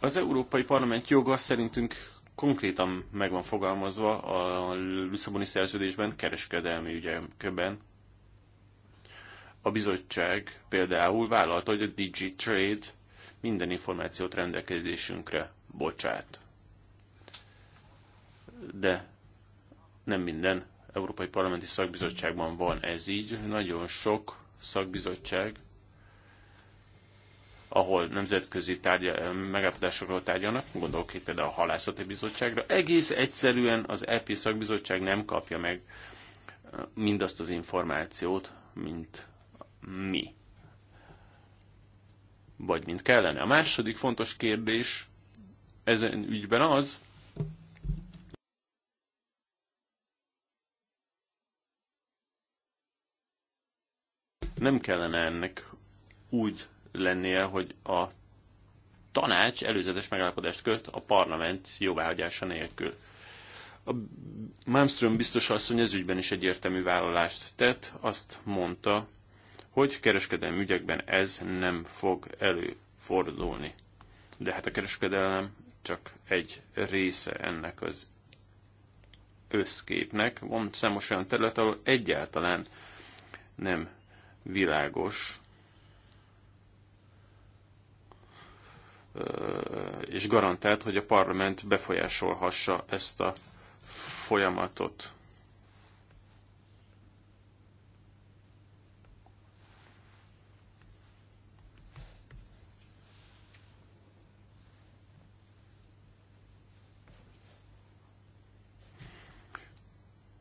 Az Európai Parlament joga szerintünk konkrétan meg van fogalmazva a Lisszaboni szerződésben, kereskedelmi ügyekben. A bizottság például vállalta, hogy a DigiTrade minden információt rendelkezésünkre bocsát de nem minden Európai Parlamenti Szakbizottságban van ez így. Nagyon sok szakbizottság, ahol nemzetközi tárgya, megállapodásokról tárgyalnak, gondolok itt például a Halászati Bizottságra, egész egyszerűen az EP szakbizottság nem kapja meg mindazt az információt, mint mi. Vagy mint kellene. A második fontos kérdés ezen ügyben az, Nem kellene ennek úgy lennie, hogy a tanács előzetes megállapodást köt a parlament jóváhagyása nélkül. A Malmström biztos asszony ez ügyben is egyértelmű vállalást tett, azt mondta, hogy kereskedelmi ügyekben ez nem fog előfordulni. De hát a kereskedelem csak egy része ennek az összképnek. Van számos olyan terület, ahol egyáltalán nem világos és garantált, hogy a parlament befolyásolhassa ezt a folyamatot.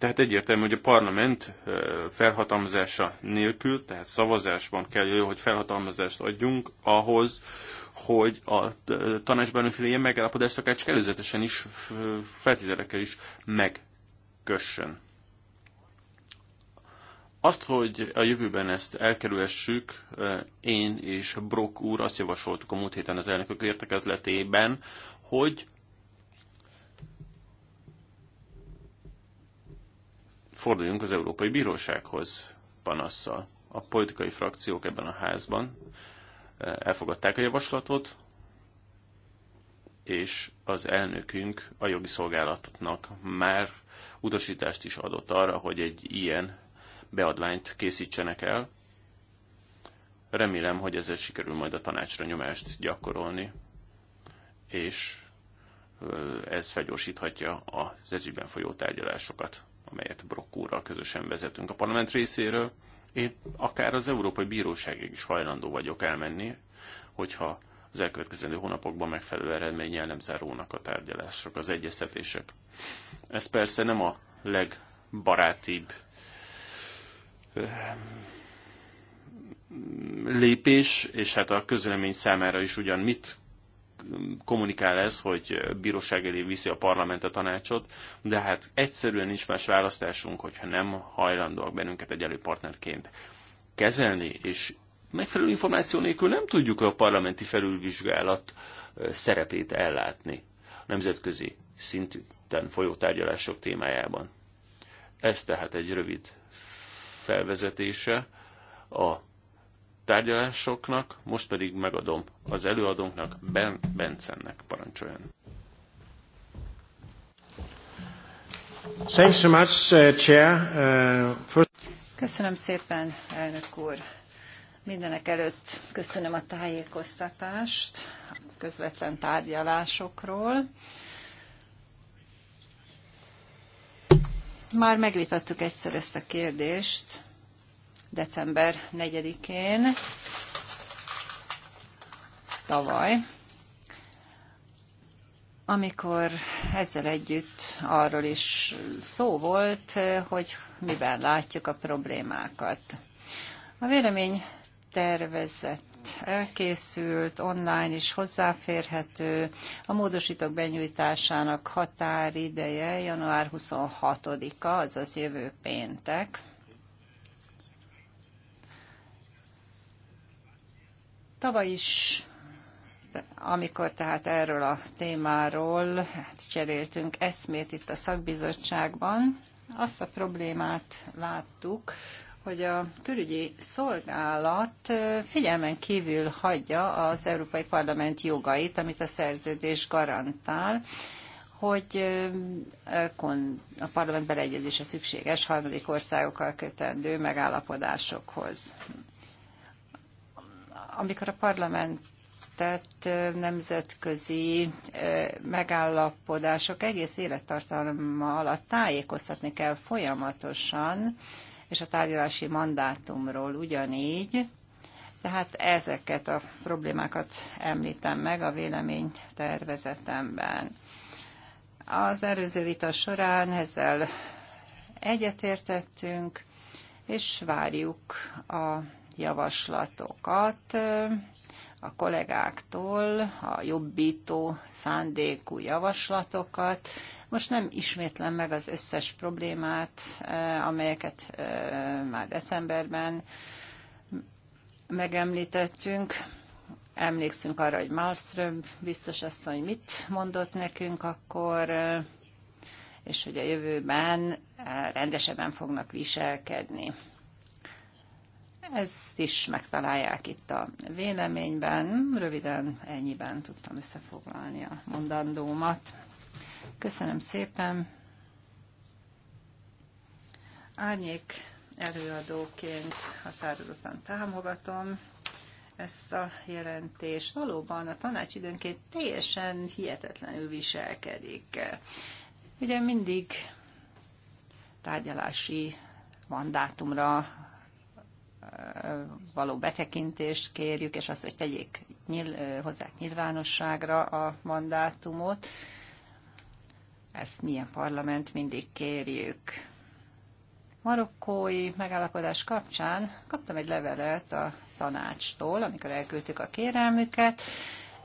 Tehát egyértelmű, hogy a parlament felhatalmazása nélkül, tehát szavazásban kell, hogy felhatalmazást adjunk ahhoz, hogy a tanácsban ilyen megállapodást akár csak előzetesen is, feltételekkel is megkössön. Azt, hogy a jövőben ezt elkerülhessük, én és Brock úr azt javasoltuk a múlt héten az elnökök értekezletében, hogy forduljunk az Európai Bírósághoz panasszal. A politikai frakciók ebben a házban eh, elfogadták a javaslatot, és az elnökünk a jogi szolgálatnak már utasítást is adott arra, hogy egy ilyen beadványt készítsenek el. Remélem, hogy ezzel sikerül majd a tanácsra nyomást gyakorolni, és ez felgyorsíthatja az ezügyben folyó tárgyalásokat amelyet Brock úrral közösen vezetünk a parlament részéről. Én akár az Európai Bíróságig is hajlandó vagyok elmenni, hogyha az elkövetkezendő hónapokban megfelelő eredménnyel nem zárulnak a tárgyalások, az egyeztetések. Ez persze nem a legbarátibb eh, lépés, és hát a közlemény számára is ugyan mit kommunikál ez, hogy bíróság elé viszi a parlament a tanácsot, de hát egyszerűen nincs más választásunk, hogyha nem hajlandóak bennünket egy előpartnerként kezelni, és megfelelő információ nélkül nem tudjuk a parlamenti felülvizsgálat szerepét ellátni a nemzetközi szinten folyó tárgyalások témájában. Ez tehát egy rövid felvezetése a tárgyalásoknak, most pedig megadom az előadónknak, Ben Bencennek parancsoljon. Thanks so much, uh, Chair. Uh, first... Köszönöm szépen, elnök úr. Mindenek előtt köszönöm a tájékoztatást a közvetlen tárgyalásokról. Már megvitattuk egyszer ezt a kérdést, december 4-én, tavaly, amikor ezzel együtt arról is szó volt, hogy miben látjuk a problémákat. A vélemény tervezett elkészült, online is hozzáférhető. A módosítók benyújtásának határideje január 26-a, azaz jövő péntek. Tavaly is amikor tehát erről a témáról cseréltünk eszmét itt a szakbizottságban, azt a problémát láttuk, hogy a külügyi szolgálat figyelmen kívül hagyja az Európai Parlament jogait, amit a szerződés garantál, hogy a parlament beleegyezése szükséges harmadik országokkal kötendő megállapodásokhoz amikor a parlament tehát nemzetközi megállapodások egész élettartalma alatt tájékoztatni kell folyamatosan, és a tárgyalási mandátumról ugyanígy. Tehát ezeket a problémákat említem meg a vélemény tervezetemben. Az előző vita során ezzel egyetértettünk, és várjuk a javaslatokat a kollégáktól, a jobbító szándékú javaslatokat. Most nem ismétlem meg az összes problémát, amelyeket már decemberben megemlítettünk. Emlékszünk arra, hogy Malmström biztos asszony mit mondott nekünk akkor, és hogy a jövőben rendesebben fognak viselkedni. Ezt is megtalálják itt a véleményben. Röviden ennyiben tudtam összefoglalni a mondandómat. Köszönöm szépen. Árnyék előadóként határozottan támogatom ezt a jelentést. Valóban a tanács időnként teljesen hihetetlenül viselkedik. Ugye mindig tárgyalási mandátumra való betekintést kérjük, és azt, hogy tegyék, nyil, hozzák nyilvánosságra a mandátumot. Ezt milyen parlament mindig kérjük. Marokkói megállapodás kapcsán kaptam egy levelet a tanácstól, amikor elküldtük a kérelmüket,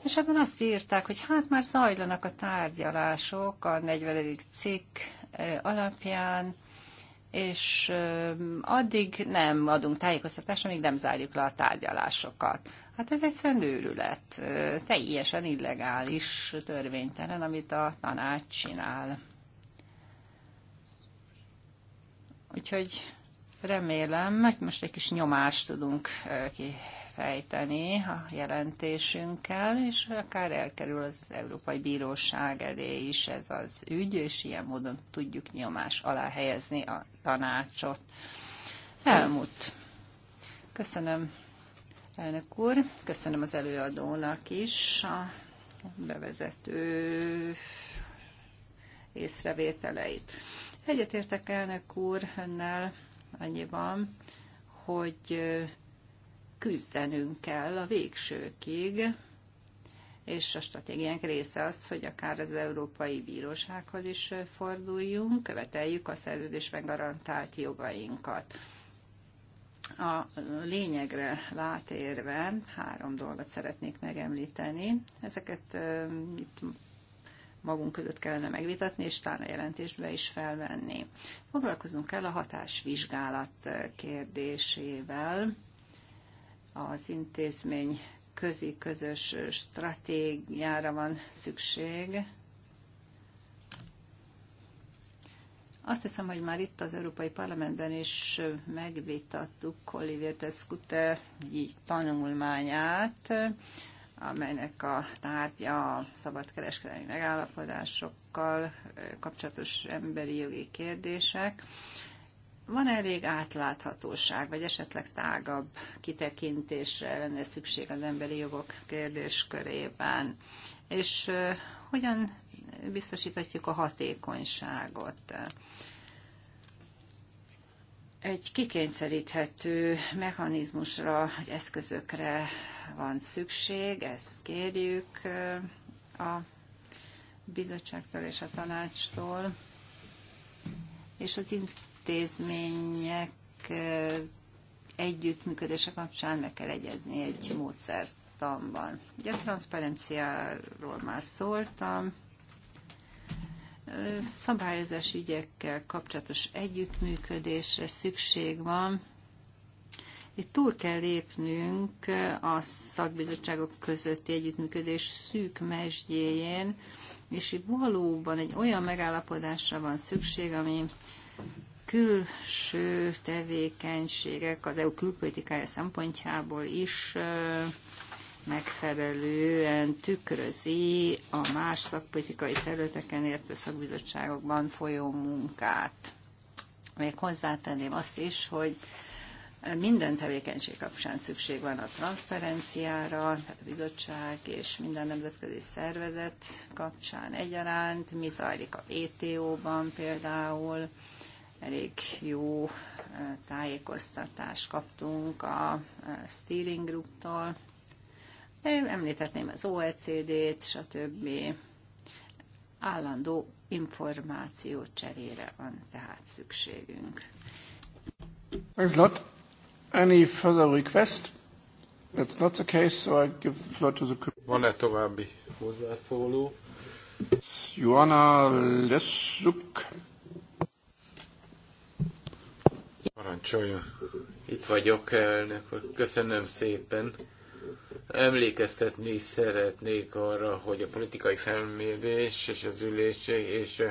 és ebben azt írták, hogy hát már zajlanak a tárgyalások a 40. cikk alapján, és addig nem adunk tájékoztatást, amíg nem zárjuk le a tárgyalásokat. Hát ez egyszerűen őrület, teljesen illegális, törvénytelen, amit a tanács csinál. Úgyhogy remélem, hogy most egy kis nyomást tudunk ki fejteni a jelentésünkkel, és akár elkerül az Európai Bíróság elé is ez az ügy, és ilyen módon tudjuk nyomás alá helyezni a tanácsot. Elmúlt. Köszönöm, elnök úr. Köszönöm az előadónak is a bevezető észrevételeit. Egyetértek elnök úr önnel annyiban, hogy küzdenünk kell a végsőkig, és a stratégiánk része az, hogy akár az Európai Bírósághoz is forduljunk, követeljük a szerződésben garantált jogainkat. A lényegre látérve három dolgot szeretnék megemlíteni. Ezeket itt magunk között kellene megvitatni, és talán a jelentésbe is felvenni. Foglalkozunk el a hatásvizsgálat kérdésével az intézmény közi közös stratégiára van szükség. Azt hiszem, hogy már itt az Európai Parlamentben is megvitattuk Olivier Tescute tanulmányát, amelynek a tárgya a szabadkereskedelmi megállapodásokkal kapcsolatos emberi jogi kérdések van elég átláthatóság, vagy esetleg tágabb kitekintésre lenne szükség az emberi jogok kérdéskörében? És hogyan biztosíthatjuk a hatékonyságot? Egy kikényszeríthető mechanizmusra, egy eszközökre van szükség, ezt kérjük a bizottságtól és a tanácstól, és az intézmények együttműködése kapcsán meg kell egyezni egy módszertamban. Ugye a transzparenciáról már szóltam, szabályozás ügyekkel kapcsolatos együttműködésre szükség van. Itt túl kell lépnünk a szakbizottságok közötti együttműködés szűk mesdjéjén, és itt valóban egy olyan megállapodásra van szükség, ami külső tevékenységek az EU külpolitikája szempontjából is megfelelően tükrözi a más szakpolitikai területeken, illetve szakbizottságokban folyó munkát. Még hozzátenném azt is, hogy minden tevékenység kapcsán szükség van a transzferenciára, tehát a bizottság és minden nemzetközi szervezet kapcsán egyaránt, mi zajlik a WTO-ban például, elég jó tájékoztatást kaptunk a steering group Én említhetném az OECD-t, stb. Állandó információ cserére van tehát szükségünk. Thanks a Any further request? That's not the case, so I give the floor to the... Van-e további hozzászóló? Joanna Leszuk. Parancsolja. Itt vagyok, elnök Köszönöm szépen. Emlékeztetni szeretnék arra, hogy a politikai felmérés és az ülés és,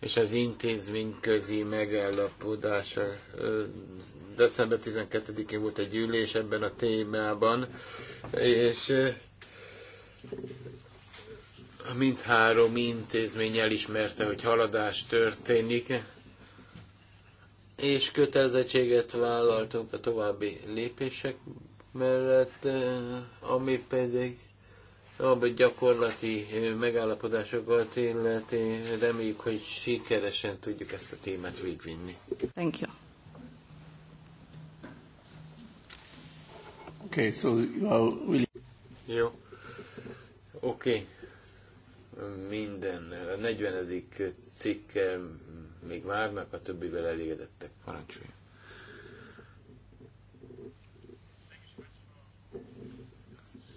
és az intézmény közi megállapodás december 12-én volt egy ülés ebben a témában, és mindhárom intézmény elismerte, hogy haladás történik és kötelezettséget vállaltunk a további lépések mellett, eh, ami pedig a gyakorlati eh, megállapodásokat illeti, reméljük, hogy sikeresen tudjuk ezt a témát végvinni. Thank you. Okay, so will... Jó. Oké. Okay. Minden. A 40. cikkel még várnak, a többivel elégedettek. Parancsolja.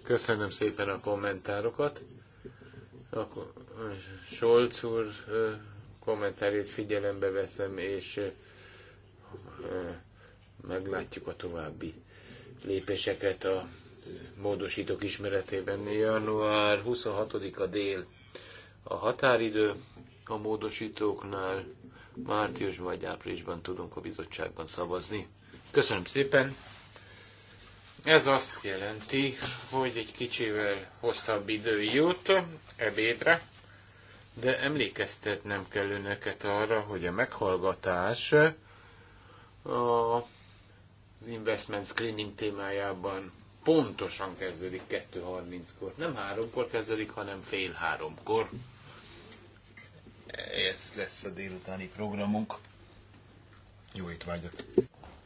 Köszönöm szépen a kommentárokat. A Solc úr kommentárét figyelembe veszem, és meglátjuk a további lépéseket a módosítók ismeretében. Január 26-a dél a határidő a módosítóknál márciusban vagy áprilisban tudunk a bizottságban szavazni. Köszönöm szépen! Ez azt jelenti, hogy egy kicsivel hosszabb idő jut ebédre, de emlékeztetnem kell önöket arra, hogy a meghallgatás az investment screening témájában pontosan kezdődik 2.30-kor. Nem háromkor kezdődik, hanem fél háromkor. Ez lesz a délutáni programunk. Jó étvágyat!